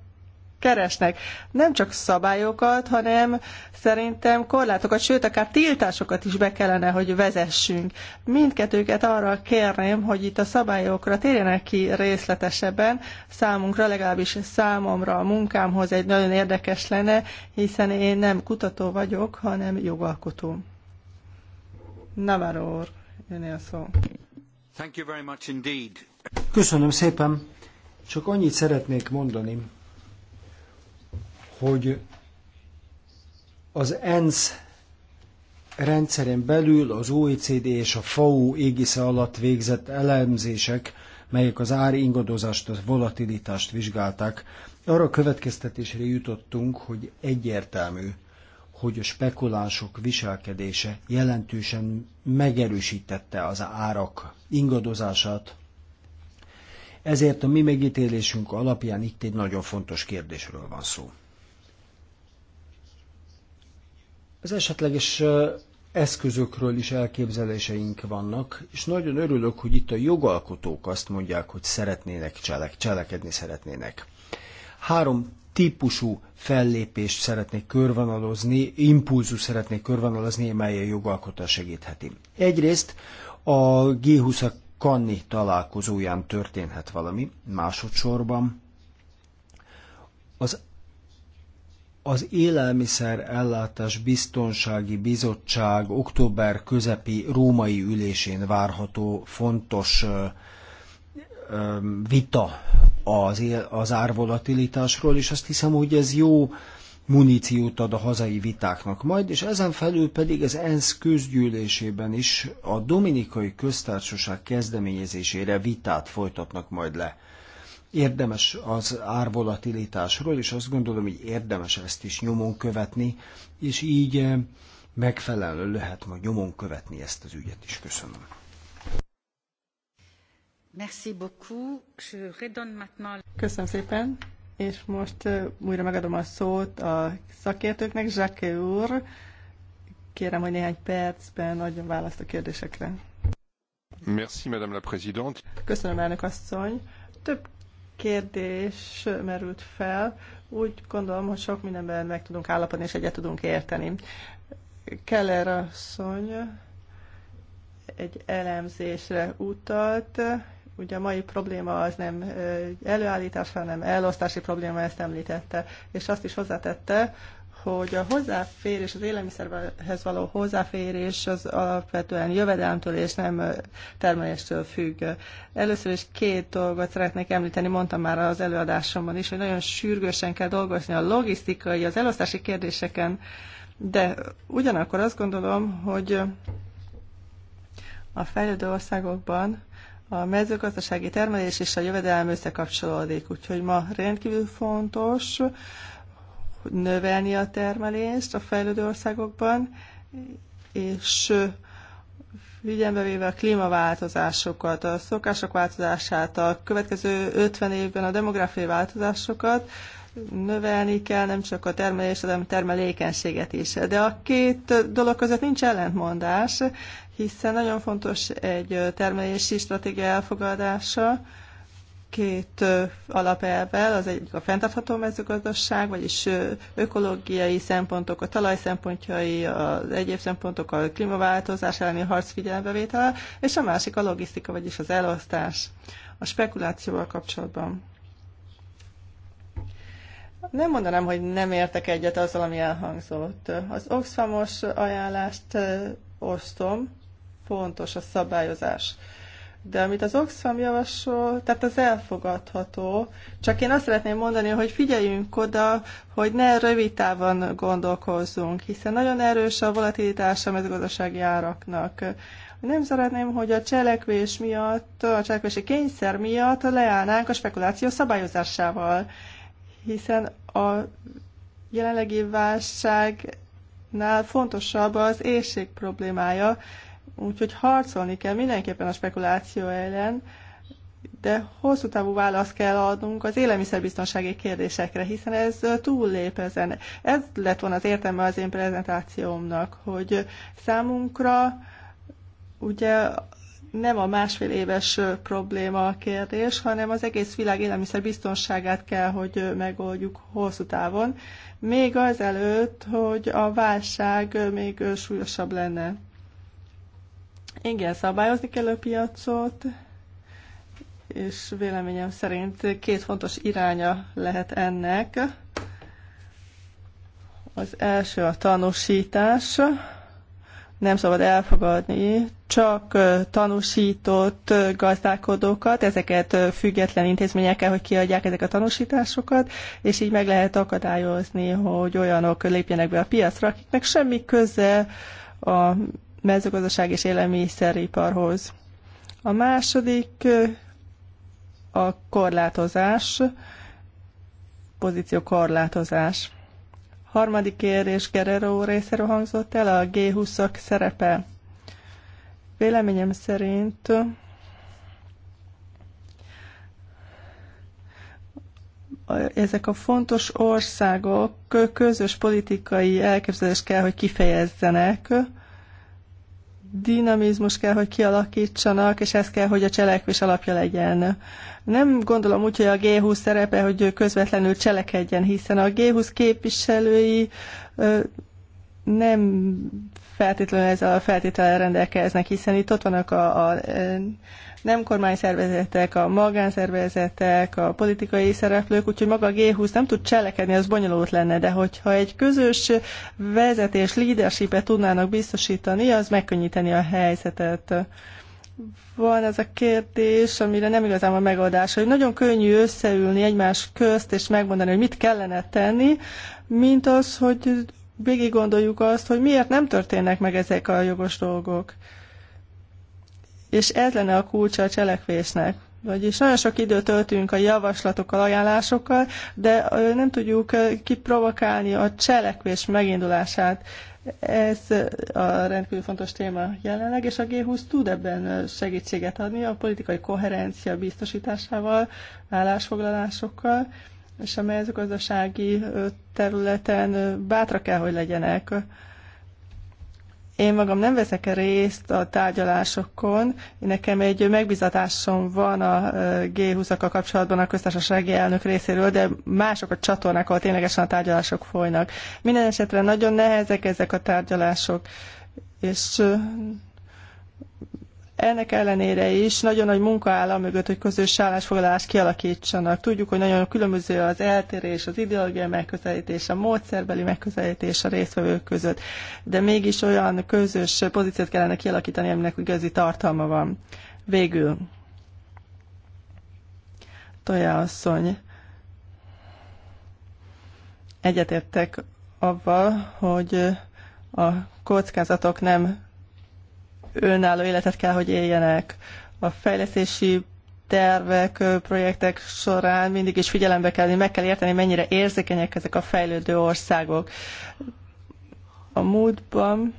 keresnek. Nem csak szabályokat, hanem szerintem korlátokat, sőt, akár tiltásokat is be kellene, hogy vezessünk. Mindkettőket arra kérném, hogy itt a szabályokra térjenek ki részletesebben. Számunkra, legalábbis számomra a munkámhoz egy nagyon érdekes lenne, hiszen én nem kutató vagyok, hanem jogalkotó. Navarro úr, jönné a szó. Köszönöm szépen. Csak annyit szeretnék mondani, hogy az ENSZ rendszeren belül az OECD és a FAO égisze alatt végzett elemzések, melyek az ár ingadozást, a volatilitást vizsgálták, arra a következtetésre jutottunk, hogy egyértelmű, hogy a spekulások viselkedése jelentősen megerősítette az árak ingadozását. Ezért a mi megítélésünk alapján itt egy nagyon fontos kérdésről van szó. Az esetleges eszközökről is elképzeléseink vannak, és nagyon örülök, hogy itt a jogalkotók azt mondják, hogy szeretnének cselek, cselekedni szeretnének. Három típusú fellépést szeretnék körvonalozni, impulzus szeretnék körvonalozni, mely a jogalkotás segítheti. Egyrészt a G20 Kanni találkozóján történhet valami, másodszorban az az Élelmiszer Ellátás Biztonsági Bizottság október közepi római ülésén várható fontos vita az, az árvolatilitásról, és azt hiszem, hogy ez jó muníciót ad a hazai vitáknak majd, és ezen felül pedig az ENSZ közgyűlésében is a Dominikai Köztársaság kezdeményezésére vitát folytatnak majd le érdemes az árvolatilitásról, és azt gondolom, hogy érdemes ezt is nyomon követni, és így eh, megfelelő lehet majd nyomon követni ezt az ügyet is. Köszönöm. Merci beaucoup. Köszönöm szépen, és most eh, újra megadom a szót a szakértőknek. Jacques úr, kérem, hogy néhány percben adjon választ a kérdésekre. Merci, Madame la Présidente. Köszönöm, elnök asszony. Több kérdés merült fel. Úgy gondolom, hogy sok mindenben meg tudunk állapodni, és egyet tudunk érteni. Keller asszony egy elemzésre utalt. Ugye a mai probléma az nem előállítás, hanem elosztási probléma, ezt említette. És azt is hozzátette, hogy a hozzáférés, az élelmiszerhez való hozzáférés az alapvetően jövedelemtől és nem termeléstől függ. Először is két dolgot szeretnék említeni, mondtam már az előadásomban is, hogy nagyon sürgősen kell dolgozni a logisztikai, az elosztási kérdéseken, de ugyanakkor azt gondolom, hogy a fejlődő országokban a mezőgazdasági termelés és a jövedelem összekapcsolódik, úgyhogy ma rendkívül fontos növelni a termelést a fejlődő országokban, és figyelembe véve a klímaváltozásokat, a szokások változását, a következő 50 évben a demográfiai változásokat, növelni kell nem csak a termelést, hanem a termelékenységet is. De a két dolog között nincs ellentmondás, hiszen nagyon fontos egy termelési stratégia elfogadása, két alapelvel, az egyik a fenntartható mezőgazdaság, vagyis ökológiai szempontok, a talaj szempontjai, az egyéb szempontok, a klímaváltozás elleni harc figyelembevétele, és a másik a logisztika, vagyis az elosztás a spekulációval kapcsolatban. Nem mondanám, hogy nem értek egyet azzal, ami elhangzott. Az Oxfamos ajánlást osztom, fontos a szabályozás de amit az Oxfam javasol, tehát az elfogadható. Csak én azt szeretném mondani, hogy figyeljünk oda, hogy ne rövid távon gondolkozzunk, hiszen nagyon erős a volatilitás a mezőgazdasági áraknak. Nem szeretném, hogy a cselekvés miatt, a cselekvési kényszer miatt leállnánk a spekuláció szabályozásával, hiszen a jelenlegi válságnál fontosabb az éjség problémája, Úgyhogy harcolni kell mindenképpen a spekuláció ellen, de hosszú távú választ kell adnunk az élelmiszerbiztonsági kérdésekre, hiszen ez túllép ezen. Ez lett volna az értelme az én prezentációmnak, hogy számunkra ugye nem a másfél éves probléma a kérdés, hanem az egész világ élelmiszer biztonságát kell, hogy megoldjuk hosszú távon, még azelőtt, hogy a válság még súlyosabb lenne. Igen, szabályozni kell a piacot, és véleményem szerint két fontos iránya lehet ennek. Az első a tanúsítás. Nem szabad elfogadni csak tanúsított gazdálkodókat, ezeket független intézményekkel, hogy kiadják ezek a tanúsításokat, és így meg lehet akadályozni, hogy olyanok lépjenek be a piacra, akiknek semmi köze a mezőgazdaság és élelmiszeriparhoz. A második a korlátozás, pozíció korlátozás. Harmadik kérdés Guerrero részéről hangzott el, a G20-ak szerepe. Véleményem szerint ezek a fontos országok közös politikai elképzelést kell, hogy kifejezzenek, dinamizmus kell, hogy kialakítsanak, és ez kell, hogy a cselekvés alapja legyen. Nem gondolom úgy, hogy a G20 szerepe, hogy közvetlenül cselekedjen, hiszen a G20 képviselői nem feltétlenül ezzel a feltétellel rendelkeznek, hiszen itt ott vannak a, a nem kormányszervezetek, a magánszervezetek, a politikai szereplők, úgyhogy maga a G20 nem tud cselekedni, az bonyolult lenne, de hogyha egy közös vezetés, leadershipet tudnának biztosítani, az megkönnyíteni a helyzetet. Van ez a kérdés, amire nem igazán van megoldás, hogy nagyon könnyű összeülni egymás közt, és megmondani, hogy mit kellene tenni, mint az, hogy végig gondoljuk azt, hogy miért nem történnek meg ezek a jogos dolgok és ez lenne a kulcsa a cselekvésnek. Vagyis nagyon sok időt töltünk a javaslatokkal, ajánlásokkal, de nem tudjuk kiprovokálni a cselekvés megindulását. Ez a rendkívül fontos téma jelenleg, és a G20 tud ebben segítséget adni a politikai koherencia biztosításával, állásfoglalásokkal, és a mezőgazdasági területen bátra kell, hogy legyenek. Én magam nem veszek -e részt a tárgyalásokon. Nekem egy megbizatásom van a G20-akkal kapcsolatban a köztársasági elnök részéről, de mások a csatornák, ahol ténylegesen a tárgyalások folynak. Minden esetre nagyon nehezek ezek a tárgyalások, és ennek ellenére is nagyon nagy munka áll a mögött, hogy közös állásfoglalást kialakítsanak. Tudjuk, hogy nagyon különböző az eltérés, az ideológiai megközelítés, a módszerbeli megközelítés a résztvevők között, de mégis olyan közös pozíciót kellene kialakítani, aminek igazi tartalma van. Végül. Toja asszony. Egyetértek avval, hogy a kockázatok nem önálló életet kell, hogy éljenek. A fejlesztési tervek, projektek során mindig is figyelembe kell, meg kell érteni, mennyire érzékenyek ezek a fejlődő országok. A múltban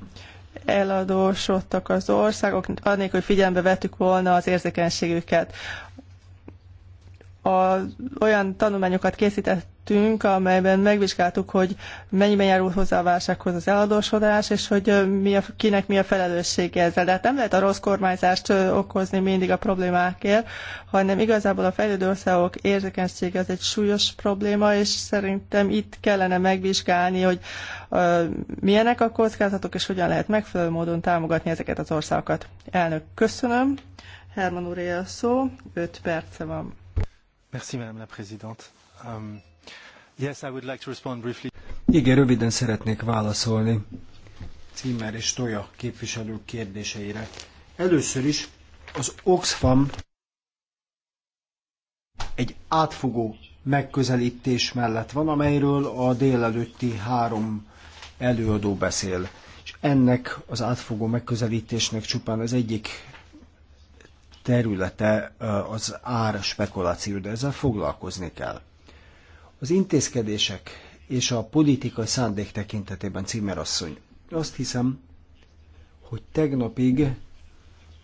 eladósodtak az országok, annélkül, hogy figyelembe vettük volna az érzékenységüket a, olyan tanulmányokat készítettünk, amelyben megvizsgáltuk, hogy mennyiben járul hozzá a válsághoz az eladósodás, és hogy mi a, kinek mi a felelőssége ezzel. De hát nem lehet a rossz kormányzást okozni mindig a problémákért, hanem igazából a fejlődő országok érzékenysége az egy súlyos probléma, és szerintem itt kellene megvizsgálni, hogy uh, milyenek a kockázatok, és hogyan lehet megfelelő módon támogatni ezeket az országokat. Elnök, köszönöm. Herman úr szó, 5 perce van. Merci, Madame la Présidente. Um, yes, I would like to respond briefly. Igen, röviden szeretnék válaszolni Cimmer és Toya képviselők kérdéseire. Először is az Oxfam egy átfogó megközelítés mellett van, amelyről a délelőtti három előadó beszél. És ennek az átfogó megközelítésnek csupán az egyik területe az ár spekuláció, de ezzel foglalkozni kell. Az intézkedések és a politikai szándék tekintetében asszony, Azt hiszem, hogy tegnapig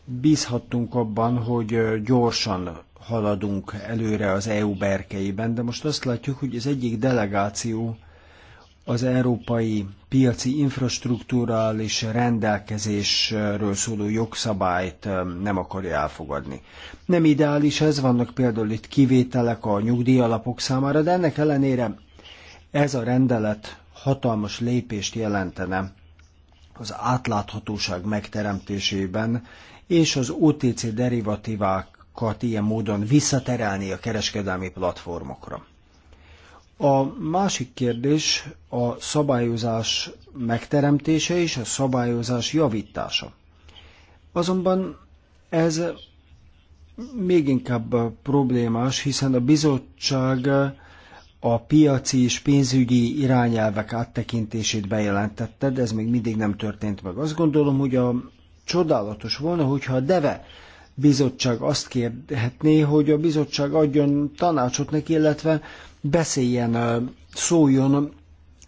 bízhattunk abban, hogy gyorsan haladunk előre az EU berkeiben, de most azt látjuk, hogy az egyik delegáció az európai piaci infrastruktúrális rendelkezésről szóló jogszabályt nem akarja elfogadni. Nem ideális ez, vannak például itt kivételek a nyugdíjalapok számára, de ennek ellenére ez a rendelet hatalmas lépést jelentene az átláthatóság megteremtésében, és az OTC derivatívákat ilyen módon visszaterelni a kereskedelmi platformokra. A másik kérdés a szabályozás megteremtése és a szabályozás javítása. Azonban ez még inkább problémás, hiszen a bizottság a piaci és pénzügyi irányelvek áttekintését bejelentette, de ez még mindig nem történt meg. Azt gondolom, hogy a csodálatos volna, hogyha a DEVE bizottság azt kérhetné, hogy a bizottság adjon tanácsot neki, illetve beszéljen, szóljon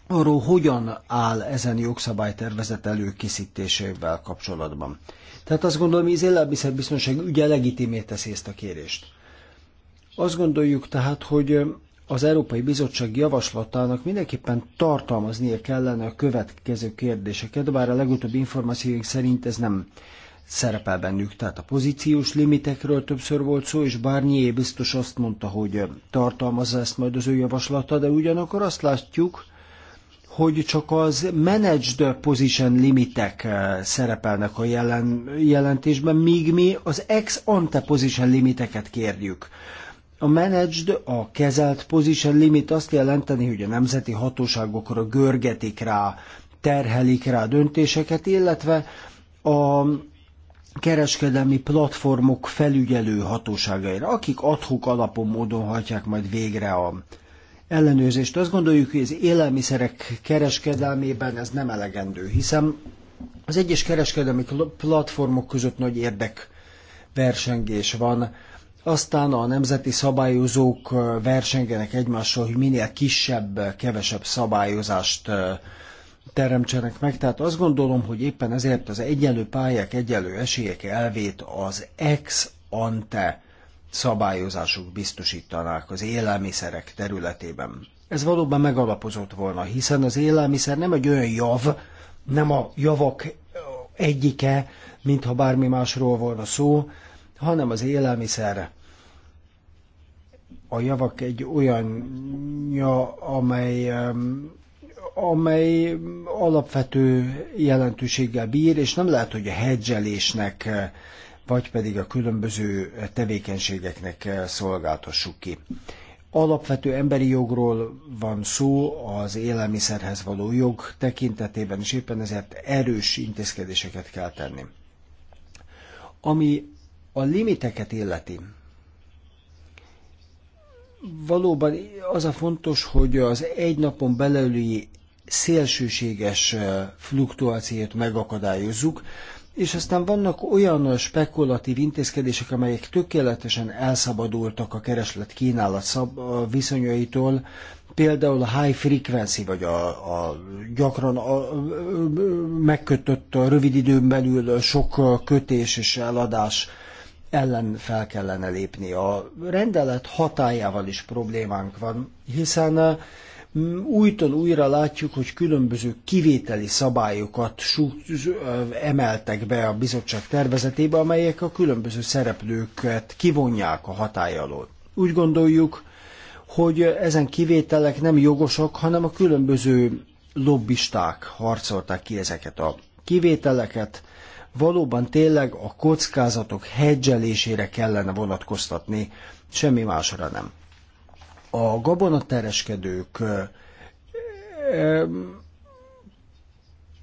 arról, hogyan áll ezen jogszabálytervezet előkészítésével kapcsolatban. Tehát azt gondolom, hogy az élelmiszerbiztonság ügye legitimé teszi ezt a kérést. Azt gondoljuk tehát, hogy az Európai Bizottság javaslatának mindenképpen tartalmaznia kellene a következő kérdéseket, bár a legutóbbi információink szerint ez nem szerepel bennük, tehát a pozíciós limitekről többször volt szó, és Barnier biztos azt mondta, hogy tartalmazza ezt majd az ő javaslata, de ugyanakkor azt látjuk, hogy csak az managed position limitek eh, szerepelnek a jelen, jelentésben, míg mi az ex ante position limiteket kérjük. A managed, a kezelt position limit azt jelenteni, hogy a nemzeti hatóságokra görgetik rá, terhelik rá döntéseket, illetve a kereskedelmi platformok felügyelő hatóságaira, akik adhuk alapon módon hagyják majd végre a ellenőrzést. Azt gondoljuk, hogy az élelmiszerek kereskedelmében ez nem elegendő, hiszen az egyes kereskedelmi platformok között nagy érdek versengés van, aztán a nemzeti szabályozók versengenek egymással, hogy minél kisebb, kevesebb szabályozást teremtsenek meg. Tehát azt gondolom, hogy éppen ezért az egyenlő pályák, egyenlő esélyek elvét az ex ante szabályozások biztosítanák az élelmiszerek területében. Ez valóban megalapozott volna, hiszen az élelmiszer nem egy olyan jav, nem a javak egyike, mintha bármi másról volna szó, hanem az élelmiszer a javak egy olyanja, amely amely alapvető jelentőséggel bír, és nem lehet, hogy a hedzselésnek eh, vagy pedig a különböző tevékenységeknek eh, szolgáltassuk ki. Alapvető emberi jogról van szó az élelmiszerhez való jog tekintetében, és éppen ezért erős intézkedéseket kell tenni. Ami a limiteket illeti, valóban az a fontos, hogy az egy napon belüli szélsőséges fluktuációt megakadályozzuk, és aztán vannak olyan spekulatív intézkedések, amelyek tökéletesen elszabadultak a kereslet kínálat viszonyaitól, például a high frequency, vagy a, a gyakran a, megkötött a rövid időn belül sok kötés és eladás ellen fel kellene lépni. A rendelet hatájával is problémánk van, hiszen újton újra látjuk, hogy különböző kivételi szabályokat emeltek be a bizottság tervezetébe, amelyek a különböző szereplőket kivonják a hatály alól. Úgy gondoljuk, hogy ezen kivételek nem jogosak, hanem a különböző lobbisták harcolták ki ezeket a kivételeket, valóban tényleg a kockázatok hedzselésére kellene vonatkoztatni, semmi másra nem a gabonatereskedők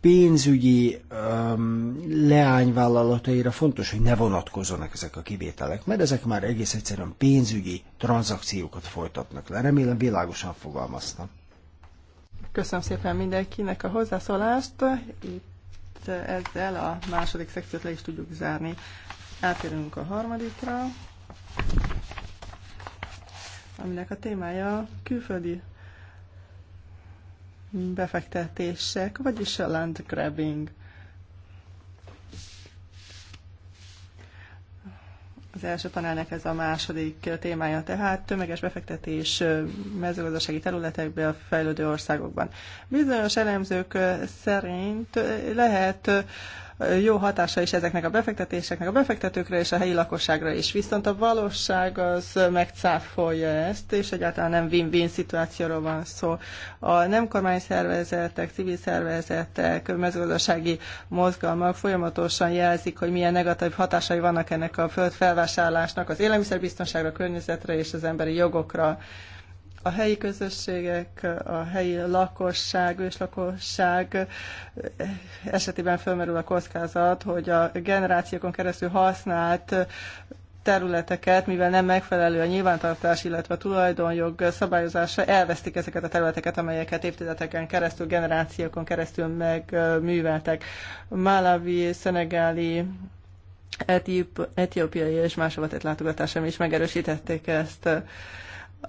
pénzügyi um, leányvállalataira fontos, hogy ne vonatkozzanak ezek a kivételek, mert ezek már egész egyszerűen pénzügyi tranzakciókat folytatnak le. Remélem világosan fogalmaztam. Köszönöm szépen mindenkinek a hozzászólást. Itt ezzel a második szekciót le is tudjuk zárni. Átérünk a harmadikra aminek a témája külföldi befektetések, vagyis a land grabbing. Az első panelnek ez a második témája, tehát tömeges befektetés mezőgazdasági területekbe a fejlődő országokban. Bizonyos elemzők szerint lehet jó hatása is ezeknek a befektetéseknek a befektetőkre és a helyi lakosságra is. Viszont a valóság az megcáfolja ezt, és egyáltalán nem win-win szituációról van szó. A nem szervezetek, civil szervezetek, mezőgazdasági mozgalmak folyamatosan jelzik, hogy milyen negatív hatásai vannak ennek a föld felvásárlásnak az élelmiszerbiztonságra, környezetre és az emberi jogokra a helyi közösségek, a helyi lakosság, őslakosság eh, esetében fölmerül a kockázat, hogy a generációkon keresztül használt területeket, mivel nem megfelelő a nyilvántartás, illetve a tulajdonjog szabályozása, elvesztik ezeket a területeket, amelyeket évtizedeken keresztül, generációkon keresztül megműveltek. Málavi szenegáli, etiópiai és más látogatásom is megerősítették ezt.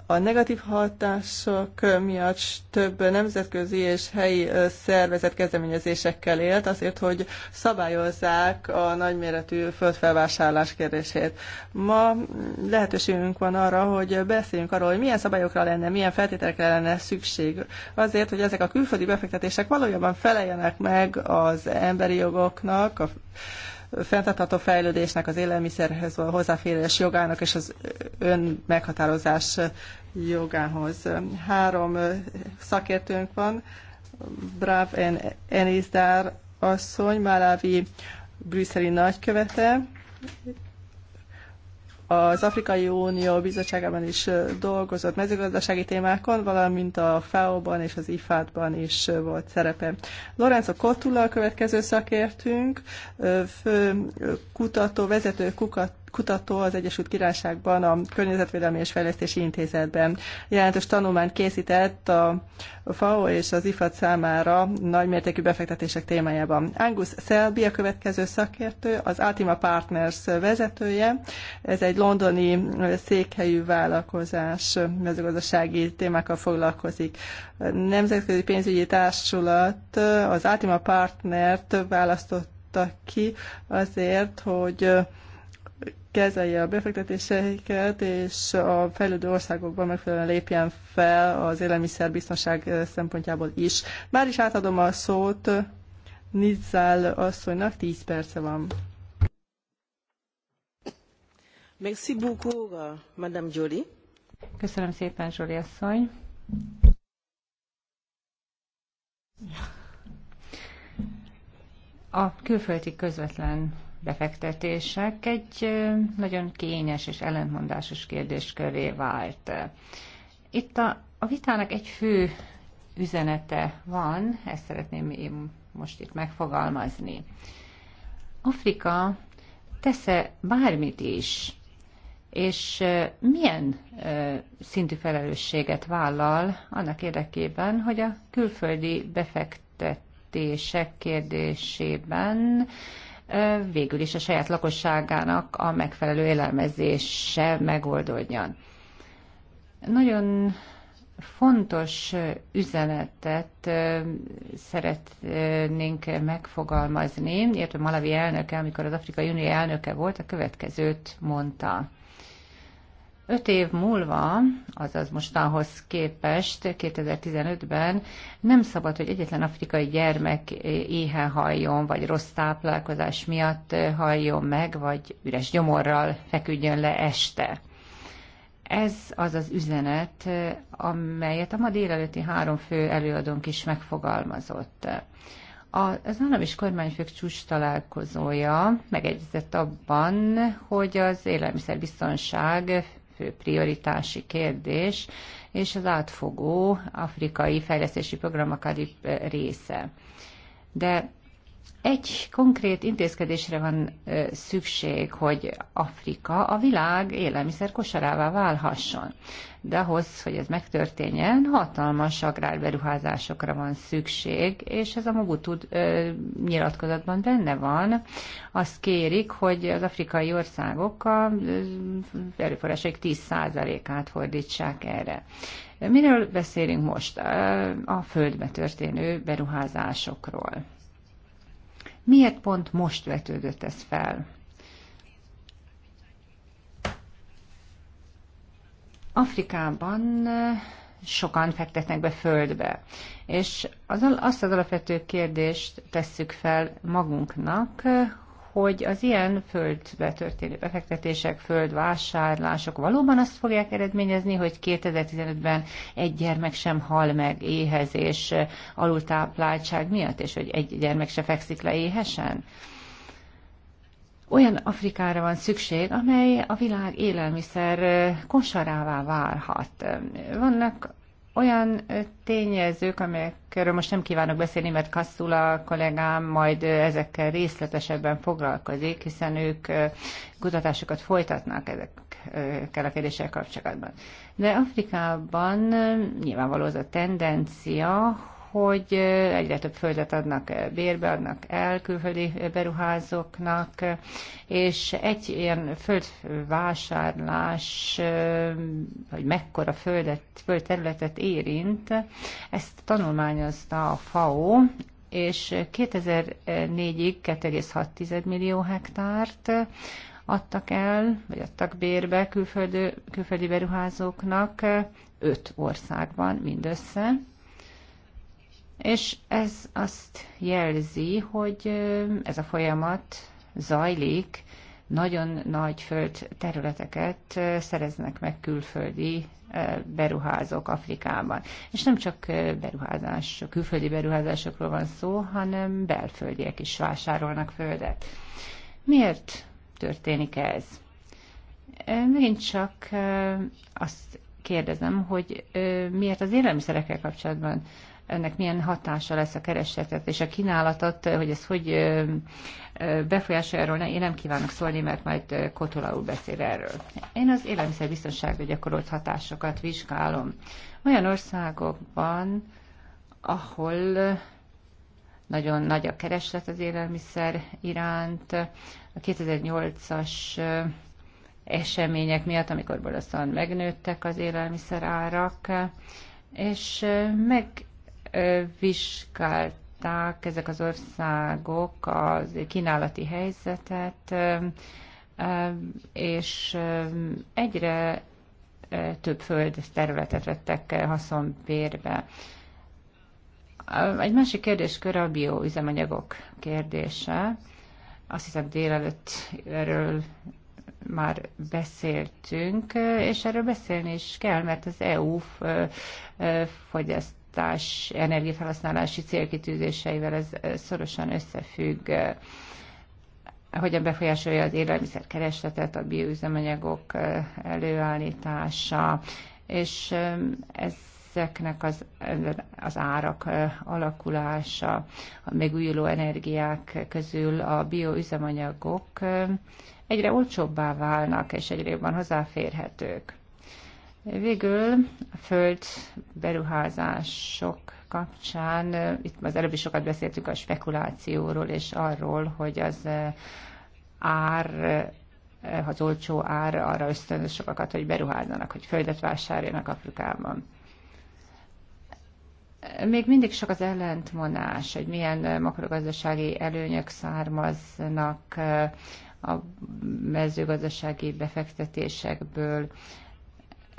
A negatív hatások miatt több nemzetközi és helyi szervezet kezdeményezésekkel élt azért, hogy szabályozzák a nagyméretű földfelvásárlás kérdését. Ma lehetőségünk van arra, hogy beszéljünk arról, hogy milyen szabályokra lenne, milyen feltételekre lenne szükség azért, hogy ezek a külföldi befektetések valójában feleljenek meg az emberi jogoknak, a fenntartható fejlődésnek, az élelmiszerhez való hozzáférés jogának és az ön meghatározás jogához. Három szakértőnk van, Brav en Enizdár asszony, Málávi brüsszeli nagykövete, az Afrikai Unió bizottságában is dolgozott mezőgazdasági témákon, valamint a FAO-ban és az IFAD-ban is volt szerepe. Lorenzo Cotula a következő szakértünk, fő kutató, vezető kutató az Egyesült Királyságban, a Környezetvédelmi és Fejlesztési Intézetben. Jelentős tanulmányt készített a FAO és az IFAD számára nagymértékű befektetések témájában. Angus Selby a következő szakértő, az Altima Partners vezetője. Ez egy londoni székhelyű vállalkozás, mezőgazdasági témákkal foglalkozik. Nemzetközi pénzügyi társulat az Altima Partnert választott ki azért, hogy kezelje a befektetéseiket, és a fejlődő országokban megfelelően lépjen fel az élelmiszerbiztonság szempontjából is. Már is átadom a szót Nizzál asszonynak, 10 perce van. Merci beaucoup, euh, Madame Jolie. Köszönöm szépen, Zsoli asszony. A külföldi közvetlen befektetések egy nagyon kényes és ellentmondásos kérdésköré vált. Itt a, a vitának egy fő üzenete van, ezt szeretném én most itt megfogalmazni. Afrika tesz-e bármit is, és milyen szintű felelősséget vállal annak érdekében, hogy a külföldi befektetések kérdésében végül is a saját lakosságának a megfelelő élelmezése megoldódjon. Nagyon fontos üzenetet szeretnénk megfogalmazni, illetve Malawi elnöke, amikor az Afrikai Unió elnöke volt, a következőt mondta. Öt év múlva, azaz mostanhoz képest 2015-ben nem szabad, hogy egyetlen afrikai gyermek éhen halljon, vagy rossz táplálkozás miatt halljon meg, vagy üres gyomorral feküdjön le este. Ez az az üzenet, amelyet a ma délelőtti három fő előadónk is megfogalmazott. Az állam és kormányfők csúcs találkozója megegyezett abban, hogy az élelmiszerbiztonság fő prioritási kérdés, és az átfogó afrikai fejlesztési program a része. De egy konkrét intézkedésre van szükség, hogy Afrika a világ élelmiszer kosarává válhasson. De ahhoz, hogy ez megtörténjen, hatalmas agrárberuházásokra van szükség, és ez a Mobutu nyilatkozatban benne van. Azt kérik, hogy az afrikai országok a erőforrásaik 10%-át fordítsák erre. Miről beszélünk most? A földbe történő beruházásokról. Miért pont most vetődött ez fel? Afrikában eh, sokan fektetnek be földbe. És az, azt az alapvető kérdést tesszük fel magunknak, eh, hogy az ilyen földbe történő befektetések, földvásárlások valóban azt fogják eredményezni, hogy 2015-ben egy gyermek sem hal meg éhezés, eh, alultápláltság miatt, és hogy egy gyermek se fekszik le éhesen? Olyan Afrikára van szükség, amely a világ élelmiszer eh, kosarává válhat. Vannak olyan tényezők, amelyekről most nem kívánok beszélni, mert Kasszula kollégám majd ezekkel részletesebben foglalkozik, hiszen ők kutatásokat folytatnak ezekkel a kérdéssel kapcsolatban. De Afrikában nyilvánvaló az a tendencia, hogy egyre több földet adnak bérbe, adnak el külföldi beruházóknak, és egy ilyen földvásárlás, hogy mekkora földet, földterületet érint, ezt tanulmányozta a FAO, és 2004-ig 2,6 millió hektárt adtak el, vagy adtak bérbe külföldi, külföldi beruházóknak, öt országban mindössze. És ez azt jelzi, hogy ez a folyamat zajlik, nagyon nagy föld területeket szereznek meg külföldi beruházók Afrikában. És nem csak beruházás, külföldi beruházásokról van szó, hanem belföldiek is vásárolnak földet. Miért történik ez? Megint csak azt kérdezem, hogy miért az élelmiszerekkel kapcsolatban ennek milyen hatása lesz a keresetet és a kínálatot, hogy ez hogy befolyásolja erről, én nem kívánok szólni, mert majd kotola úr beszél erről. Én az élelmiszerbiztonságra gyakorolt hatásokat vizsgálom. Olyan országokban, ahol nagyon nagy a kereslet az élelmiszer iránt. A 2008-as események miatt, amikor borzasztóan megnőttek az élelmiszer árak, és meg vizsgálták ezek az országok a kínálati helyzetet, és egyre több föld területet vettek haszonbérbe. Egy másik kérdéskör a bioüzemanyagok kérdése. Azt hiszem délelőtt erről már beszéltünk, és erről beszélni is kell, mert az EU fogyaszt fogyasztás, energiafelhasználási célkitűzéseivel ez szorosan összefügg eh, hogyan befolyásolja az élelmiszerkeresletet, a bioüzemanyagok eh, előállítása, és eh, ezeknek az, az árak alakulása, a megújuló energiák közül a bioüzemanyagok egyre olcsóbbá válnak, és egyre jobban hozzáférhetők. Végül a föld beruházások kapcsán, itt az előbb is sokat beszéltük a spekulációról és arról, hogy az ár, az olcsó ár arra ösztönöz sokakat, hogy beruházzanak, hogy földet vásároljanak Afrikában. Még mindig sok az ellentmondás, hogy milyen makrogazdasági előnyök származnak a mezőgazdasági befektetésekből,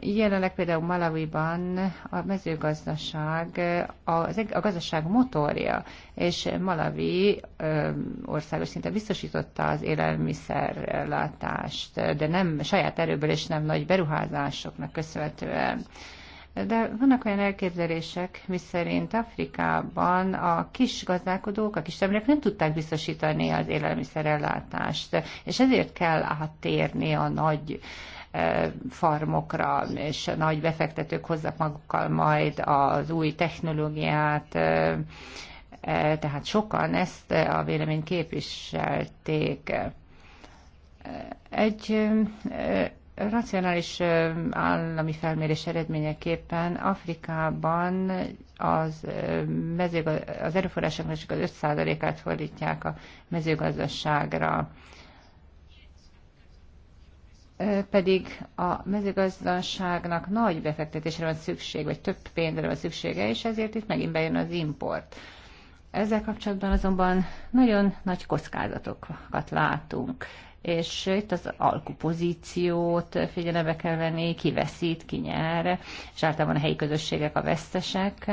Jelenleg például Malawiban a mezőgazdaság az, a gazdaság motorja, és Malawi országos szinten biztosította az élelmiszerlátást, de nem saját erőből és nem nagy beruházásoknak köszönhetően. De vannak olyan elképzelések, miszerint Afrikában a kis gazdálkodók, a kis emberek nem tudták biztosítani az élelmiszerellátást, és ezért kell áttérni a nagy farmokra, és nagy befektetők hozzak magukkal majd az új technológiát, tehát sokan ezt a vélemény képviselték. Egy racionális állami felmérés eredményeképpen Afrikában az, mezőgaz- az erőforrásoknak csak az 5%-át fordítják a mezőgazdaságra pedig a mezőgazdaságnak nagy befektetésre van szükség, vagy több pénzre van szüksége, és ezért itt megint bejön az import. Ezzel kapcsolatban azonban nagyon nagy kockázatokat látunk, és itt az alkupozíciót figyelembe kell venni, ki veszít, ki nyer, és általában a helyi közösségek a vesztesek.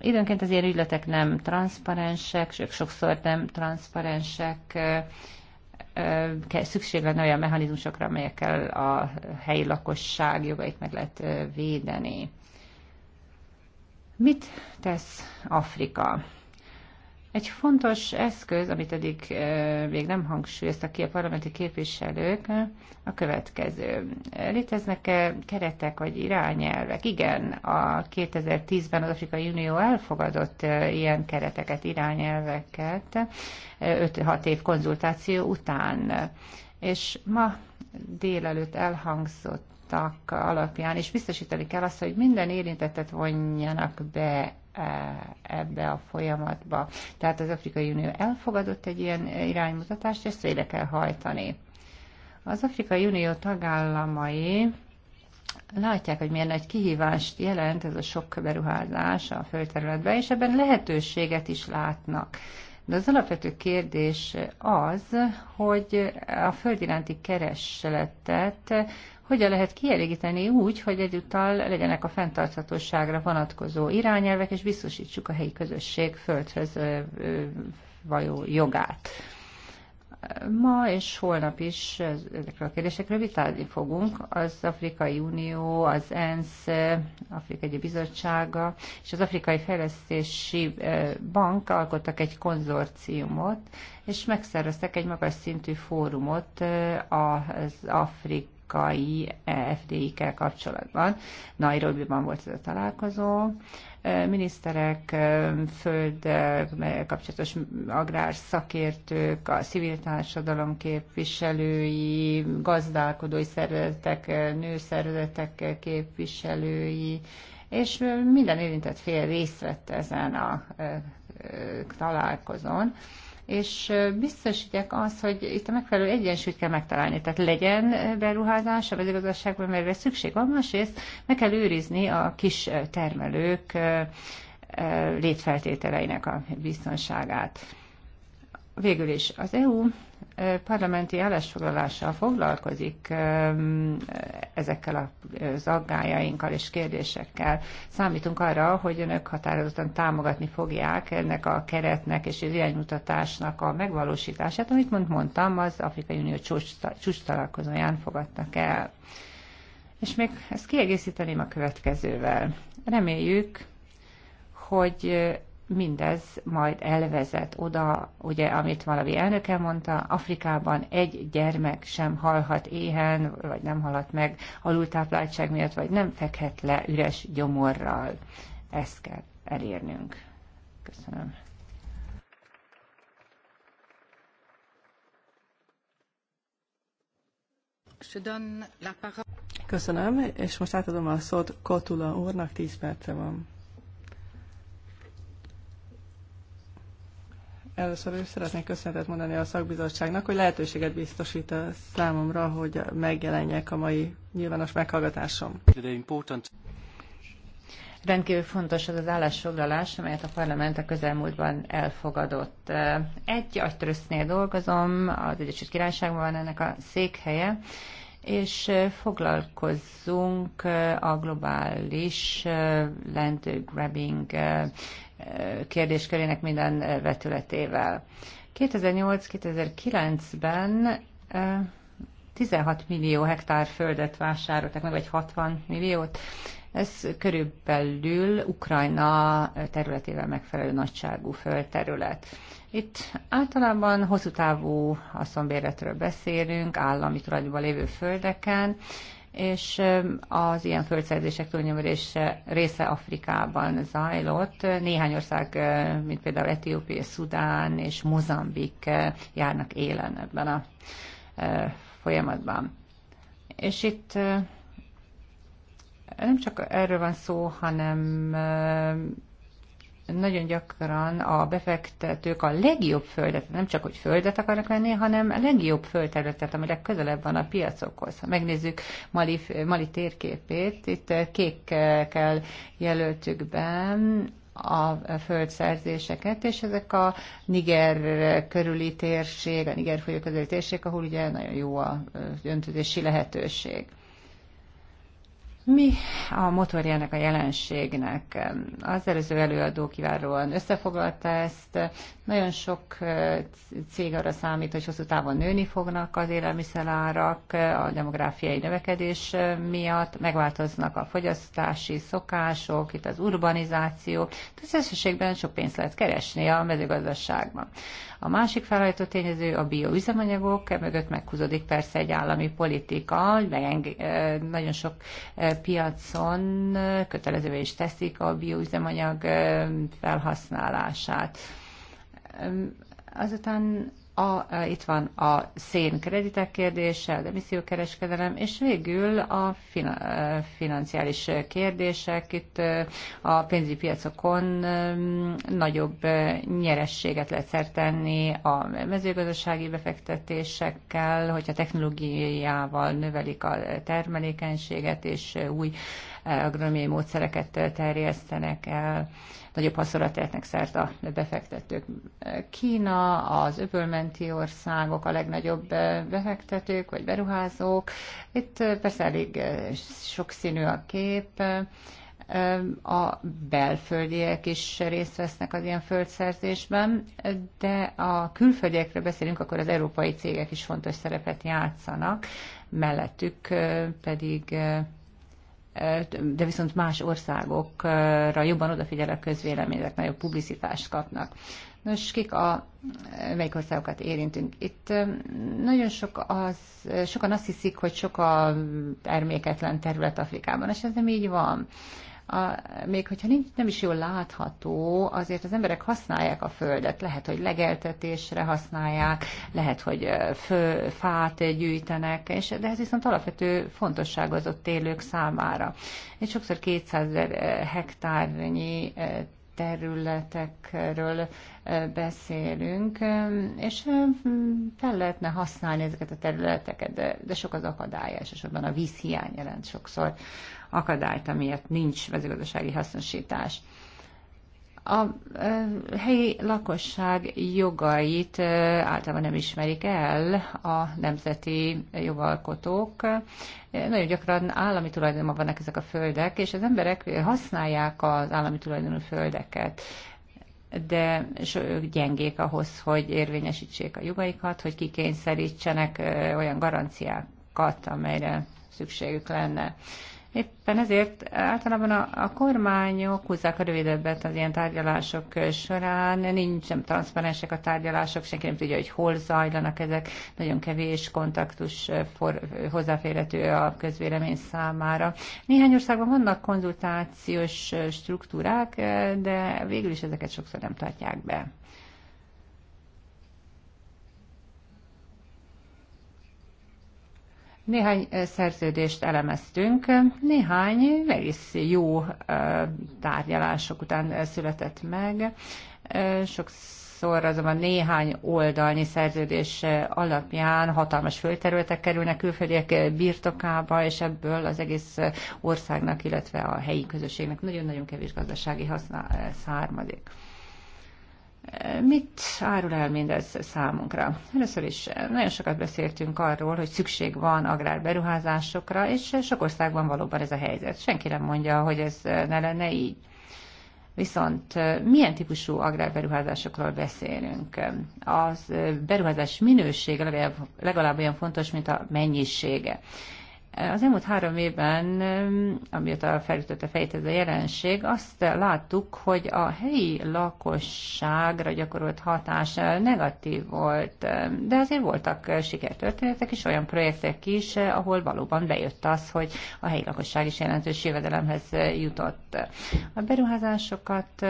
Időnként az ilyen ügyletek nem transzparensek, sokszor nem transzparensek, szükség lenne olyan mechanizmusokra, amelyekkel a helyi lakosság jogait meg lehet védeni. Mit tesz Afrika? Egy fontos eszköz, amit eddig még nem hangsúlyoztak ki a parlamenti képviselők, a következő. Léteznek-e keretek vagy irányelvek? Igen, a 2010-ben az Afrikai Unió elfogadott ilyen kereteket, irányelveket 5-6 év konzultáció után. És ma délelőtt elhangzott hallottak alapján, és biztosítani kell azt, hogy minden érintettet vonjanak be e, ebbe a folyamatba. Tehát az Afrikai Unió elfogadott egy ilyen iránymutatást, ezt végre kell hajtani. Az Afrikai Unió tagállamai látják, hogy milyen nagy kihívást jelent ez a sok beruházás a Földterületben, és ebben lehetőséget is látnak. De az alapvető kérdés az, hogy a föld iránti keresletet hogyan lehet kielégíteni úgy, hogy egyúttal legyenek a fenntarthatóságra vonatkozó irányelvek, és biztosítsuk a helyi közösség földhöz való jogát. Ma és holnap is ezekről a kérdésekről vitázni fogunk. Az Afrikai Unió, az ENSZ, Afrikai Bizottsága és az Afrikai Fejlesztési Bank alkottak egy konzorciumot, és megszerveztek egy magas szintű fórumot az Afrik amerikai FDI-kkel kapcsolatban. Nairobi-ban volt ez a találkozó. Miniszterek, föld kapcsolatos szakértők, a civil társadalom képviselői, gazdálkodói szervezetek, nőszervezetek képviselői, és minden érintett fél részt vett ezen a találkozón és biztosítják azt, hogy itt a megfelelő egyensúlyt kell megtalálni. Tehát legyen beruházás a mezőgazdaságban, mert szükség van, másrészt meg kell őrizni a kis termelők létfeltételeinek a biztonságát. Végül is az EU parlamenti állásfoglalással foglalkozik ezekkel az aggájainkkal és kérdésekkel. Számítunk arra, hogy önök határozottan támogatni fogják ennek a keretnek és az iránymutatásnak a megvalósítását, amit mond mondtam, az Afrikai Unió csúcs, csúcs találkozóján fogadtak el. És még ezt kiegészíteném a következővel. Reméljük, hogy mindez majd elvezet oda, ugye, amit valami elnöke mondta, Afrikában egy gyermek sem halhat éhen, vagy nem halhat meg alultápláltság miatt, vagy nem fekhet le üres gyomorral. Ezt kell elérnünk. Köszönöm. Köszönöm, és most átadom a szót Kotula úrnak, 10 perce van. Először is szeretnék köszönetet mondani a szakbizottságnak, hogy lehetőséget biztosít a számomra, hogy megjelenjek a mai nyilvános meghallgatásom. Rendkívül fontos az az állásfoglalás, amelyet a parlament a közelmúltban elfogadott. Egy agytrösznél dolgozom, az Egyesült Királyságban van ennek a székhelye, és foglalkozzunk a globális land grabbing kérdéskörének minden eh, vetületével. 2008-2009-ben 16 eh, millió hektár földet vásároltak meg, vagy 60 milliót. Ez körülbelül Ukrajna területével megfelelő nagyságú földterület. Itt általában hosszú távú haszonbérletről beszélünk, állami tulajdonban lévő földeken, és az ilyen földszerzések túlnyomó része Afrikában zajlott. Néhány ország, mint például Etiópia, Szudán és Mozambik járnak élen ebben a folyamatban. És itt nem csak erről van szó, hanem nagyon gyakran a befektetők a legjobb földet, nem csak hogy földet akarnak venni, hanem a legjobb földterületet, ami legközelebb van a piacokhoz. Ha megnézzük Mali, Mali térképét, itt kékkel jelöltük be a földszerzéseket, és ezek a Niger körüli térség, a Niger folyó közeli térség, ahol ugye nagyon jó a öntözési lehetőség. Mi a motorjának a jelenségnek? Az előző előadó kiválóan összefoglalta ezt. Nagyon sok cég arra számít, hogy hosszú távon nőni fognak az élelmiszerárak a demográfiai növekedés miatt, megváltoznak a fogyasztási szokások, itt az urbanizáció. Tehát összességben sok pénzt lehet keresni a mezőgazdaságban. A másik felhajtó tényező a bioüzemanyagok, e mögött meghúzódik persze egy állami politika, hogy e, nagyon sok e, piacon kötelezővé is teszik a bioüzemanyag felhasználását. Azután a, e, itt van a szén kreditek kérdése, a demissziókereskedelem, és végül a fin- e, financiális kérdések. Itt e, a pénzügyi piacokon nagyobb nyerességet lehet szertenni a mezőgazdasági befektetésekkel, hogyha technológiával növelik a termelékenységet, és új agronomiai módszereket terjesztenek el nagyobb haszonra tehetnek szert a befektetők. Kína, az öbölmenti országok a legnagyobb befektetők vagy beruházók. Itt persze elég sokszínű a kép a belföldiek is részt vesznek az ilyen földszerzésben, de a külföldiekre beszélünk, akkor az európai cégek is fontos szerepet játszanak, mellettük pedig de viszont más országokra jobban odafigyel a közvélemények, nagyobb publicitást kapnak. Nos, kik a, melyik országokat érintünk? Itt nagyon sok az, sokan azt hiszik, hogy sok a terméketlen terület Afrikában, és ez nem így van a, még hogyha nincs, nem is jól látható, azért az emberek használják a földet, lehet, hogy legeltetésre használják, lehet, hogy fő, fát gyűjtenek, és, de ez viszont alapvető fontosság az ott élők számára. És sokszor 200 hektárnyi területekről beszélünk, és fel lehetne használni ezeket a területeket, de, de sok az akadálya, elsősorban a vízhiány jelent sokszor akadályt, amiért nincs mezőgazdasági hasznosítás. A helyi lakosság jogait általában nem ismerik el a nemzeti jogalkotók. Nagyon gyakran állami tulajdonban vannak ezek a földek, és az emberek használják az állami tulajdonú földeket de ők gyengék ahhoz, hogy érvényesítsék a jogaikat, hogy kikényszerítsenek olyan garanciákat, amelyre szükségük lenne. Éppen ezért általában a, a kormányok húzzák a rövidebbet az ilyen tárgyalások során, nincs nem transzparensek a tárgyalások, senki nem tudja, hogy hol zajlanak ezek, nagyon kevés kontaktus eh, for, hozzáférhető a közvélemény számára. Néhány országban vannak konzultációs eh, struktúrák, eh, de végül is ezeket sokszor nem tartják be. Néhány szerződést elemeztünk, néhány egész jó tárgyalások után született meg. Sokszor azonban néhány oldalnyi szerződés alapján hatalmas földterületek kerülnek külföldiek birtokába, és ebből az egész országnak, illetve a helyi közösségnek nagyon-nagyon kevés gazdasági haszna származik. Mit árul el mindez számunkra? Először is nagyon sokat beszéltünk arról, hogy szükség van agrárberuházásokra, és sok országban valóban ez a helyzet. Senki nem mondja, hogy ez ne lenne így. Viszont milyen típusú agrárberuházásokról beszélünk? Az beruházás minősége legalább, legalább olyan fontos, mint a mennyisége. Az elmúlt három évben, amióta felütött a fejét ez a jelenség, azt láttuk, hogy a helyi lakosságra gyakorolt hatás negatív volt, de azért voltak sikertörténetek és olyan projektek is, ahol valóban bejött az, hogy a helyi lakosság is jelentős jövedelemhez jutott. A beruházásokat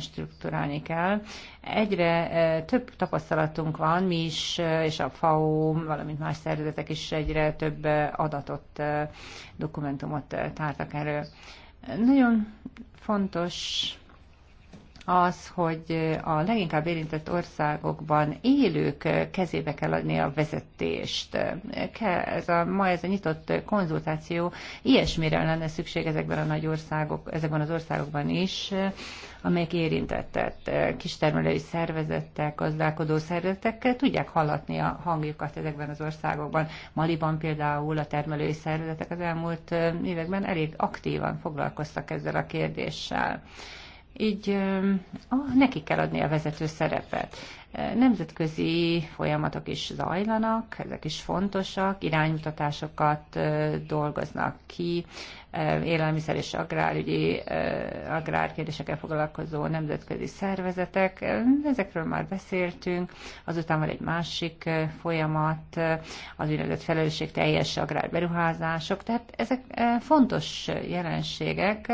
strukturálni kell, Egyre több tapasztalatunk van, mi is, és a FAO, valamint más szervezetek is egyre több adatot, dokumentumot tártak elő. Nagyon fontos az, hogy a leginkább érintett országokban élők kezébe kell adni a vezetést. Ez a, ma ez a nyitott konzultáció, ilyesmire lenne szükség ezekben a nagy országok, ezekben az országokban is, amelyek érintettet, kistermelői szervezettek, gazdálkodó szervezetekkel tudják hallatni a hangjukat ezekben az országokban. Maliban például a termelői szervezetek az elmúlt években elég aktívan foglalkoztak ezzel a kérdéssel így oh, neki kell adni a vezető szerepet. Nemzetközi folyamatok is zajlanak, ezek is fontosak, iránymutatásokat dolgoznak ki, élelmiszer és agrárügyi, agrárkérdésekkel foglalkozó nemzetközi szervezetek. Ezekről már beszéltünk. Azután van egy másik folyamat, az úgynevezett felelősség teljes agrárberuházások. Tehát ezek fontos jelenségek,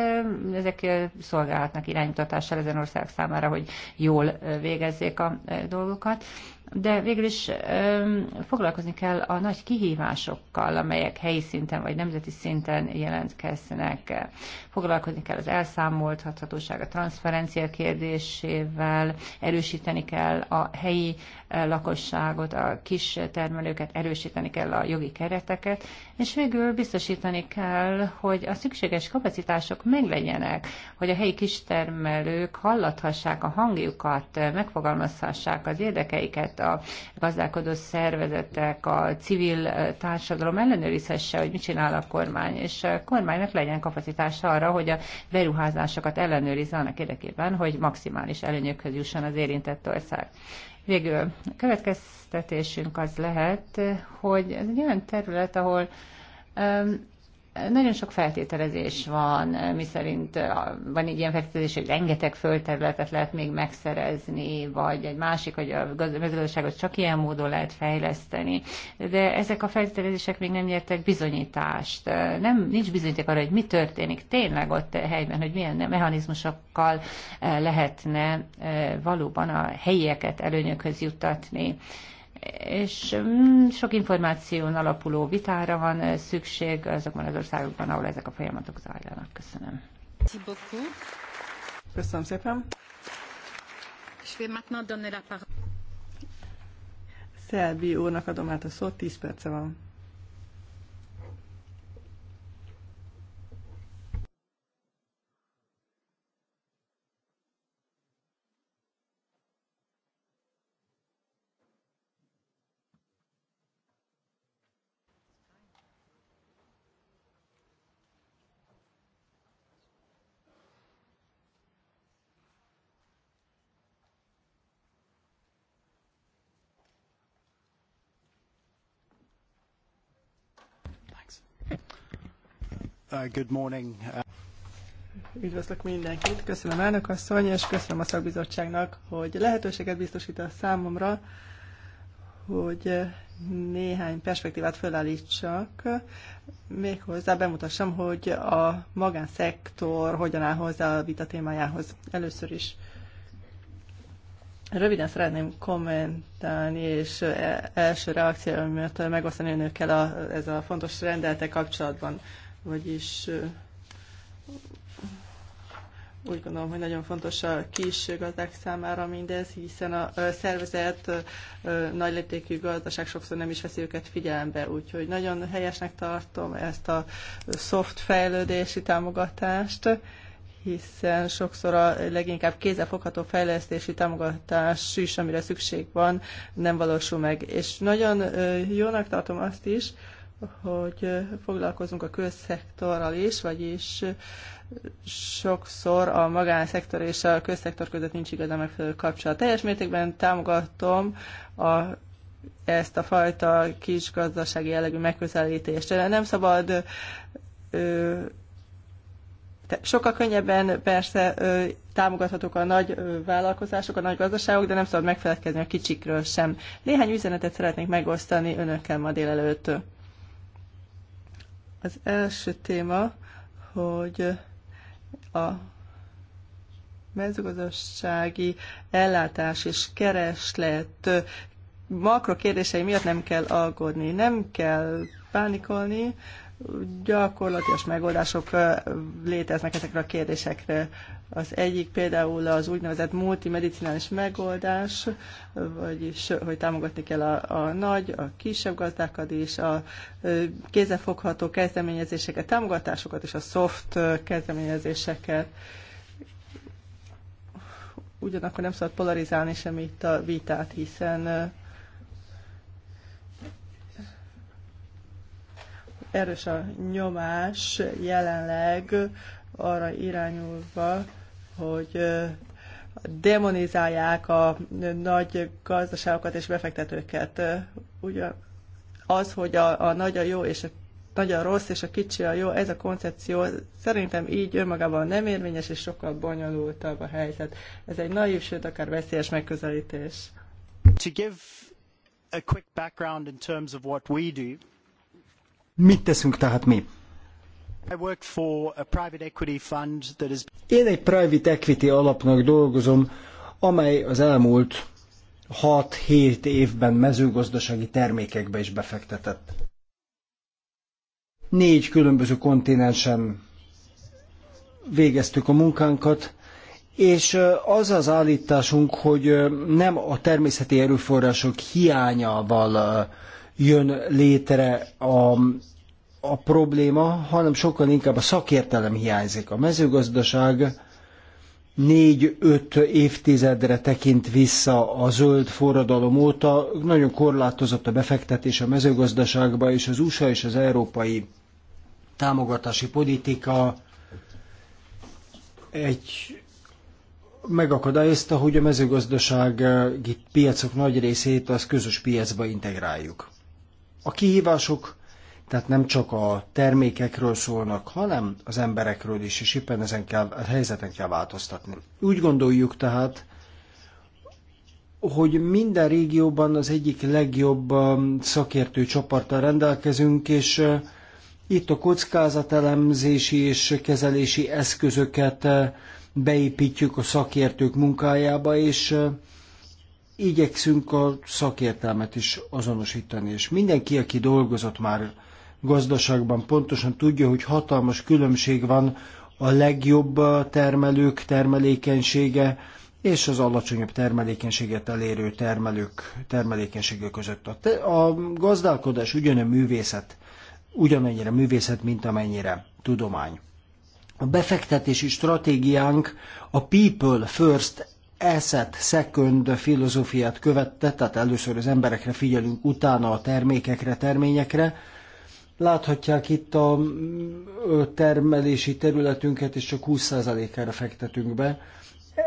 ezek szolgálhatnak iránymutatással ezen ország számára, hogy jól végezzék a dolgokat de végül is öm, foglalkozni kell a nagy kihívásokkal, amelyek helyi szinten vagy nemzeti szinten jelentkeznek. Foglalkozni kell az elszámolthatóság, a transzferencia kérdésével, erősíteni kell a helyi lakosságot, a kis termelőket, erősíteni kell a jogi kereteket, és végül biztosítani kell, hogy a szükséges kapacitások meglegyenek, hogy a helyi kis termelők hallathassák a hangjukat, megfogalmazhassák az érdekeiket, a gazdálkodó szervezetek, a civil társadalom ellenőrizhesse, hogy mit csinál a kormány, és a kormánynak legyen kapacitása arra, hogy a beruházásokat ellenőrizze annak érdekében, hogy maximális előnyökhöz jusson az érintett ország. Végül a következtetésünk az lehet, hogy ez egy olyan terület, ahol nagyon sok feltételezés van, miszerint van egy ilyen feltételezés, hogy rengeteg földterületet lehet még megszerezni, vagy egy másik, hogy a mezőgazdaságot csak ilyen módon lehet fejleszteni. De ezek a feltételezések még nem nyertek bizonyítást. Nem, nincs bizonyíték arra, hogy mi történik tényleg ott helyben, hogy milyen mechanizmusokkal eh, lehetne eh, valóban a helyieket előnyökhöz juttatni és mm, sok információn alapuló vitára van eh, szükség azokban az országokban, ahol ezek a folyamatok zajlanak. Köszönöm. Köszönöm szépen. Szelbi úrnak adom át a szót, 10 perce van. Uh, good morning. Uh, Üdvözlök mindenkit, köszönöm elnök asszony, és köszönöm a szakbizottságnak, hogy lehetőséget biztosít a számomra, hogy uh, néhány perspektívát fölállítsak, méghozzá bemutassam, hogy a magánszektor hogyan áll hozzá a vita témájához. Először is röviden szeretném kommentálni, és e-, első reakciómat megosztani önökkel a, ez a fontos rendelte kapcsolatban vagyis úgy gondolom, hogy nagyon fontos a kis gazdák számára mindez, hiszen a szervezet nagylétékű gazdaság sokszor nem is veszi őket figyelembe, úgyhogy nagyon helyesnek tartom ezt a soft fejlődési támogatást, hiszen sokszor a leginkább kézzelfogható fejlesztési támogatás is, amire szükség van, nem valósul meg. És nagyon jónak tartom azt is, hogy foglalkozunk a közszektorral is, vagyis sokszor a magánszektor és a közszektor között nincs igazán megfelelő kapcsolat. Teljes mértékben támogatom a, ezt a fajta kis gazdasági jellegű megközelítést. Nem szabad ö, te, sokkal könnyebben persze ö, támogathatók a nagy ö, vállalkozások, a nagy gazdaságok, de nem szabad megfelelkezni a kicsikről sem. Néhány üzenetet szeretnék megosztani önökkel ma délelőtt. Az első téma, hogy a mezőgazdasági ellátás és kereslet makro kérdései miatt nem kell aggódni, nem kell pánikolni, gyakorlatilag megoldások léteznek ezekre a kérdésekre. Az egyik például az úgynevezett multimedicinális megoldás, vagyis hogy támogatni kell a, a nagy, a kisebb gazdákat is, a kézefogható kezdeményezéseket, támogatásokat és a soft kezdeményezéseket. Ugyanakkor nem szabad polarizálni semmit a vitát, hiszen erős a nyomás jelenleg arra irányulva, hogy demonizálják a nagy gazdaságokat és befektetőket. Ugyan az, hogy a, a nagy a jó és a nagy a rossz és a kicsi a jó, ez a koncepció szerintem így önmagában nem érvényes, és sokkal bonyolultabb a helyzet. Ez egy naív, sőt akár veszélyes megközelítés. To give a quick background in terms of what we do, Mit teszünk tehát mi? Én egy private equity alapnak dolgozom, amely az elmúlt 6-7 évben mezőgazdasági termékekbe is befektetett. Négy különböző kontinensen végeztük a munkánkat, és az az állításunk, hogy nem a természeti erőforrások hiányával jön létre a, a probléma, hanem sokkal inkább a szakértelem hiányzik. A mezőgazdaság négy-öt évtizedre tekint vissza a zöld forradalom óta, nagyon korlátozott a befektetés a mezőgazdaságba, és az USA és az európai támogatási politika egy megakadályozta, hogy a mezőgazdasági piacok nagy részét az közös piacba integráljuk. A kihívások tehát nem csak a termékekről szólnak, hanem az emberekről is, és éppen ezen kell, a helyzeten kell változtatni. Úgy gondoljuk tehát, hogy minden régióban az egyik legjobb um, szakértő csapattal rendelkezünk, és uh, itt a kockázatelemzési és kezelési eszközöket uh, beépítjük a szakértők munkájába, és uh, igyekszünk a szakértelmet is azonosítani, és mindenki, aki dolgozott már gazdaságban, pontosan tudja, hogy hatalmas különbség van a legjobb termelők termelékenysége és az alacsonyabb termelékenységet elérő termelők termelékenysége között. A, te, a gazdálkodás ugyan a művészet, ugyanennyire művészet, mint amennyire tudomány. A befektetési stratégiánk a people first asset second filozófiát követte, tehát először az emberekre figyelünk, utána a termékekre, terményekre. Láthatják itt a termelési területünket, és csak 20%-ára fektetünk be.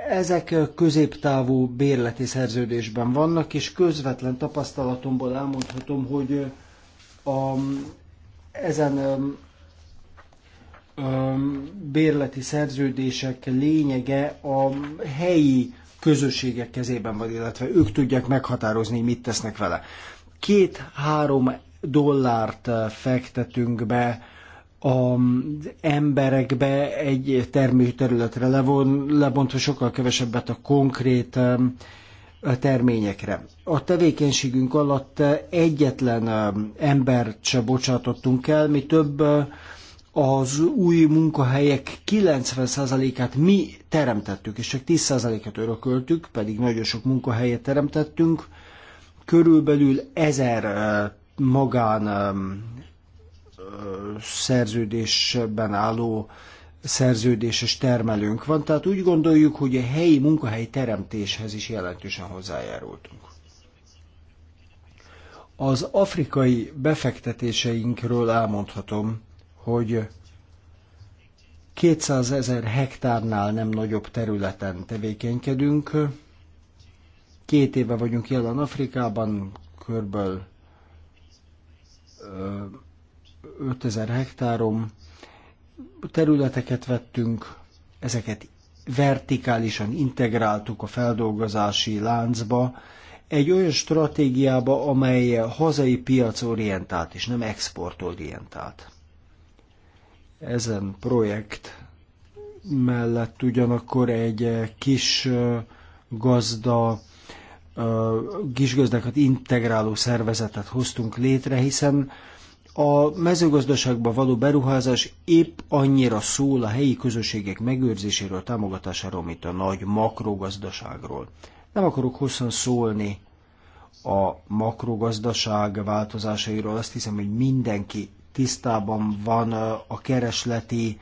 Ezek középtávú bérleti szerződésben vannak, és közvetlen tapasztalatomból elmondhatom, hogy a, ezen bérleti szerződések lényege a helyi közösségek kezében van, illetve ők tudják meghatározni, mit tesznek vele. Két-három dollárt eh, fektetünk be az um, emberekbe egy termőterületre levon, lebontva sokkal kevesebbet a konkrét um, terményekre. A tevékenységünk alatt eh, egyetlen um, embert se bocsátottunk el, mi több eh, az új munkahelyek 90%-át mi teremtettük, és csak 10%-et örököltük, pedig nagyon sok munkahelyet teremtettünk. Körülbelül ezer magán szerződésben álló szerződéses termelőnk van, tehát úgy gondoljuk, hogy a helyi munkahely teremtéshez is jelentősen hozzájárultunk. Az afrikai befektetéseinkről elmondhatom, hogy 200 ezer hektárnál nem nagyobb területen tevékenykedünk. Két éve vagyunk jelen Afrikában, körből 5000 hektárom területeket vettünk, ezeket vertikálisan integráltuk a feldolgozási láncba, egy olyan stratégiába, amely hazai piacorientált és nem exportorientált. Ezen projekt mellett ugyanakkor egy eh, kis eh, gazda, eh, kisgazdákat integráló szervezetet hoztunk létre, hiszen a mezőgazdaságba való beruházás épp annyira szól a helyi közösségek megőrzéséről, támogatásáról, mint a nagy makrogazdaságról. Nem akarok hosszan szólni a makrogazdaság változásairól, azt hiszem, hogy mindenki tisztában van a keresleti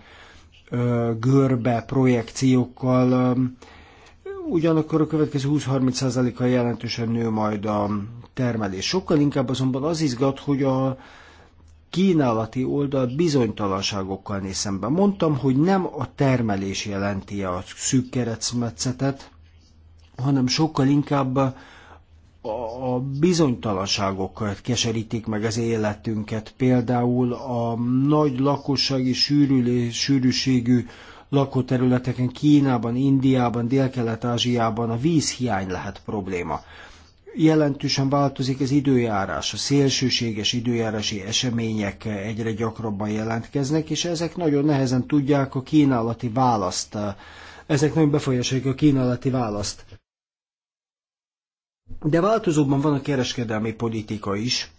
görbe projekciókkal, ugyanakkor a következő 20-30%-kal jelentősen nő majd a termelés. Sokkal inkább azonban az izgat, hogy a kínálati oldal bizonytalanságokkal néz szembe. Mondtam, hogy nem a termelés jelenti a szűk keresztmetszetet, hanem sokkal inkább a bizonytalanságok keserítik meg az életünket. Például a nagy lakossági sűrűségű lakóterületeken, Kínában, Indiában, Dél-Kelet-Ázsiában a vízhiány lehet probléma. Jelentősen változik az időjárás, a szélsőséges időjárási események egyre gyakrabban jelentkeznek, és ezek nagyon nehezen tudják a kínálati választ, ezek nagyon befolyásolják a kínálati választ. De változóban van a kereskedelmi politika is,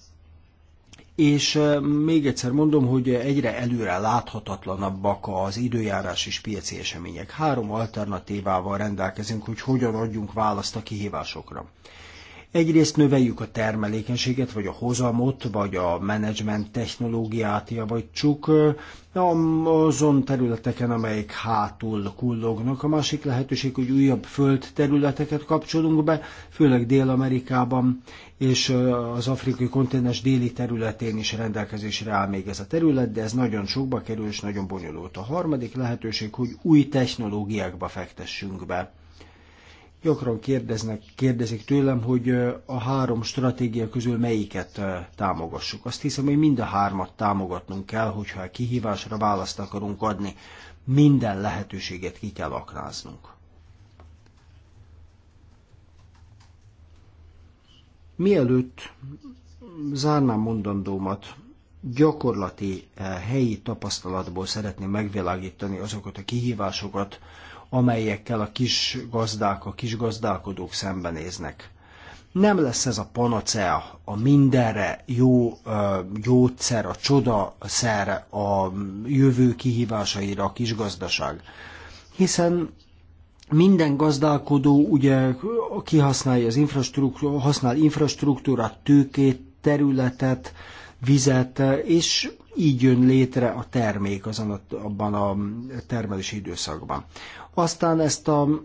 és még egyszer mondom, hogy egyre előre láthatatlanabbak az időjárás és piaci események. Három alternatívával rendelkezünk, hogy hogyan adjunk választ a kihívásokra. Egyrészt növeljük a termelékenységet, vagy a hozamot, vagy a menedzsment technológiát javítsuk azon területeken, amelyek hátul kullognak. A másik lehetőség, hogy újabb föld területeket kapcsolunk be, főleg Dél-Amerikában és az afrikai kontinens déli területén is rendelkezésre áll még ez a terület, de ez nagyon sokba kerül és nagyon bonyolult. A harmadik lehetőség, hogy új technológiákba fektessünk be Gyakran kérdeznek, kérdezik tőlem, hogy a három stratégia közül melyiket támogassuk. Azt hiszem, hogy mind a hármat támogatnunk kell, hogyha a kihívásra választ akarunk adni. Minden lehetőséget ki kell aknáznunk. Mielőtt zárnám mondandómat, gyakorlati eh, helyi tapasztalatból szeretném megvilágítani azokat a kihívásokat, amelyekkel a kis gazdák, a kis gazdálkodók szembenéznek. Nem lesz ez a panacea, a mindenre jó ö, gyógyszer, a csodaszer, a jövő kihívásaira a kis gazdaság. Hiszen minden gazdálkodó ugye kihasználja az infrastruktúrát, használ infrastruktúrát, tőkét, területet, vizet, és így jön létre a termék azon a, abban a termelési időszakban. Aztán ezt a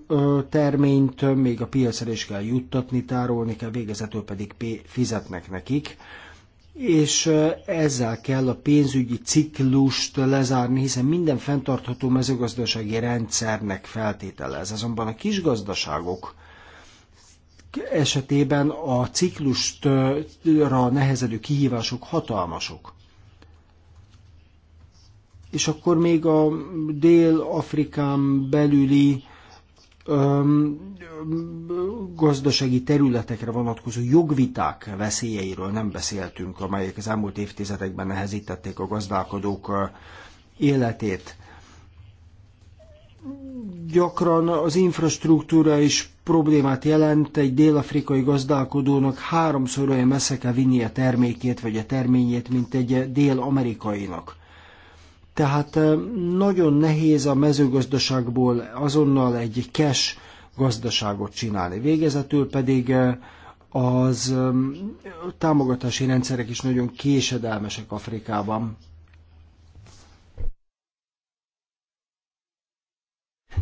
terményt még a piacra is kell juttatni, tárolni kell, végezetül pedig fizetnek nekik és ezzel kell a pénzügyi ciklust lezárni, hiszen minden fenntartható mezőgazdasági rendszernek feltétele ez. Azonban a kisgazdaságok esetében a ciklustra nehezedő kihívások hatalmasok és akkor még a Dél-Afrikán belüli öm, gazdasági területekre vonatkozó jogviták veszélyeiről nem beszéltünk, amelyek az elmúlt évtizedekben nehezítették a gazdálkodók életét. Gyakran az infrastruktúra is problémát jelent, egy dél-afrikai gazdálkodónak háromszor olyan messze kell vinni a termékét vagy a terményét, mint egy dél-amerikainak tehát nagyon nehéz a mezőgazdaságból azonnal egy cash gazdaságot csinálni. Végezetül pedig az támogatási rendszerek is nagyon késedelmesek Afrikában.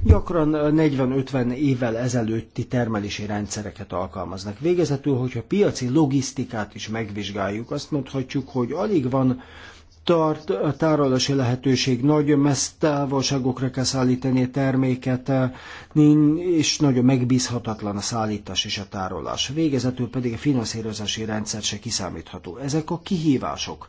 Gyakran 40-50 évvel ezelőtti termelési rendszereket alkalmaznak. Végezetül, hogyha piaci logisztikát is megvizsgáljuk, azt mondhatjuk, hogy alig van tart, a tárolási lehetőség nagy, messz távolságokra kell szállítani a terméket, eh, és nagyon megbízhatatlan a szállítás és a tárolás. Végezetül pedig a finanszírozási rendszer se kiszámítható. Ezek a kihívások,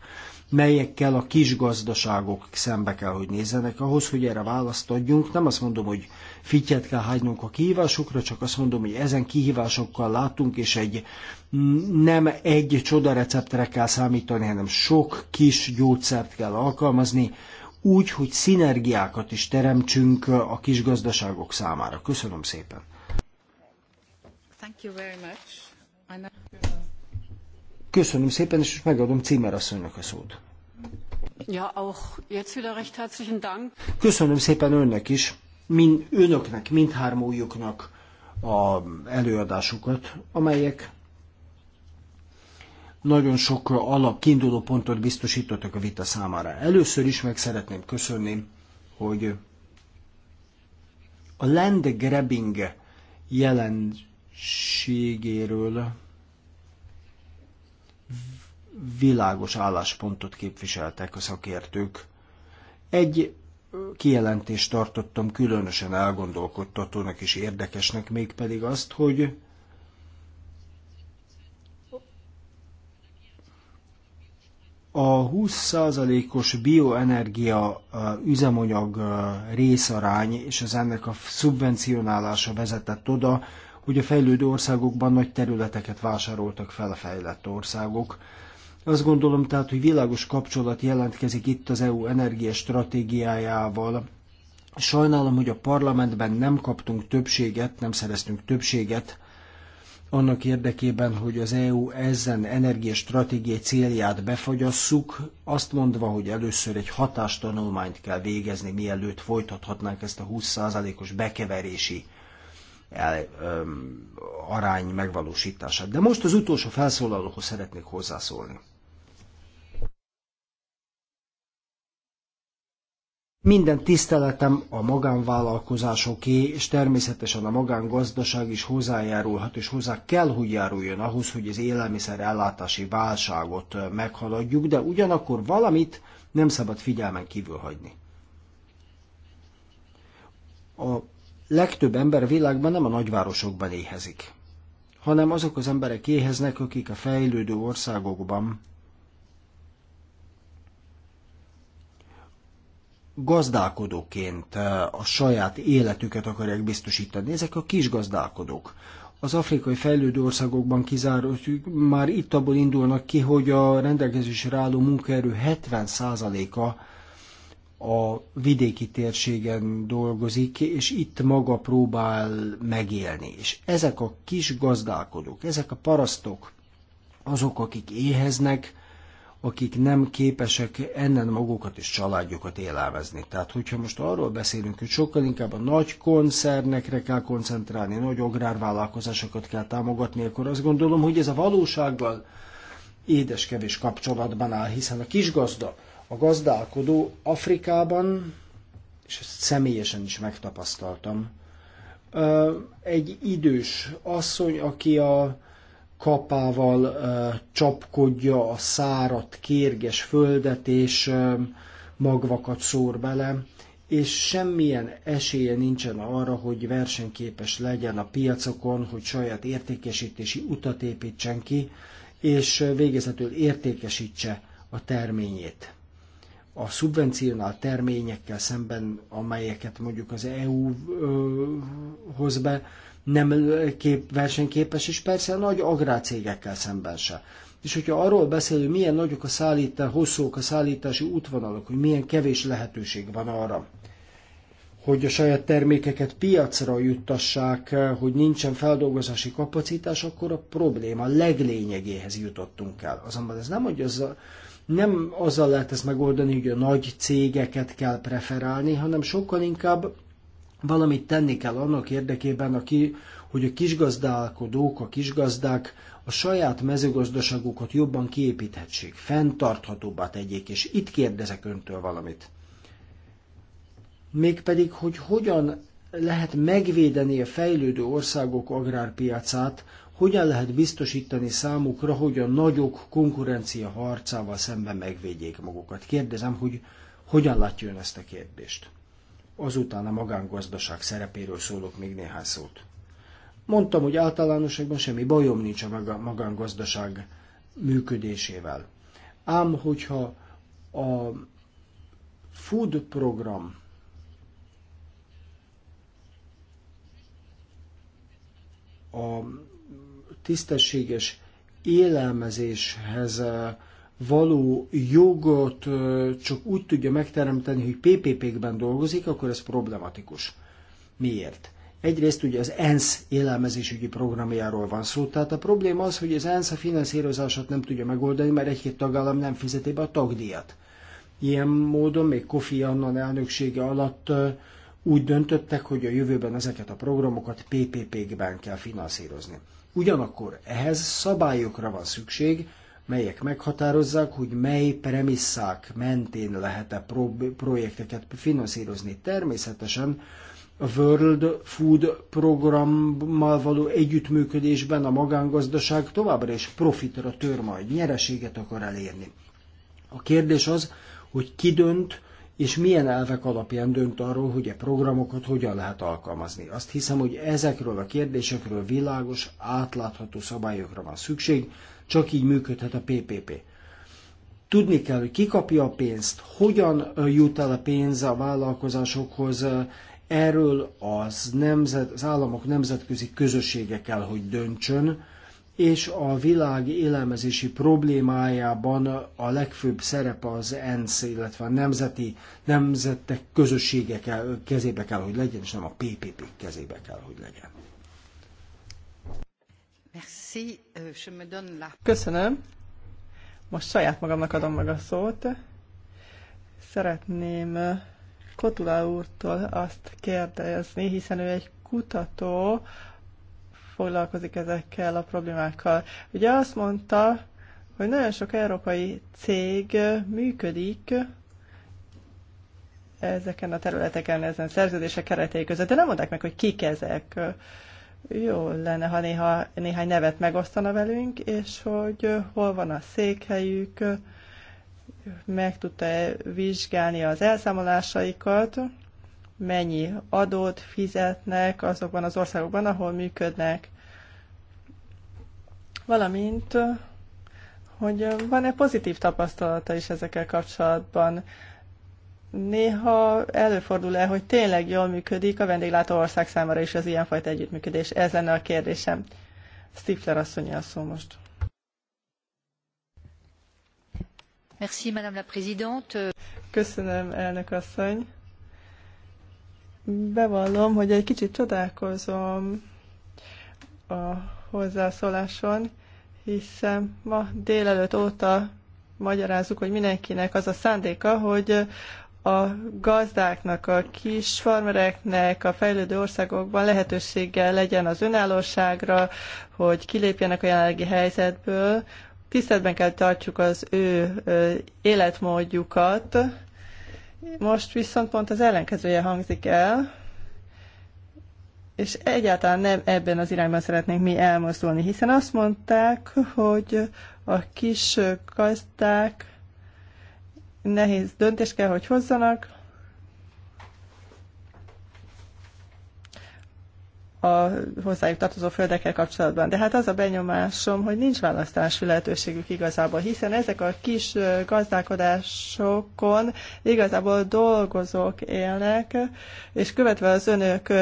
melyekkel a kis gazdaságok szembe kell, hogy nézzenek ahhoz, hogy erre választ adjunk. Nem azt mondom, hogy fityet kell hagynunk a kihívásokra, csak azt mondom, hogy ezen kihívásokkal látunk, és egy nem egy csoda receptre kell számítani, hanem sok kis gyógyszert kell alkalmazni, úgy, hogy szinergiákat is teremtsünk a kis gazdaságok számára. Köszönöm szépen! Thank you very much. Köszönöm szépen, és most megadom Címer asszonynak a szót. Ja, auch jetzt wieder recht herzlichen Dank. Köszönöm szépen önnek is min, önöknek, mindhármójuknak a előadásukat, amelyek nagyon sok alap kiinduló pontot biztosítottak a vita számára. Először is meg szeretném köszönni, hogy a land grabbing jelenségéről világos álláspontot képviseltek a szakértők. Egy kijelentést tartottam különösen elgondolkodtatónak és érdekesnek, mégpedig azt, hogy a 20%-os bioenergia üzemanyag részarány és az ennek a szubvencionálása vezetett oda, hogy a fejlődő országokban nagy területeket vásároltak fel a fejlett országok, azt gondolom tehát, hogy világos kapcsolat jelentkezik itt az EU stratégiájával. Sajnálom, hogy a parlamentben nem kaptunk többséget, nem szereztünk többséget annak érdekében, hogy az EU ezen stratégiai célját befagyasszuk, azt mondva, hogy először egy hatástanulmányt kell végezni, mielőtt folytathatnánk ezt a 20%-os bekeverési el, öm, arány megvalósítását. De most az utolsó felszólalóhoz szeretnék hozzászólni. Minden tiszteletem a magánvállalkozásoké, és természetesen a magángazdaság is hozzájárulhat, és hozzá kell, hogy járuljon ahhoz, hogy az élelmiszer ellátási válságot meghaladjuk, de ugyanakkor valamit nem szabad figyelmen kívül hagyni. A legtöbb ember a világban nem a nagyvárosokban éhezik, hanem azok az emberek éheznek, akik a fejlődő országokban gazdálkodóként eh, a saját életüket akarják biztosítani. Ezek a kis gazdálkodók. Az afrikai fejlődő országokban kizárólag már itt abból indulnak ki, hogy a rendelkezésre álló munkaerő 70%-a a vidéki térségen dolgozik, és itt maga próbál megélni. És ezek a kis gazdálkodók, ezek a parasztok, azok, akik éheznek, akik nem képesek ennen magukat és családjukat élelmezni. Tehát, hogyha most arról beszélünk, hogy sokkal inkább a nagy koncernekre kell koncentrálni, nagy agrárvállalkozásokat kell támogatni, akkor azt gondolom, hogy ez a valósággal édes kevés kapcsolatban áll, hiszen a kisgazda, a gazdálkodó Afrikában, és ezt személyesen is megtapasztaltam, egy idős asszony, aki a kapával csapkodja a szárat, kérges földet, és magvakat szór bele, és semmilyen esélye nincsen arra, hogy versenyképes legyen a piacokon, hogy saját értékesítési utat építsen ki, és végezetül értékesítse a terményét. A szubvencionált terményekkel szemben, amelyeket mondjuk az EU-hoz be, nem kép, versenyképes, és persze nagy agrárcégekkel szemben se. És hogyha arról beszél, hogy milyen nagyok a szállítás, hosszúk a szállítási útvonalak, hogy milyen kevés lehetőség van arra, hogy a saját termékeket piacra juttassák, hogy nincsen feldolgozási kapacitás, akkor a probléma leglényegéhez jutottunk el. Azonban ez nem, hogy az nem azzal lehet ezt megoldani, hogy a nagy cégeket kell preferálni, hanem sokkal inkább Valamit tenni kell annak érdekében, aki, hogy a kisgazdálkodók, a kisgazdák a saját mezőgazdaságukat jobban kiépíthetsék, fenntarthatóbbá tegyék, és itt kérdezek öntől valamit. Mégpedig, hogy hogyan lehet megvédeni a fejlődő országok agrárpiacát, hogyan lehet biztosítani számukra, hogy a nagyok konkurencia harcával szemben megvédjék magukat. Kérdezem, hogy hogyan látja ön ezt a kérdést? azután a magángazdaság szerepéről szólok még néhány szót. Mondtam, hogy általánosságban semmi bajom nincs a magángazdaság működésével. Ám hogyha a food program a tisztességes élelmezéshez eh, való jogot csak úgy tudja megteremteni, hogy PPP-kben dolgozik, akkor ez problematikus. Miért? Egyrészt ugye az ENSZ élelmezésügyi programjáról van szó, tehát a probléma az, hogy az ENSZ a finanszírozását nem tudja megoldani, mert egy-két tagállam nem fizeti be a tagdíjat. Ilyen módon még Kofi Annan elnöksége alatt úgy döntöttek, hogy a jövőben ezeket a programokat PPP-kben kell finanszírozni. Ugyanakkor ehhez szabályokra van szükség, melyek meghatározzák, hogy mely premisszák mentén lehet-e projekteket finanszírozni. Természetesen a World Food programmal való együttműködésben a magángazdaság továbbra is profitra tör majd, nyereséget akar elérni. A kérdés az, hogy ki dönt, és milyen elvek alapján dönt arról, hogy a programokat hogyan lehet alkalmazni. Azt hiszem, hogy ezekről a kérdésekről világos, átlátható szabályokra van szükség, csak így működhet a PPP. Tudni kell, hogy ki kapja a pénzt, hogyan jut el a pénz a vállalkozásokhoz, erről az, nemzet, az államok nemzetközi közössége kell, hogy döntsön, és a világ élelmezési problémájában a legfőbb szerepe az ENSZ, illetve a nemzeti nemzetek közössége kezébe kell, hogy legyen, és nem a PPP kezébe kell, hogy legyen. Euh, Köszönöm. Most saját magamnak adom meg a szót. Szeretném Kotula úrtól azt kérdezni, hiszen ő egy kutató, foglalkozik ezekkel a problémákkal. Ugye azt mondta, hogy nagyon sok európai cég működik ezeken a területeken, ezen szerződések keretei között, de nem mondták meg, hogy kik ezek. Jó lenne, ha néha, néhány nevet megosztana velünk, és hogy hol van a székhelyük, meg tudta-e vizsgálni az elszámolásaikat, mennyi adót fizetnek azokban az országokban, ahol működnek, valamint, hogy van-e pozitív tapasztalata is ezekkel kapcsolatban, néha előfordul-e, hogy tényleg jól működik a vendéglátó ország számára is az ilyenfajta együttműködés? Ez lenne a kérdésem. Stifler asszony a szó most. Merci, Madame la Présidente. Köszönöm, elnök asszony. Bevallom, hogy egy kicsit csodálkozom a hozzászóláson, hiszen ma délelőtt óta magyarázzuk, hogy mindenkinek az a szándéka, hogy a gazdáknak, a kis farmereknek a fejlődő országokban lehetősége legyen az önállóságra, hogy kilépjenek a jelenlegi helyzetből. Tiszteletben kell tartjuk az ő életmódjukat. Most viszont pont az ellenkezője hangzik el, és egyáltalán nem ebben az irányban szeretnénk mi elmozdulni, hiszen azt mondták, hogy a kis gazdák nehéz döntés kell, hogy hozzanak. a hozzájuk tartozó földekkel kapcsolatban. De hát az a benyomásom, hogy nincs választási lehetőségük igazából, hiszen ezek a kis gazdálkodásokon igazából dolgozók élnek, és követve az önök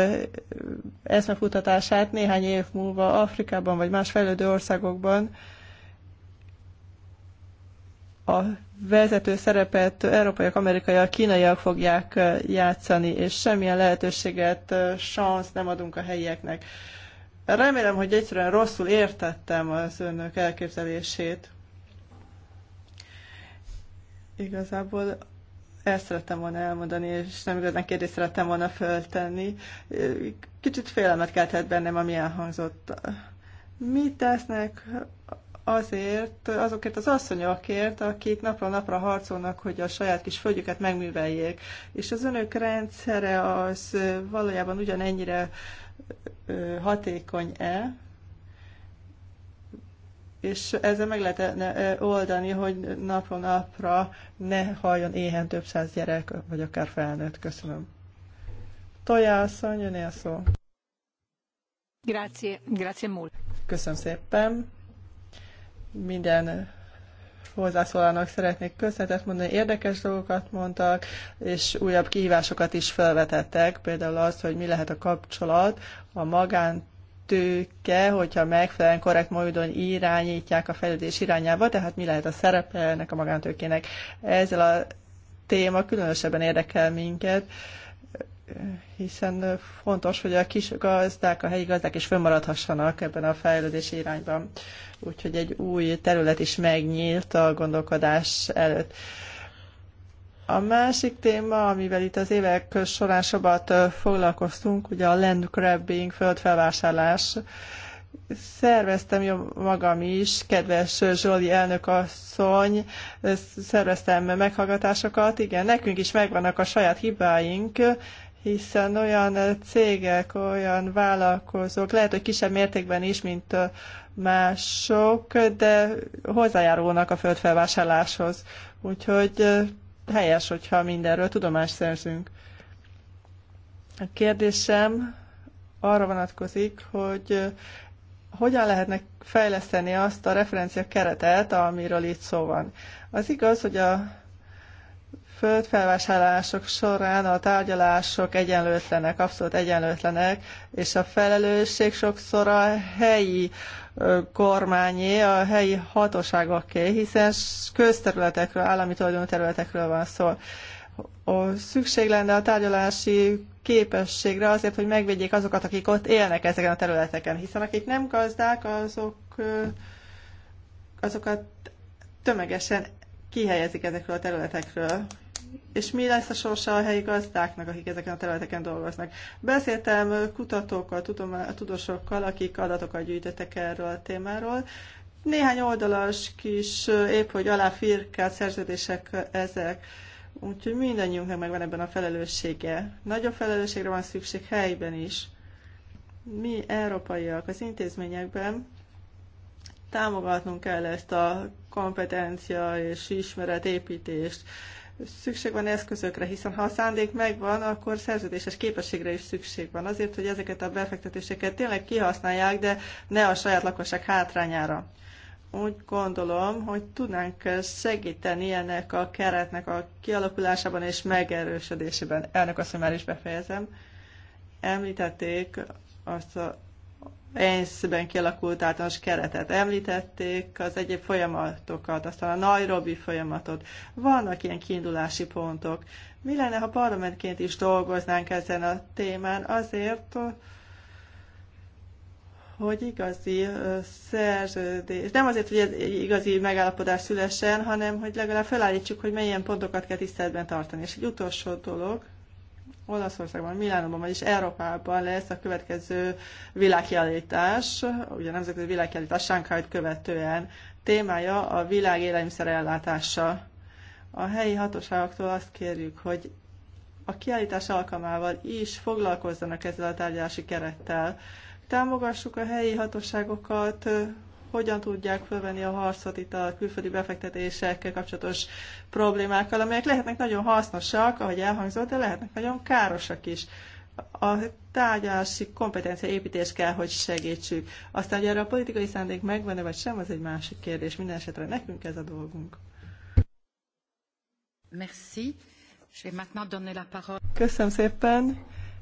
eszmefutatását néhány év múlva Afrikában vagy más fejlődő országokban a vezető szerepet európaiak, amerikaiak, kínaiak fogják játszani, és semmilyen lehetőséget, sansz nem adunk a helyieknek. Remélem, hogy egyszerűen rosszul értettem az önök elképzelését. Igazából ezt szerettem volna elmondani, és nem igazán kérdést szerettem volna föltenni. Kicsit félelmet keltett bennem, ami elhangzott. Mit tesznek azért, azokért az asszonyokért, akik napról napra harcolnak, hogy a saját kis földjüket megműveljék. És az önök rendszere az valójában ugyanennyire hatékony-e, és ezzel meg lehetne oldani, hogy napról napra ne halljon éhen több száz gyerek, vagy akár felnőtt. Köszönöm. Tojá asszony, jön szó. Grazie, grazie molto. Köszönöm szépen minden hozzászólalnak szeretnék köszönetet mondani, érdekes dolgokat mondtak, és újabb kihívásokat is felvetettek, például az, hogy mi lehet a kapcsolat a magán tőke, hogyha megfelelően korrekt módon irányítják a fejlődés irányába, tehát mi lehet a szerepe ennek a magántőkének. Ezzel a téma különösebben érdekel minket, hiszen fontos, hogy a kis gazdák, a helyi gazdák is fönnmaradhassanak ebben a fejlődési irányban. Úgyhogy egy új terület is megnyílt a gondolkodás előtt. A másik téma, amivel itt az évek során sokat foglalkoztunk, ugye a land grabbing, földfelvásárlás. Szerveztem jó magam is, kedves Zsoli elnök asszony, szerveztem meghallgatásokat. Igen, nekünk is megvannak a saját hibáink, hiszen olyan eh, cégek, olyan vállalkozók, lehet, hogy kisebb mértékben is, mint eh, mások, de hozzájárulnak a földfelvásárláshoz. Úgyhogy eh, helyes, hogyha mindenről tudomást szerzünk. A kérdésem arra vonatkozik, hogy hogyan lehetne fejleszteni azt a referencia keretet, amiről itt szó van. Az igaz, hogy a földfelvásárlások során a tárgyalások egyenlőtlenek, abszolút egyenlőtlenek, és a felelősség sokszor a helyi kormányé, a helyi hatóságoké, hiszen közterületekről, állami tulajdonú területekről van szó. A szükség lenne a tárgyalási képességre azért, hogy megvédjék azokat, akik ott élnek ezeken a területeken, hiszen akik nem gazdák, azok azokat tömegesen kihelyezik ezekről a területekről, és mi lesz a sorsa a helyi gazdáknak, akik ezeken a területeken dolgoznak. Beszéltem kutatókkal, tudósokkal, akik adatokat gyűjtöttek erről a témáról. Néhány oldalas kis, épp hogy aláfirkált szerződések ezek. Úgyhogy mindannyiunknak megvan ebben a felelőssége. Nagyobb felelősségre van szükség helyben is. Mi, európaiak, az intézményekben támogatnunk kell ezt a kompetencia és ismeretépítést. építést Szükség van eszközökre, hiszen ha a szándék megvan, akkor szerződéses képességre is szükség van azért, hogy ezeket a befektetéseket tényleg kihasználják, de ne a saját lakosság hátrányára. Úgy gondolom, hogy tudnánk segíteni ennek a keretnek a kialakulásában és megerősödésében. Elnök azt, hogy már is befejezem. Említették azt a ENSZ-ben kialakult általános keretet említették, az egyéb folyamatokat, aztán a Nairobi folyamatot. Vannak ilyen kiindulási pontok. Mi lenne, ha parlamentként is dolgoznánk ezen a témán azért, hogy igazi szerződés, nem azért, hogy ez igazi megállapodás szülessen, hanem hogy legalább felállítsuk, hogy milyen pontokat kell tiszteletben tartani. És egy utolsó dolog, Olaszországban, Milánóban, vagyis Európában lesz a következő világjelítás, ugye a nemzetközi világjelítás Sánkhájt követően. Témája a világ ellátása. A helyi hatóságoktól azt kérjük, hogy a kiállítás alkalmával is foglalkozzanak ezzel a tárgyalási kerettel. Támogassuk a helyi hatóságokat, hogyan tudják fölvenni a harcot itt a külföldi befektetésekkel kapcsolatos problémákkal, amelyek lehetnek nagyon hasznosak, ahogy elhangzott, de lehetnek nagyon károsak is. A tárgyalási kompetencia építés kell, hogy segítsük. Aztán, hogy erre a politikai szándék megvan-e vagy sem, az egy másik kérdés. Minden esetre nekünk ez a dolgunk. Merci. Je vais maintenant donner la parole. Köszönöm szépen,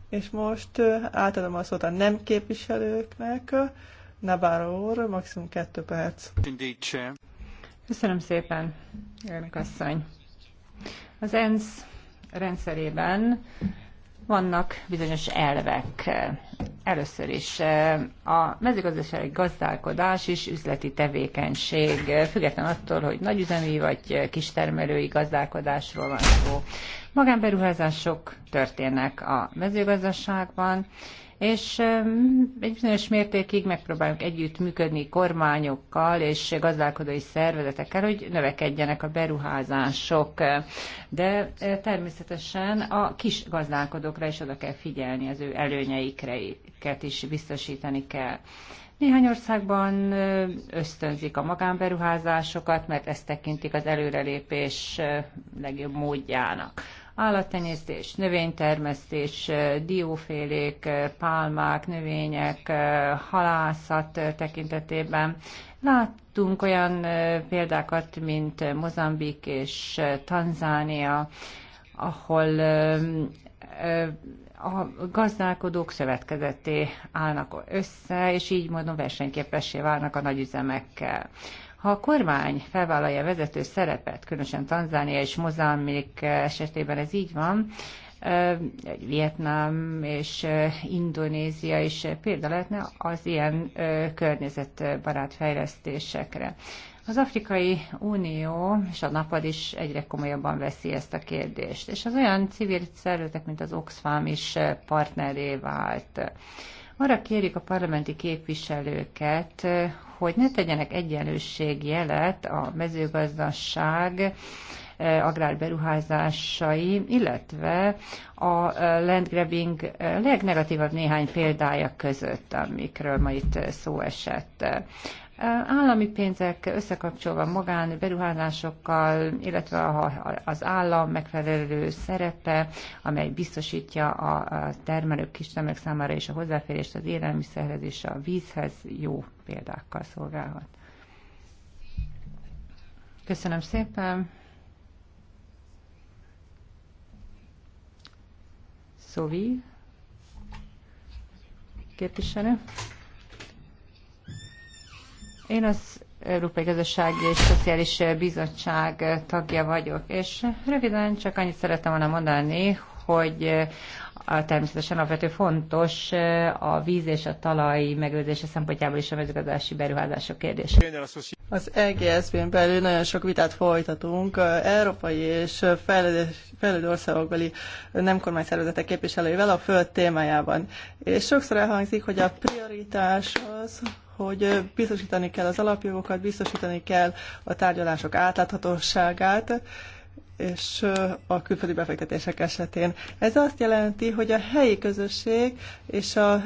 és most átadom a szót a nem képviselőknek. Navarro úr, maximum kettő perc. Köszönöm szépen, Jönök asszony. Az ENSZ rendszerében vannak bizonyos elvek. Először is eh, a mezőgazdasági gazdálkodás és üzleti tevékenység, eh, független attól, hogy nagyüzemi vagy kistermelői gazdálkodásról van szó. Magánberuházások történnek a mezőgazdaságban, és egy bizonyos mértékig megpróbálunk együtt működni kormányokkal és gazdálkodói szervezetekkel, hogy növekedjenek a beruházások. De természetesen a kis gazdálkodókra is oda kell figyelni, az ő előnyeikre is biztosítani kell. Néhány országban ösztönzik a magánberuházásokat, mert ezt tekintik az előrelépés legjobb módjának állattenyésztés, növénytermesztés, diófélék, pálmák, növények, halászat tekintetében. Láttunk olyan példákat, mint Mozambik és Tanzánia, ahol a gazdálkodók szövetkezetté állnak össze, és így módon versenyképessé válnak a nagyüzemekkel. Ha a kormány felvállalja vezető szerepet, különösen Tanzánia és Mozambik esetében ez így van, Vietnám és Indonézia is példa lehetne az ilyen környezetbarát fejlesztésekre. Az Afrikai Unió és a NAPAD is egyre komolyabban veszi ezt a kérdést, és az olyan civil szervezetek, mint az Oxfam is partneré vált. Arra kérjük a parlamenti képviselőket, hogy ne tegyenek egyenlőségjelet a mezőgazdaság eh, agrárberuházásai, illetve a eh, landgrabbing eh, legnegatívabb néhány példája között, amikről ma itt szó esett. Állami pénzek összekapcsolva magán beruházásokkal, illetve az állam megfelelő szerepe, amely biztosítja a termelők, termelők számára és a hozzáférést az élelmiszerhez és a vízhez jó példákkal szolgálhat. Köszönöm szépen! Szóvi, képviselő. Én az Európai Gazdasági és Szociális Bizottság tagja vagyok, és röviden csak annyit szerettem volna mondani, hogy természetesen alapvető fontos a víz és a talaj megőrzése szempontjából is a mezőgazdasági beruházások kérdése. Az egsz ben belül nagyon sok vitát folytatunk. Európai és fejlődő országokbeli nem kormányszervezetek képviselőivel a föld témájában. És sokszor elhangzik, hogy a prioritás az, hogy biztosítani kell az alapjogokat, biztosítani kell a tárgyalások átláthatóságát, és a külföldi befektetések esetén. Ez azt jelenti, hogy a helyi közösség és a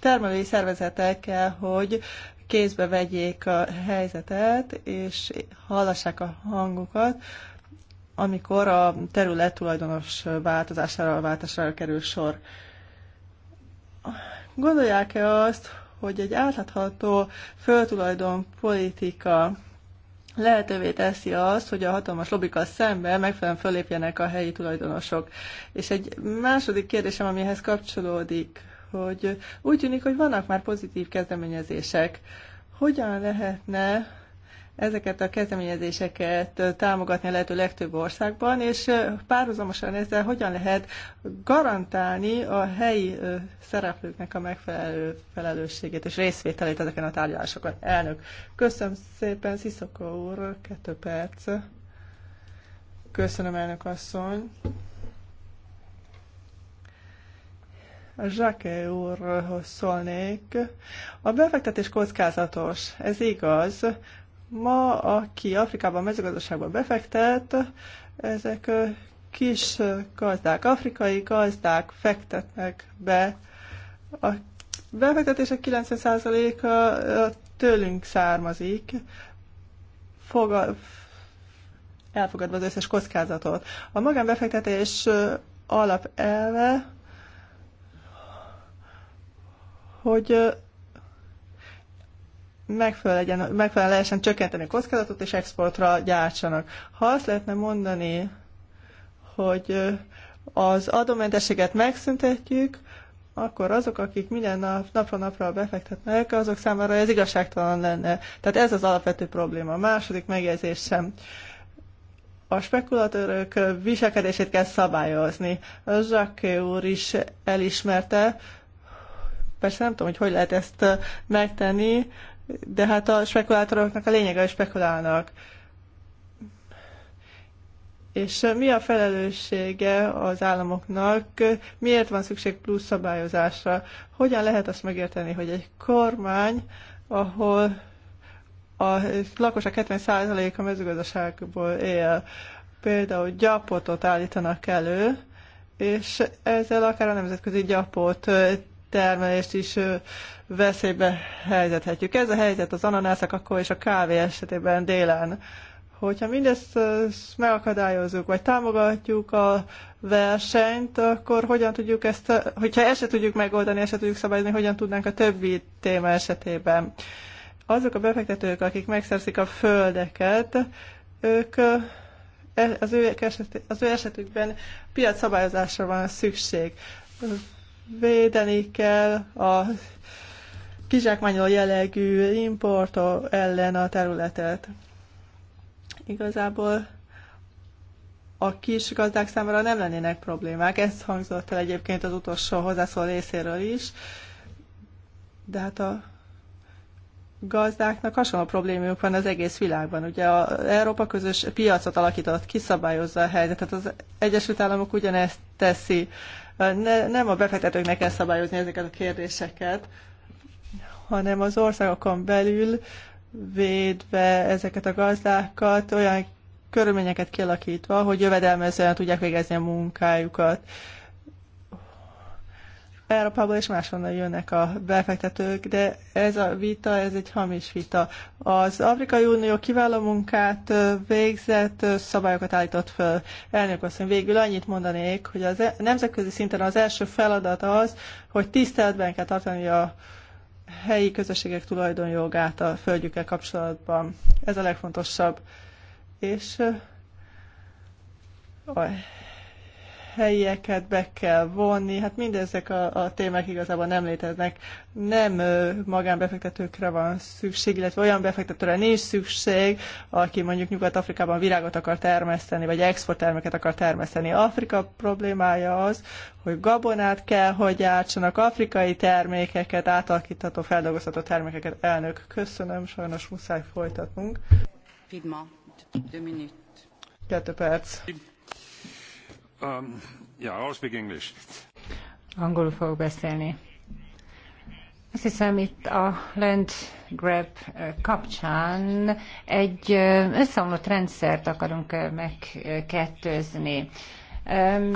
termelői szervezetek kell, hogy kézbe vegyék a helyzetet, és hallassák a hangukat, amikor a terület tulajdonos változására, váltására kerül sor. Gondolják-e azt, hogy egy átlátható föltulajdon politika lehetővé teszi azt, hogy a hatalmas lobbikkal szemben megfelelően fölépjenek a helyi tulajdonosok. És egy második kérdésem, amihez kapcsolódik, hogy úgy tűnik, hogy vannak már pozitív kezdeményezések. Hogyan lehetne ezeket a kezdeményezéseket támogatni a lehető legtöbb országban, és párhuzamosan ezzel hogyan lehet garantálni a helyi szereplőknek a megfelelő felelősségét és részvételét ezeken a tárgyalásokon. Elnök, köszönöm szépen, Sziszoka úr, kettő perc. Köszönöm, elnök asszony. Zsake úrhoz szólnék. A befektetés kockázatos, ez igaz, Ma, aki Afrikában mezőgazdaságban befektet, ezek kis gazdák, afrikai gazdák fektetnek be. A befektetések 90%-a tőlünk származik, foga, elfogadva az összes kockázatot. A magánbefektetés alapelve, hogy megfelel legyen, megfelelően lehessen csökkenteni a kockázatot, és exportra gyártsanak. Ha azt lehetne mondani, hogy az adómentességet megszüntetjük, akkor azok, akik minden nap, napra napra befektetnek, azok számára ez igazságtalan lenne. Tehát ez az alapvető probléma. A második megjegyzésem. A spekulatőrök viselkedését kell szabályozni. Zsaké úr is elismerte, persze nem tudom, hogy hogy lehet ezt megtenni, de hát a spekulátoroknak a lényege, hogy spekulálnak. És mi a felelőssége az államoknak? Miért van szükség plusz szabályozásra? Hogyan lehet azt megérteni, hogy egy kormány, ahol a lakosság 70%-a mezőgazdaságból él, például gyapotot állítanak elő, és ezzel akár a nemzetközi gyapot termelést is veszélybe helyzethetjük. Ez a helyzet az ananászak akkor és a kávé esetében délen. Hogyha mindezt megakadályozzuk, vagy támogatjuk a versenyt, akkor hogyan tudjuk ezt, hogyha ezt se tudjuk megoldani, ezt se tudjuk szabályozni, hogyan tudnánk a többi téma esetében. Azok a befektetők, akik megszerzik a földeket, ők e, az ő, eset, az ő esetükben piacszabályozásra van szükség Védeni kell a kizsákmányoló jellegű import ellen a területet. Igazából a kis gazdák számára nem lennének problémák. Ez hangzott el egyébként az utolsó hozzászól részéről is. De hát a gazdáknak hasonló problémájuk van az egész világban. Ugye a Európa közös piacot alakított, kiszabályozza a helyzetet. Az Egyesült Államok ugyanezt teszi. Ne, nem a befektetőknek kell szabályozni ezeket a kérdéseket, hanem az országokon belül védve ezeket a gazdákat, olyan körülményeket kialakítva, hogy jövedelmezően tudják végezni a munkájukat. Európában és máshonnan jönnek a befektetők, de ez a vita, ez egy hamis vita. Az Afrikai Unió kiváló munkát végzett, szabályokat állított föl. Elnök asszony, végül annyit mondanék, hogy az e- nemzetközi szinten az első feladat az, hogy tiszteletben kell tartani a helyi közösségek tulajdonjogát a földjükkel kapcsolatban. Ez a legfontosabb. És a helyeket be kell vonni, hát mindezek a, a témák igazából nem léteznek. Nem magánbefektetőkre van szükség, illetve olyan befektetőre nincs szükség, aki mondjuk Nyugat-Afrikában virágot akar termeszteni, vagy exporttermeket akar termeszteni. Afrika problémája az, hogy gabonát kell, hogy ártsanak afrikai termékeket, átalakítható, feldolgozható termékeket. Elnök, köszönöm, sajnos muszáj folytatnunk. Vidma, kettő perc. Um, yeah, I'll speak English. Angolul fogok beszélni. Azt hiszem itt a land grab kapcsán egy összeomlott rendszert akarunk megkettőzni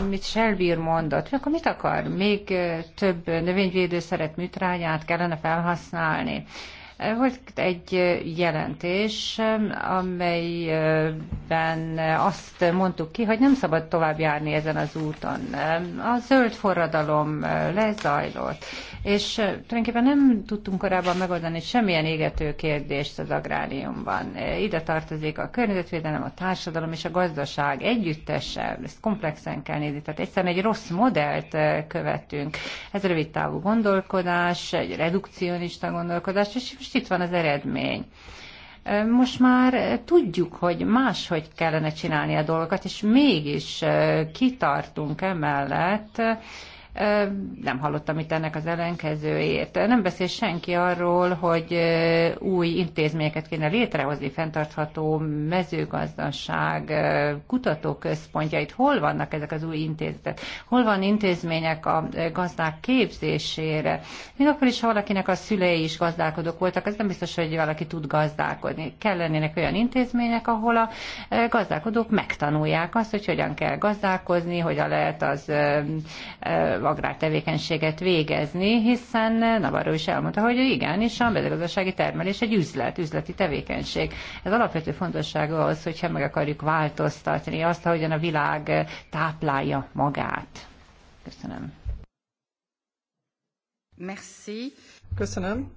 mit Shelby mondott, akkor mit akar? Még több növényvédőszeret műtrágyát kellene felhasználni. Volt egy jelentés, amelyben azt mondtuk ki, hogy nem szabad tovább járni ezen az úton. A zöld forradalom lezajlott, és tulajdonképpen nem tudtunk korábban megoldani semmilyen égető kérdést az agráriumban. Ide tartozik a környezetvédelem, a társadalom és a gazdaság együttesen, ezt komplexen kell nézni, tehát egyszerűen egy rossz modellt követünk. Ez rövid távú gondolkodás, egy redukcionista gondolkodás, és és itt van az eredmény. Most már tudjuk, hogy máshogy kellene csinálni a dolgokat, és mégis kitartunk emellett, nem hallottam itt ennek az ellenkezőjét. Nem beszél senki arról, hogy új intézményeket kéne létrehozni, fenntartható mezőgazdaság, kutatóközpontjait. Hol vannak ezek az új intézetek? Hol van intézmények a gazdák képzésére? Még akkor is, ha valakinek a szülei is gazdálkodók voltak, ez nem biztos, hogy valaki tud gazdálkodni. lennének olyan intézmények, ahol a gazdálkodók megtanulják azt, hogy hogyan kell gazdálkozni, hogyan lehet az agrártevékenységet végezni, hiszen Navarro is elmondta, hogy igen, és a mezőgazdasági termelés egy üzlet, üzleti tevékenység. Ez alapvető fontosságú, az, hogyha meg akarjuk változtatni azt, ahogyan a világ táplálja magát. Köszönöm. Merci. Köszönöm.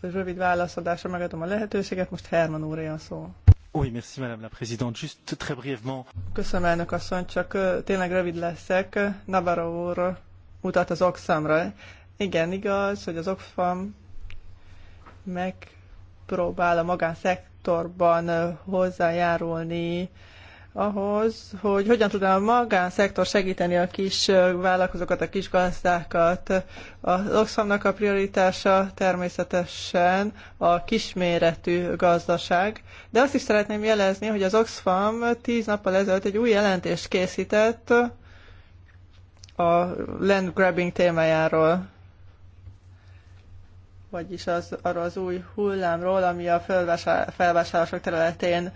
Rövid válaszadásra megadom a lehetőséget, most Herman úr a szó. Oui, merci Madame la Présidente. très brièvement. Köszönöm, elnök asszony, csak tényleg rövid leszek. Navarro úr mutat az Oxfamra. Igen, igaz, hogy az Oxfam megpróbál a magánszektorban hozzájárulni ahhoz, hogy hogyan tudna a magánszektor segíteni a kis vállalkozókat, a kis gazdákat. Az Oxfamnak a prioritása természetesen a kisméretű gazdaság, de azt is szeretném jelezni, hogy az Oxfam tíz nappal ezelőtt egy új jelentést készített a land grabbing témájáról vagyis az, arról az új hullámról, ami a felvásárlások területén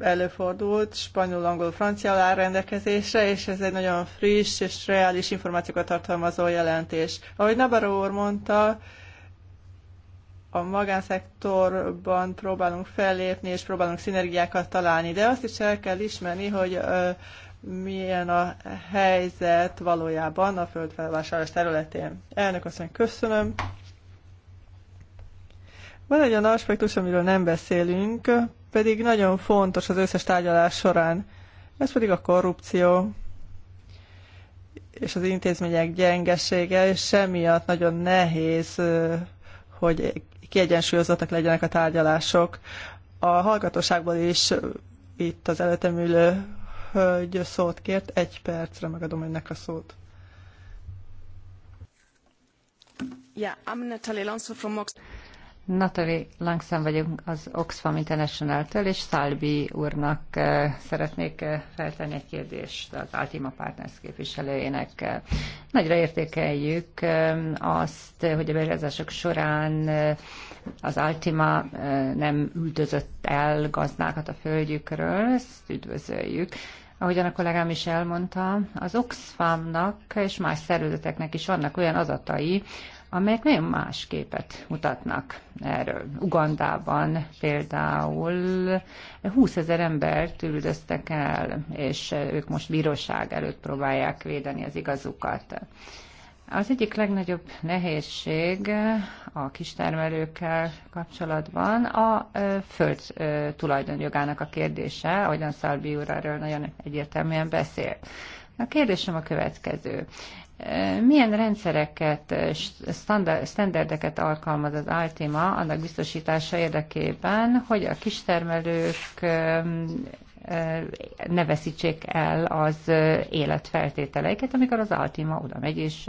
előfordult, spanyol, angol, francia áll rendelkezésre, és ez egy nagyon friss és reális információkat tartalmazó jelentés. Ahogy Nabaró úr mondta, a magánszektorban próbálunk fellépni, és próbálunk szinergiákat találni, de azt is el kell ismerni, hogy milyen a helyzet valójában a földfelvásárlás területén. Elnök asszony, köszönöm. Van egy olyan aspektus, amiről nem beszélünk, pedig nagyon fontos az összes tárgyalás során. Ez pedig a korrupció és az intézmények gyengesége, és semmiatt nagyon nehéz, hogy kiegyensúlyozottak legyenek a tárgyalások. A hallgatóságból is itt az előttem ülő hölgy szót kért. Egy percre megadom önnek a szót. Yeah, I'm Natalie Alonso from Oxford. Natali Langsam vagyunk az Oxfam International-től, és Szálbi úrnak eh, szeretnék eh, feltenni egy kérdést az Altima Partners képviselőjének. Nagyra értékeljük eh, azt, hogy a beruházások során az Altima nem üldözött el gazdákat a földjükről, ezt üdvözöljük. Ahogyan a kollégám is elmondta, az Oxfamnak és más szervezeteknek is vannak olyan adatai, amelyek nagyon más képet mutatnak erről. Ugandában például 20 ezer embert üldöztek el, és ők most bíróság előtt próbálják védeni az igazukat. Az egyik legnagyobb nehézség a kistermelőkkel kapcsolatban a föld tulajdonjogának a kérdése, ahogyan Szalbi úr erről nagyon egyértelműen beszél. A kérdésem a következő. Milyen rendszereket, standardeket alkalmaz az Altima annak biztosítása érdekében, hogy a kistermelők um, uh, ne veszítsék el az életfeltételeiket, amikor az Altima oda megy és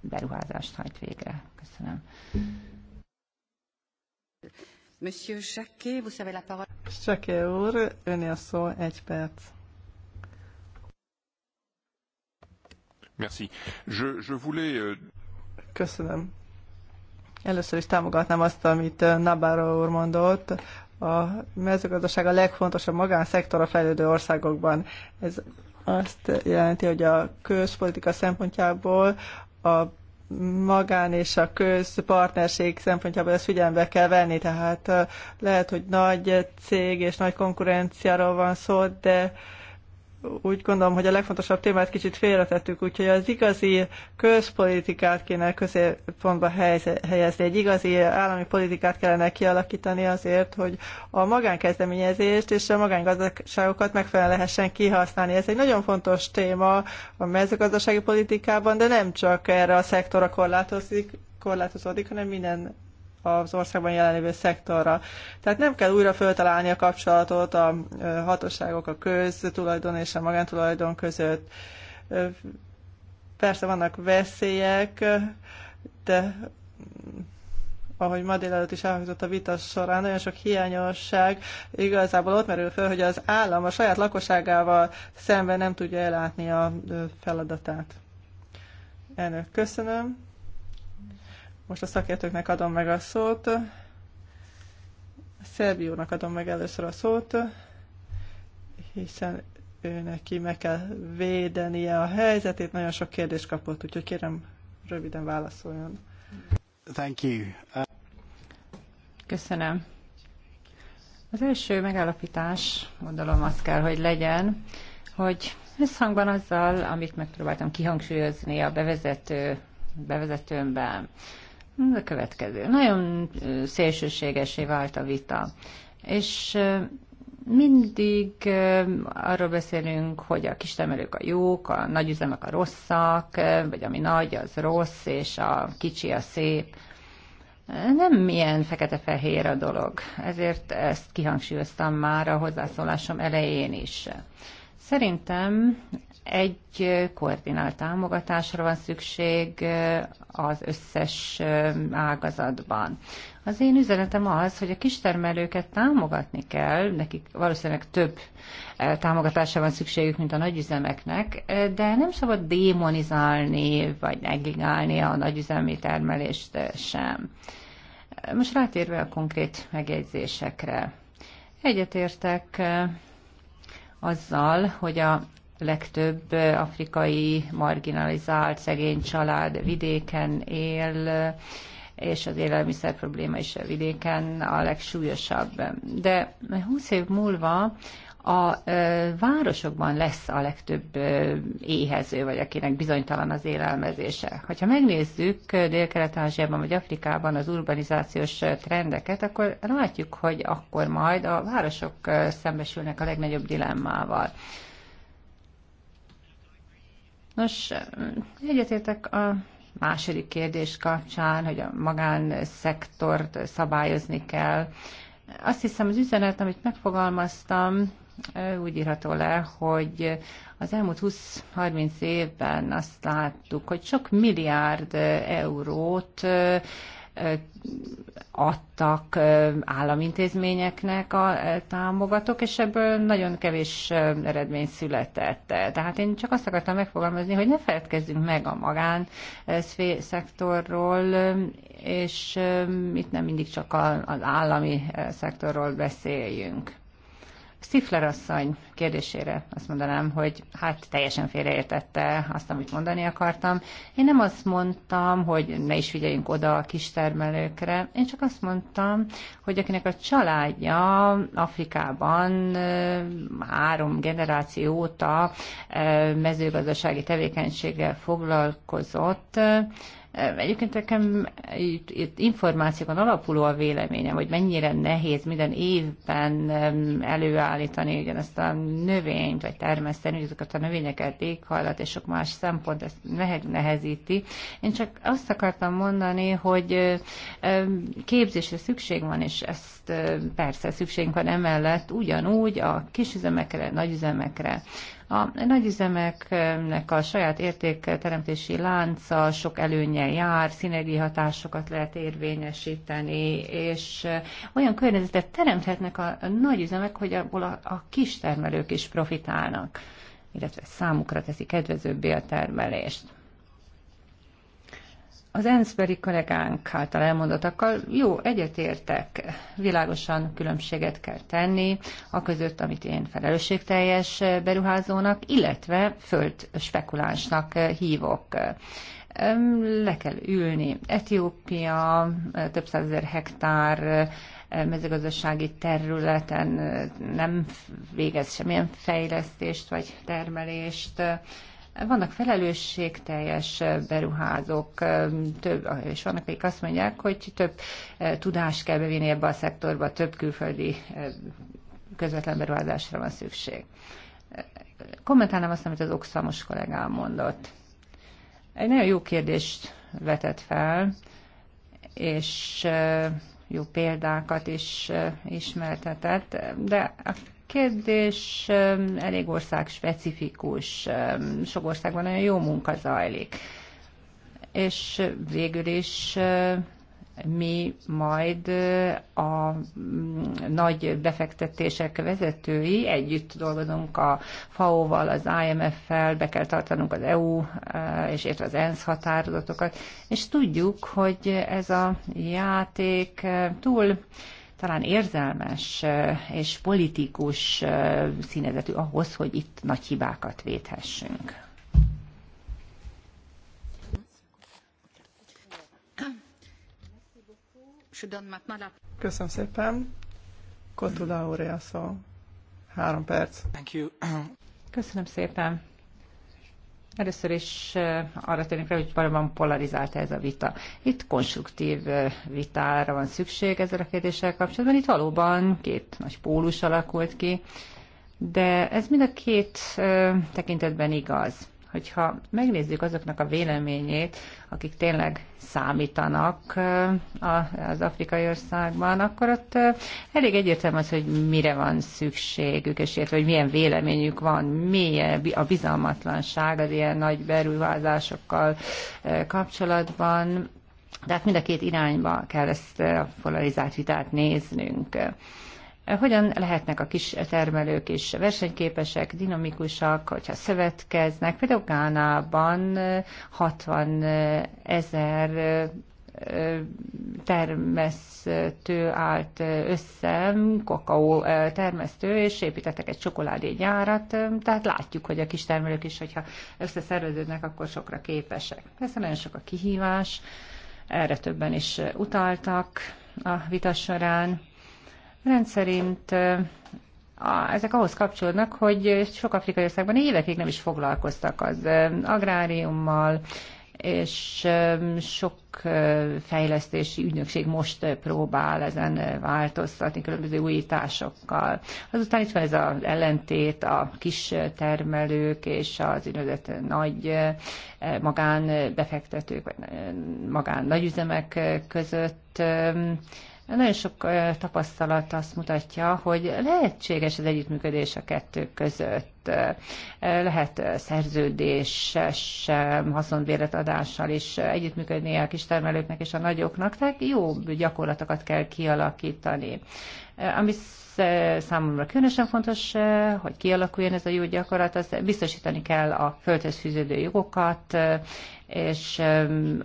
beruházást hajt végre. Köszönöm. Monsieur Jacquet, vous avez la parole. Jacquet úr, öné a szó, egy perc. Merci. Je, je voulais... Euh, Köszönöm. Először is támogatnám azt, amit euh, Nabára úr mondott. A mezőgazdaság a legfontosabb magánszektor a fejlődő országokban. Ez azt jelenti, hogy a közpolitika szempontjából a magán és a közpartnerség szempontjából ezt figyelembe kell venni. Tehát euh, lehet, hogy nagy cég és nagy konkurenciáról van szó, de uh, úgy gondolom, hogy a legfontosabb témát kicsit félretettük, úgyhogy az igazi közpolitikát kéne középpontba helyezni, egy igazi állami politikát kellene kialakítani azért, hogy a magánkezdeményezést és a magángazdaságokat megfelelően lehessen kihasználni. Ez egy nagyon fontos téma a mezőgazdasági politikában, de nem csak erre a szektorra korlátozik, korlátozódik, hanem minden az országban jelenlévő szektorra. Tehát nem kell újra föltalálni a kapcsolatot a hatóságok, a köztulajdon és a magántulajdon között. Persze vannak veszélyek, de ahogy ma délelőtt is elhangzott a vita során, nagyon sok hiányosság igazából ott merül föl, hogy az állam a saját lakosságával szemben nem tudja ellátni a feladatát. Elnök, köszönöm. Most a szakértőknek adom meg a szót. Szerbiónak adom meg először a szót, hiszen ő neki meg kell védenie a helyzetét. Nagyon sok kérdést kapott, úgyhogy kérem röviden válaszoljon. Thank you. Köszönöm. Az első megállapítás, gondolom az kell, hogy legyen, hogy összhangban azzal, amit megpróbáltam kihangsúlyozni a bevezető, bevezetőmben, a következő. Nagyon szélsőségesé vált a vita. És mindig arról beszélünk, hogy a temelők a jók, a nagyüzemek a rosszak, vagy ami nagy, az rossz, és a kicsi a szép. Nem ilyen fekete-fehér a dolog, ezért ezt kihangsúlyoztam már a hozzászólásom elején is. Szerintem egy koordinált támogatásra van szükség az összes ágazatban. Az én üzenetem az, hogy a kistermelőket támogatni kell, nekik valószínűleg több támogatásra van szükségük, mint a nagyüzemeknek, de nem szabad démonizálni, vagy negligálni a nagyüzemi termelést sem. Most rátérve a konkrét megjegyzésekre. Egyetértek azzal, hogy a legtöbb afrikai marginalizált szegény család vidéken él, és az élelmiszer probléma is a vidéken a legsúlyosabb. De 20 év múlva a városokban lesz a legtöbb éhező, vagy akinek bizonytalan az élelmezése. Hogyha megnézzük Dél-Kelet-Ázsiában vagy Afrikában az urbanizációs trendeket, akkor látjuk, hogy akkor majd a városok szembesülnek a legnagyobb dilemmával. Nos, egyetértek a második kérdés kapcsán, hogy a magánszektort szabályozni kell. Azt hiszem, az üzenet, amit megfogalmaztam, úgy írható le, hogy az elmúlt 20-30 évben azt láttuk, hogy sok milliárd eurót adtak államintézményeknek a támogatók, és ebből nagyon kevés eredmény született. Tehát én csak azt akartam megfogalmazni, hogy ne feledkezzünk meg a magán szektorról, és itt nem mindig csak az állami szektorról beszéljünk. Szifler asszony kérdésére azt mondanám, hogy hát teljesen félreértette azt, amit mondani akartam. Én nem azt mondtam, hogy ne is figyeljünk oda a kistermelőkre, én csak azt mondtam, hogy akinek a családja Afrikában három generáció óta mezőgazdasági tevékenységgel foglalkozott, Egyébként nekem itt, itt információkon alapuló a véleményem, hogy mennyire nehéz minden évben előállítani ugyanezt a növényt, vagy termeszteni ezeket a növényeket, éghajlat és sok más szempont ezt nehezíti. Én csak azt akartam mondani, hogy képzésre szükség van, és ezt persze szükségünk van emellett ugyanúgy a kisüzemekre, nagyüzemekre. A nagyüzemeknek a saját értékteremtési lánca sok előnye jár, szinergi hatásokat lehet érvényesíteni, és olyan környezetet teremthetnek a nagyüzemek, hogy abból a, a kistermelők is profitálnak illetve számukra teszi kedvezőbbé a termelést. Az Enszberi kollégánk által elmondottakkal jó, egyetértek. Világosan különbséget kell tenni a között, amit én felelősségteljes beruházónak, illetve föld spekulánsnak hívok le kell ülni. Etiópia több százezer hektár mezőgazdasági területen nem végez semmilyen fejlesztést vagy termelést. Vannak felelősségteljes beruházók, több, és vannak, akik azt mondják, hogy több e, tudást kell bevinni ebbe a szektorba, több külföldi e, közvetlen beruházásra van szükség. Kommentálnám azt, amit az okszamos kollégám mondott. Egy nagyon jó kérdést vetett fel, és e, jó példákat is ismertetett, de a kérdés elég ország specifikus, sok országban nagyon jó munka zajlik. És végül is mi majd a mm, nagy befektetések vezetői együtt dolgozunk a FAO-val, az IMF-fel, be kell tartanunk az EU és értve az ENSZ határozatokat, és tudjuk, hogy ez a játék túl talán érzelmes és politikus színezetű ahhoz, hogy itt nagy hibákat védhessünk. Köszönöm szépen. Kotula Aurea szó. Három perc. Thank you. Köszönöm szépen. Először is arra térnék rá, hogy valóban polarizált ez a vita. Itt konstruktív vitára van szükség ezzel a kérdéssel kapcsolatban. Itt valóban két nagy pólus alakult ki, de ez mind a két tekintetben igaz hogyha megnézzük azoknak a véleményét, akik tényleg számítanak az afrikai országban, akkor ott elég egyértelmű az, hogy mire van szükségük, és illetve, hogy milyen véleményük van, mi a bizalmatlanság az ilyen nagy beruházásokkal kapcsolatban. Tehát mind a két irányba kell ezt a polarizált vitát néznünk. Hogyan lehetnek a kis termelők is versenyképesek, dinamikusak, hogyha szövetkeznek? Például Gánában 60 ezer termesztő állt össze, kakaó termesztő, és építettek egy csokoládégyárat, tehát látjuk, hogy a kis termelők is, hogyha összeszerveződnek, akkor sokra képesek. Persze nagyon sok a kihívás, erre többen is utaltak a vita során rendszerint a, ezek ahhoz kapcsolódnak, hogy sok afrikai országban évekig nem is foglalkoztak az agráriummal, és sok fejlesztési ügynökség most próbál ezen változtatni különböző újításokkal. Azután itt van ez az ellentét a kis termelők és az úgynevezett nagy magánbefektetők, vagy magán nagyüzemek között. Nagyon sok tapasztalat azt mutatja, hogy lehetséges az együttműködés a kettő között. Lehet szerződéses haszonbéletadással is együttműködni a kistermelőknek és a nagyoknak, tehát jó gyakorlatokat kell kialakítani. Ami számomra különösen fontos, hogy kialakuljon ez a jó gyakorlat, az biztosítani kell a földhöz fűződő jogokat, és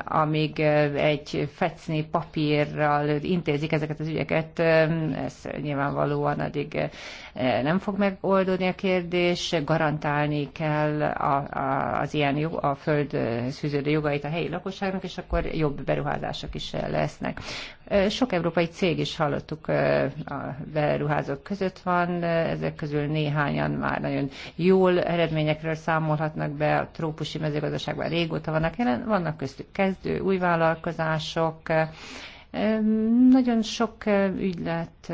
amíg eh, egy fecni papírral intézik ezeket az ügyeket, ez nyilvánvalóan addig eh, nem fog megoldódni a kérdés, garantálni kell a, a, az ilyen jog, a föld szűződő jogait a helyi lakosságnak, és akkor jobb beruházások is lesznek. Sok európai cég is hallottuk a beruházók között van, ezek közül néhányan már nagyon jól eredményekről számolhatnak be, a trópusi mezőgazdaságban régóta vannak jelen, vannak köztük kezdő új vállalkozások, nagyon sok ügylet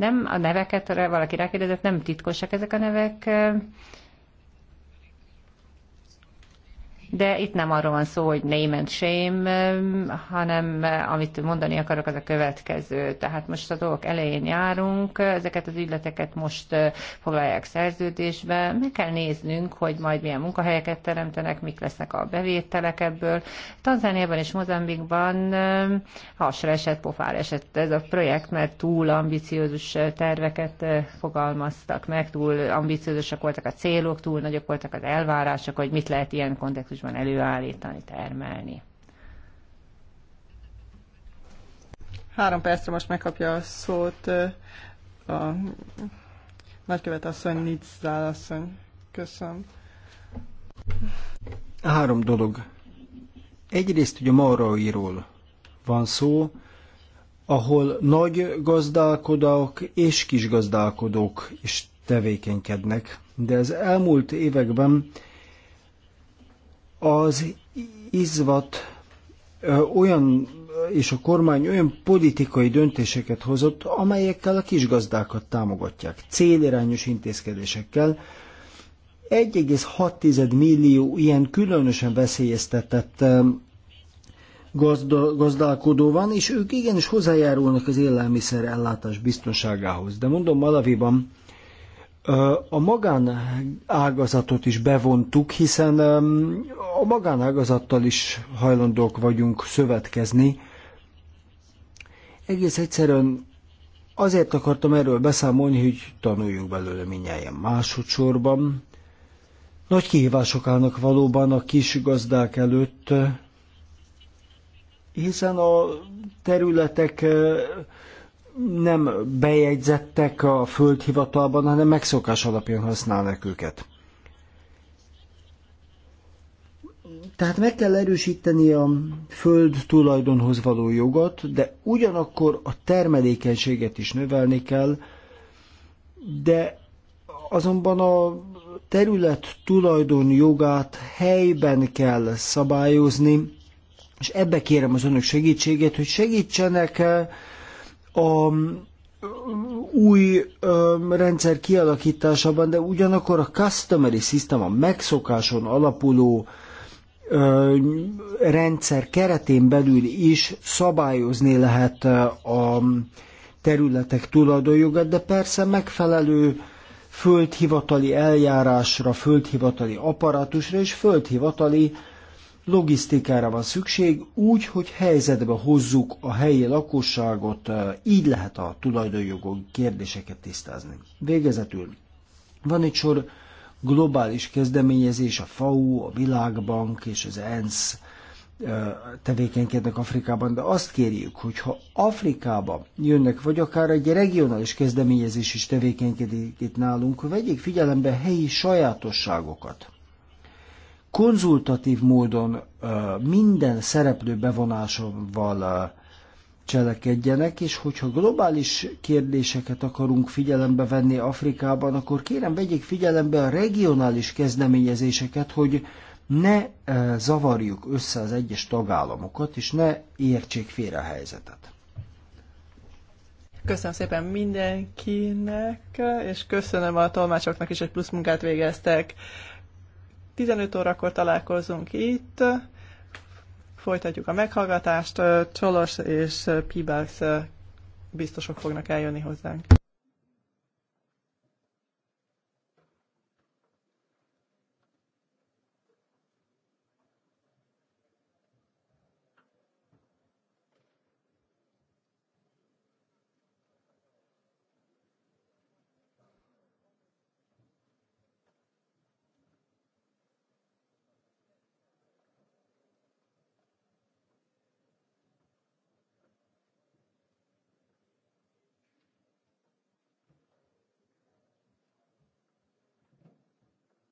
nem a neveket, valaki rákérdezett, nem titkosak ezek a nevek, de itt nem arról van szó, hogy name and shame, hanem amit mondani akarok, az a következő. Tehát most a dolgok elején járunk, ezeket az ügyleteket most foglalják szerződésbe, meg kell néznünk, hogy majd milyen munkahelyeket teremtenek, mik lesznek a bevételek ebből. Tanzániában és Mozambikban hasra esett, pofára esett ez a projekt, mert túl ambiciózus terveket fogalmaztak meg, túl ambiciózusak voltak a célok, túl nagyok voltak az elvárások, hogy mit lehet ilyen kontextus márciusban előállítani, termelni. Három percre most megkapja a szót a nagykövet asszony, Nitzdál asszony. Köszönöm. Három dolog. Egyrészt ugye Marrairól van szó, ahol nagy gazdálkodók és kis gazdálkodók is tevékenykednek. De az elmúlt években az izvat olyan és a kormány olyan politikai döntéseket hozott, amelyekkel a kisgazdákat támogatják, célirányos intézkedésekkel. 1,6 millió ilyen különösen veszélyeztetett gazda, gazdálkodó van, és ők igenis hozzájárulnak az élelmiszer ellátás biztonságához. De mondom, Malaviban a magánágazatot is bevontuk, hiszen a magánágazattal is hajlandók vagyunk szövetkezni. Egész egyszerűen azért akartam erről beszámolni, hogy tanuljuk belőle minnyáján másodszorban. Nagy kihívások állnak valóban a kis gazdák előtt, hiszen a területek nem bejegyzettek a földhivatalban, hanem megszokás alapján használnak őket. Tehát meg kell erősíteni a föld tulajdonhoz való jogot, de ugyanakkor a termelékenységet is növelni kell, de azonban a terület tulajdon jogát helyben kell szabályozni, és ebbe kérem az önök segítségét, hogy segítsenek a új ö, rendszer kialakításában, de ugyanakkor a customary system, a megszokáson alapuló ö, rendszer keretén belül is szabályozni lehet a területek tulajdonjogát, de persze megfelelő földhivatali eljárásra, földhivatali apparátusra és földhivatali logisztikára van szükség, úgy, hogy helyzetbe hozzuk a helyi lakosságot, eh, így lehet a tulajdonjogok kérdéseket tisztázni. Végezetül van egy sor globális kezdeményezés, a FAO, a Világbank és az ENSZ eh, tevékenykednek Afrikában, de azt kérjük, hogy ha Afrikába jönnek, vagy akár egy regionális kezdeményezés is tevékenykedik itt nálunk, vegyék figyelembe helyi sajátosságokat konzultatív módon minden szereplő bevonásával cselekedjenek, és hogyha globális kérdéseket akarunk figyelembe venni Afrikában, akkor kérem vegyék figyelembe a regionális kezdeményezéseket, hogy ne zavarjuk össze az egyes tagállamokat, és ne értsék félre a helyzetet. Köszönöm szépen mindenkinek, és köszönöm a tolmácsoknak is, hogy plusz munkát végeztek. 15 órakor találkozunk itt, folytatjuk a meghallgatást, Csolos és Pibax biztosok fognak eljönni hozzánk.